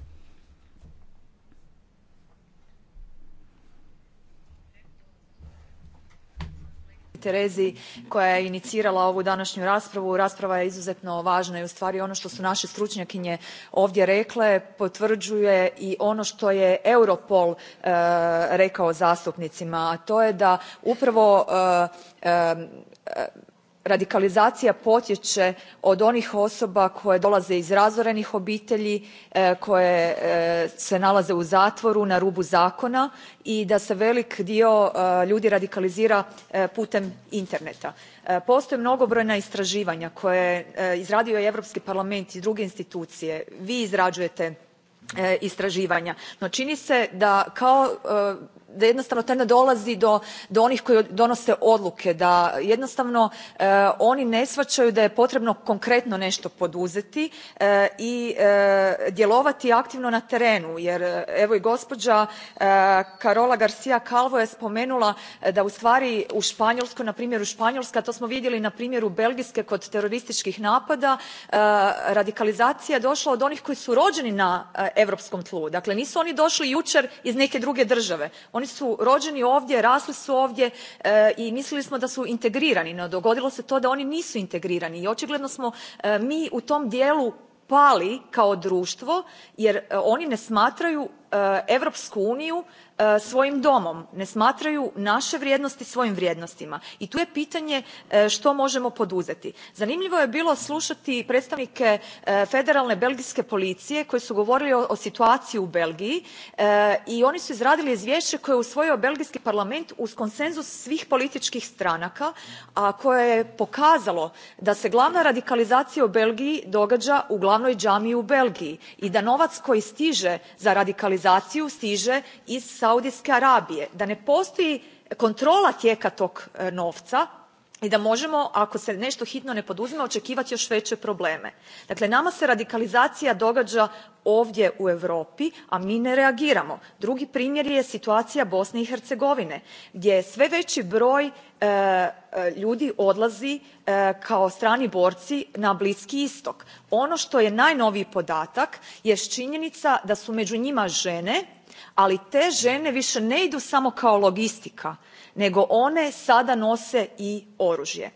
Terezi koja je inicirala ovu današnju raspravu. Rasprava je izuzetno važna i ustvari ono što su naše stručnjakinje ovdje rekle potvrđuje i ono što je Europol e, rekao zastupnicima, a to je da upravo e, e, radikalizacija potječe od onih osoba koje dolaze iz razorenih obitelji e, koje e, se nalaze u zatvoru na rubu zakona i da se velik dio e, ljudi radikalizira putem interneta. postoje mnogobrojna istraživanja koje je izradio i europski parlament i druge institucije vi izrađujete istraživanja no čini se da kao da jednostavno taj dolazi do, onih koji donose odluke, da jednostavno e, oni ne shvaćaju da je potrebno konkretno nešto poduzeti e, i e, djelovati aktivno na terenu jer evo i gospođa Karola Garcia Calvo je spomenula da u stvari u Španjolskoj, na primjeru Španjolska, to smo vidjeli na primjeru Belgijske kod terorističkih napada, radikalizacija je došla od onih koji su rođeni na europskom tlu. Dakle nisu oni došli jučer iz neke druge države. Oni oni su rođeni ovdje rasli su ovdje eh, i mislili smo da su integrirani no dogodilo se to da oni nisu integrirani i očigledno smo eh, mi u tom dijelu pali kao društvo jer eh, oni ne smatraju europsku uniju e, svojim domom ne smatraju naše vrijednosti svojim vrijednostima i tu je pitanje e, što možemo poduzeti. zanimljivo je bilo slušati predstavnike e, federalne belgijske policije koji su govorili o situaciji u belgiji i oni su izradili izvješće koje je usvojio belgijski parlament uz konsenzus svih političkih stranaka a koje je pokazalo da se glavna radikalizacija u belgiji događa u glavnoj džamiji u belgiji i da novac koji stiže za radikalizaciju zaciju stiže iz saudijske arabije da ne postoji kontrola tijeka tog e, novca i da možemo ako se nešto hitno ne poduzima očekivati još veće probleme. Dakle, nama se radikalizacija događa ovdje u Europi, a mi ne reagiramo. Drugi primjer je situacija Bosne i Hercegovine gdje sve veći broj e, e, ljudi odlazi e, kao strani borci na Bliski istok. Ono što je najnoviji podatak jest činjenica da su među njima žene, ali te žene više ne idu samo kao logistika nego one sada nose i oružje.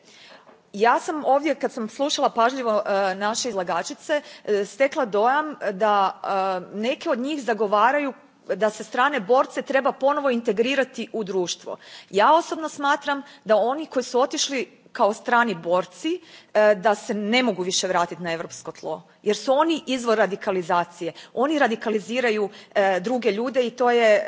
Ja sam ovdje kad sam slušala pažljivo e, naše izlagačice e, stekla dojam da e, neke od njih zagovaraju da se strane borce treba ponovo integrirati u društvo. Ja osobno smatram da oni koji su otišli kao strani borci da se ne mogu više vratiti na europsko tlo jer su oni izvor radikalizacije. Oni radikaliziraju druge ljude i to je,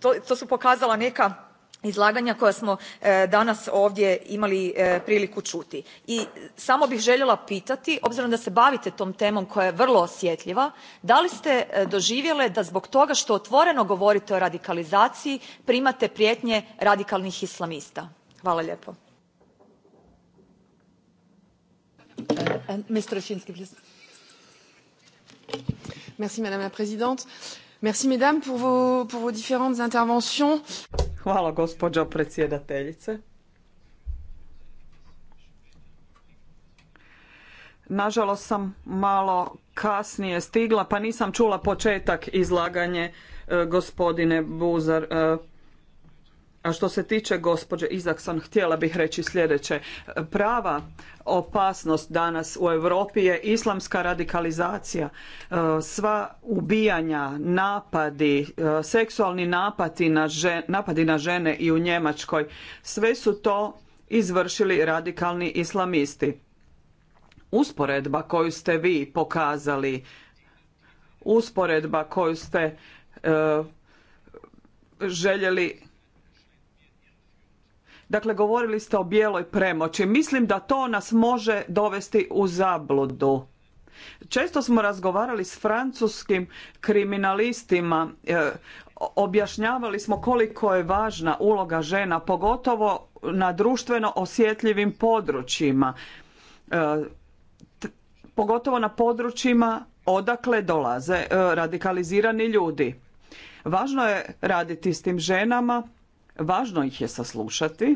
to, to su pokazala neka izlaganja koja smo e, danas ovdje imali e, priliku čuti. I samo bih željela pitati obzirom da se bavite tom temom koja je vrlo osjetljiva da li ste e, doživjele da zbog toga što otvoreno govorite o radikalizaciji primate prijetnje radikalnih islamista? Hvala lijepo. Merci mesdames pour vos, pour vos différentes interventions. Hvala gospođo predsjedateljice. Nažalost sam malo kasnije stigla pa nisam čula početak izlaganje e, gospodine Buzar. E, što se tiče gospođe Izakson, htjela bih reći sljedeće. Prava opasnost danas u Europi je islamska radikalizacija. E, sva ubijanja, napadi, e, seksualni napadi na žene, napadi na žene i u Njemačkoj, sve su to izvršili radikalni islamisti. Usporedba koju ste vi pokazali, usporedba koju ste e, željeli Dakle, govorili ste o bijeloj premoći. Mislim da to nas može dovesti u zabludu. Često smo razgovarali s francuskim kriminalistima, e, objašnjavali smo koliko je važna uloga žena, pogotovo na društveno osjetljivim područjima, e, pogotovo na područjima odakle dolaze e, radikalizirani ljudi. Važno je raditi s tim ženama, Važno ih je saslušati.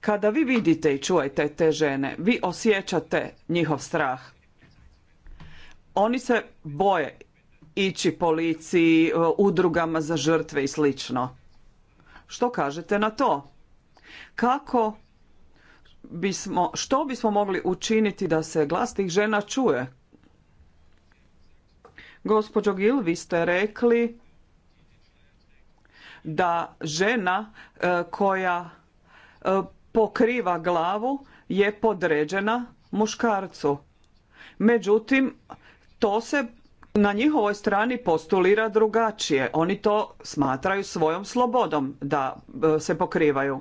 Kada vi vidite i čujete te žene, vi osjećate njihov strah. Oni se boje ići policiji, udrugama za žrtve i slično. Što kažete na to? Kako bismo, što bismo mogli učiniti da se glas tih žena čuje? Gospođo Gil, vi ste rekli da žena e, koja e, pokriva glavu je podređena muškarcu. Međutim, to se na njihovoj strani postulira drugačije. Oni to smatraju svojom slobodom da e, se pokrivaju.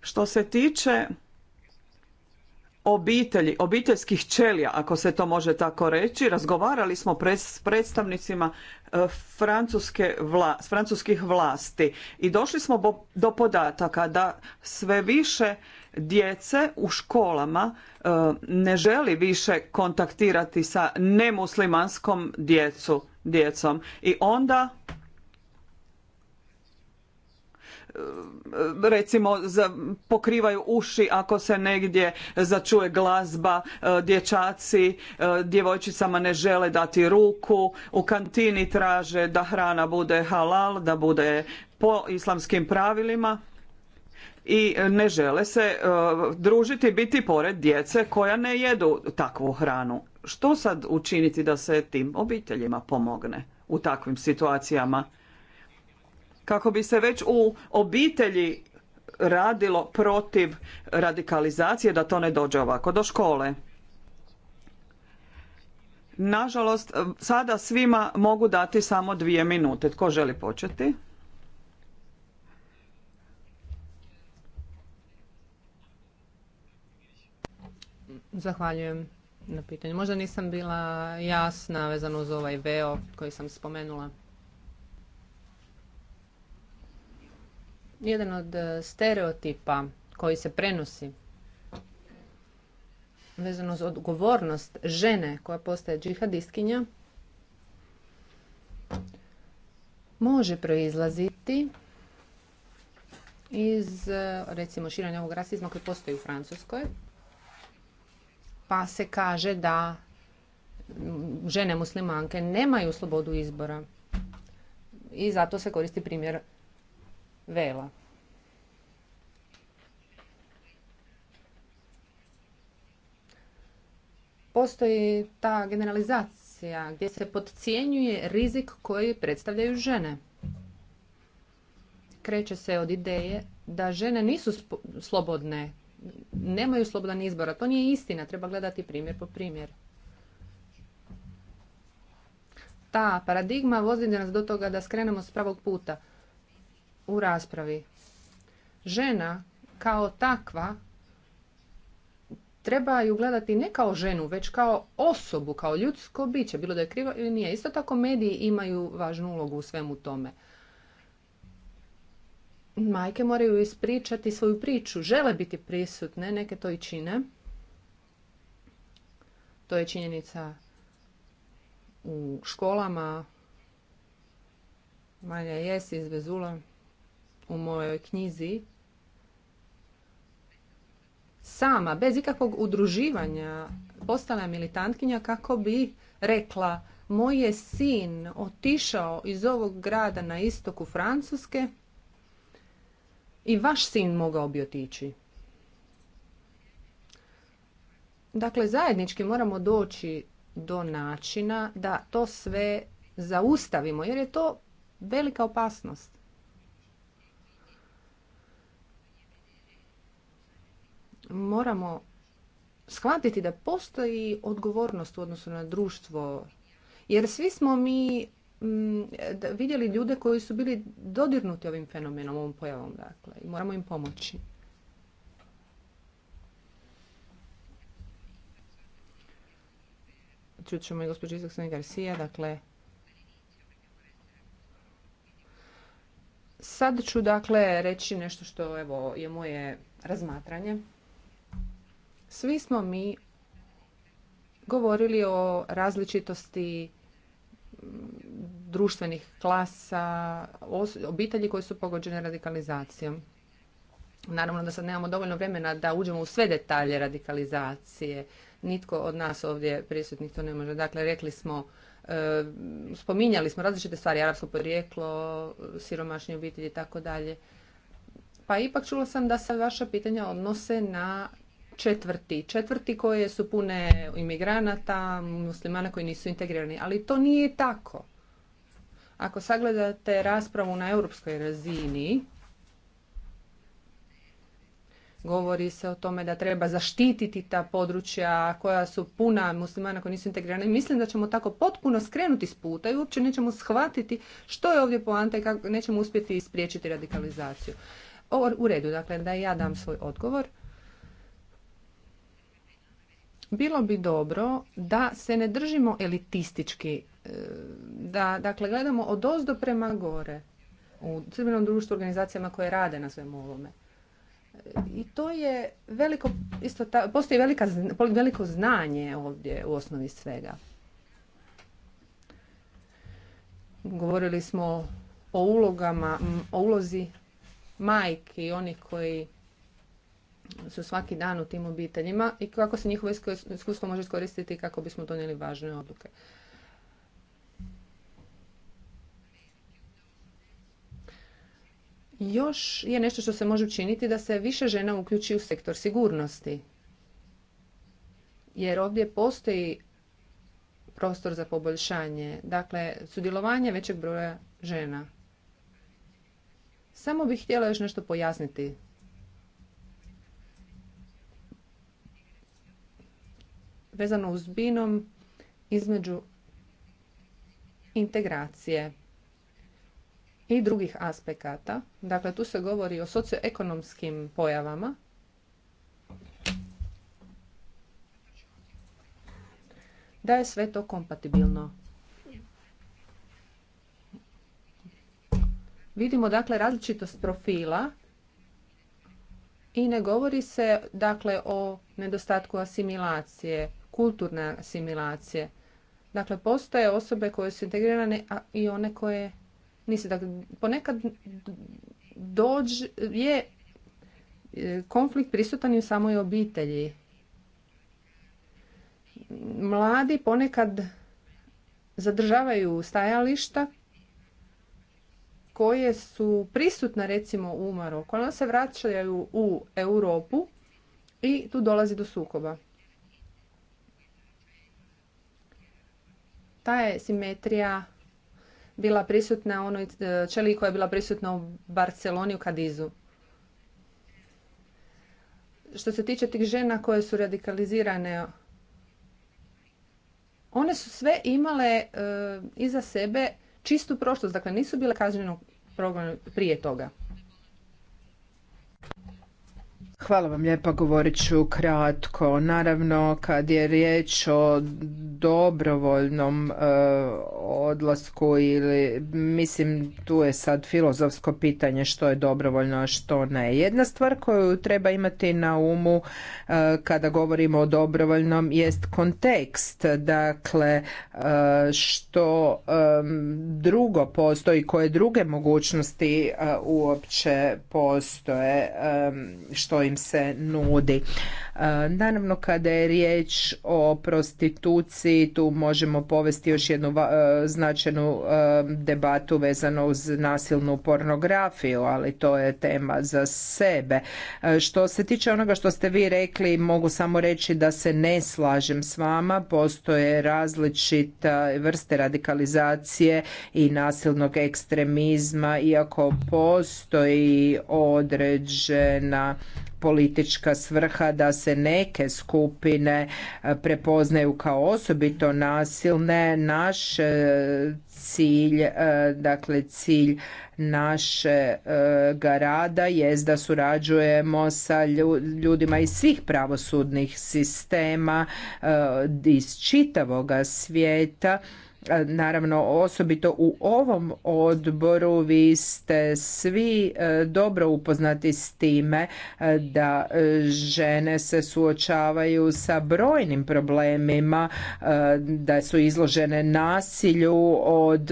Što se tiče obitelji, obiteljskih ćelija, ako se to može tako reći. Razgovarali smo s predstavnicima e, s francuskih vlasti i došli smo do podataka da sve više djece u školama e, ne želi više kontaktirati sa nemuslimanskom djecu, djecom i onda recimo pokrivaju uši ako se negdje začuje glazba, e, dječaci e, djevojčicama ne žele dati ruku, u kantini traže da hrana bude halal, da bude po islamskim pravilima i ne žele se e, družiti biti pored djece koja ne jedu takvu hranu. Što sad učiniti da se tim obiteljima pomogne u takvim situacijama? kako bi se već u obitelji radilo protiv radikalizacije da to ne dođe ovako do škole. Nažalost, sada svima mogu dati samo dvije minute. Tko želi početi? Zahvaljujem na pitanju. Možda nisam bila jasna vezano uz ovaj veo koji sam spomenula. jedan od e, stereotipa koji se prenosi vezano uz odgovornost žene koja postaje džihadistkinja može proizlaziti iz e, recimo širenja ovog rasizma koji postoji u Francuskoj. Pa se kaže da žene muslimanke nemaju slobodu izbora i zato se koristi primjer vela. Postoji ta generalizacija gdje se podcijenjuje rizik koji predstavljaju žene. Kreće se od ideje da žene nisu slobodne, nemaju slobodan izbor, a to nije istina, treba gledati primjer po primjer. Ta paradigma vozi nas do toga da skrenemo s pravog puta u raspravi. Žena kao takva treba ju gledati ne kao ženu, već kao osobu, kao ljudsko biće, bilo da je krivo ili nije. Isto tako mediji imaju važnu ulogu u svemu tome. Majke moraju ispričati svoju priču, žele biti prisutne, neke to i čine. To je činjenica u školama. Malja Jesi iz Vezula u mojoj knjizi sama, bez ikakvog udruživanja, postala militantkinja kako bi rekla moj je sin otišao iz ovog grada na istoku Francuske i vaš sin mogao bi otići. Dakle, zajednički moramo doći do načina da to sve zaustavimo, jer je to velika opasnost. moramo shvatiti da postoji odgovornost u odnosu na društvo. Jer svi smo mi mm, vidjeli ljude koji su bili dodirnuti ovim fenomenom, ovom pojavom. Dakle, i moramo im pomoći. Čućemo i gospođu Garcia, dakle, Sad ću dakle reći nešto što evo je moje razmatranje. Svi smo mi govorili o različitosti društvenih klasa, obitelji koji su pogođene radikalizacijom. Naravno da sad nemamo dovoljno vremena da uđemo u sve detalje radikalizacije. Nitko od nas ovdje prisutnih to ne može. Dakle, rekli smo, e, spominjali smo različite stvari, arapsko porijeklo, siromašni obitelji i tako dalje. Pa ipak čula sam da se vaša pitanja odnose na četvrti. Četvrti koje su pune imigranata, muslimana koji nisu integrirani. Ali to nije tako. Ako sagledate raspravu na europskoj razini, govori se o tome da treba zaštititi ta područja koja su puna muslimana koji nisu integrirani. Mislim da ćemo tako potpuno skrenuti s puta i uopće nećemo shvatiti što je ovdje poanta i kako nećemo uspjeti spriječiti radikalizaciju. u redu, dakle, da ja dam svoj odgovor bilo bi dobro da se ne držimo elitistički, e, da dakle gledamo od ozdo prema gore u civilnom društvu organizacijama koje rade na svemu ovome. E, I to je veliko, isto ta, postoji veliko znanje ovdje u osnovi svega. Govorili smo o ulogama, o ulozi majki, onih koji su svaki dan u tim obiteljima i kako se njihovo iskustvo može iskoristiti kako bismo donijeli važne odluke. Još je nešto što se može učiniti da se više žena uključi u sektor sigurnosti. Jer ovdje postoji prostor za poboljšanje. Dakle, sudjelovanje većeg broja žena. Samo bih htjela još nešto pojasniti vezano uz binom između integracije i drugih aspekata. Dakle, tu se govori o socioekonomskim pojavama. Da je sve to kompatibilno. Vidimo dakle različitost profila i ne govori se dakle o nedostatku asimilacije kulturne asimilacije. Dakle, postoje osobe koje su integrirane a i one koje nisu. Dakle, ponekad dođe, je e, konflikt prisutan i u samoj obitelji. Mladi ponekad zadržavaju stajališta koje su prisutna recimo u Maroku, Ona se vraćaju u Europu i tu dolazi do sukoba. Ta je simetrija bila prisutna u onoj e, čeliji koja je bila prisutna u Barceloni u Kadizu. Što se tiče tih žena koje su radikalizirane, one su sve imale e, iza sebe čistu prošlost, dakle nisu bile kažnjeno prije toga. Hvala vam lijepa, govorit ću kratko. Naravno, kad je riječ o dobrovoljnom e, odlasku ili mislim tu je sad filozofsko pitanje što je dobrovoljno, a što ne. Jedna stvar koju treba imati na umu e, kada govorimo o dobrovoljnom jest kontekst. Dakle, e, što drugo postoji, koje druge mogućnosti uopće postoje, što im se nudi. E, naravno, kada je riječ o prostituciji, tu možemo povesti još jednu e, značajnu e, debatu vezano uz nasilnu pornografiju, ali to je tema za sebe. Što se tiče onoga što ste vi rekli, mogu samo reći da se ne slažem s vama. Postoje različite vrste radikalizacije i nasilnog ekstremizma, iako postoji određena politička svrha da se neke skupine e, prepoznaju kao osobito nasilne. Naš e, cilj, e, dakle cilj našega rada jest da surađujemo sa ljudima iz svih pravosudnih sistema iz čitavoga svijeta E, naravno, osobito u ovom odboru vi ste svi e, dobro upoznati s time e, da žene se suočavaju sa brojnim problemima, da su izložene nasilju od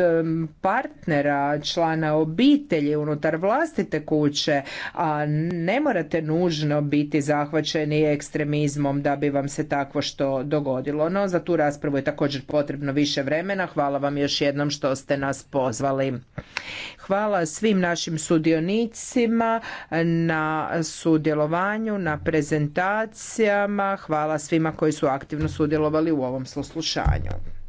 partnera, člana obitelji unutar vlastite kuće, a ne morate nužno biti zahvaćeni ekstremizmom da bi vam se takvo što dogodilo. No, za tu raspravu je također potrebno više vremena Hvala vam još jednom što ste nas pozvali. Hvala svim našim sudionicima na sudjelovanju, na prezentacijama. Hvala svima koji su aktivno sudjelovali u ovom saslušanju.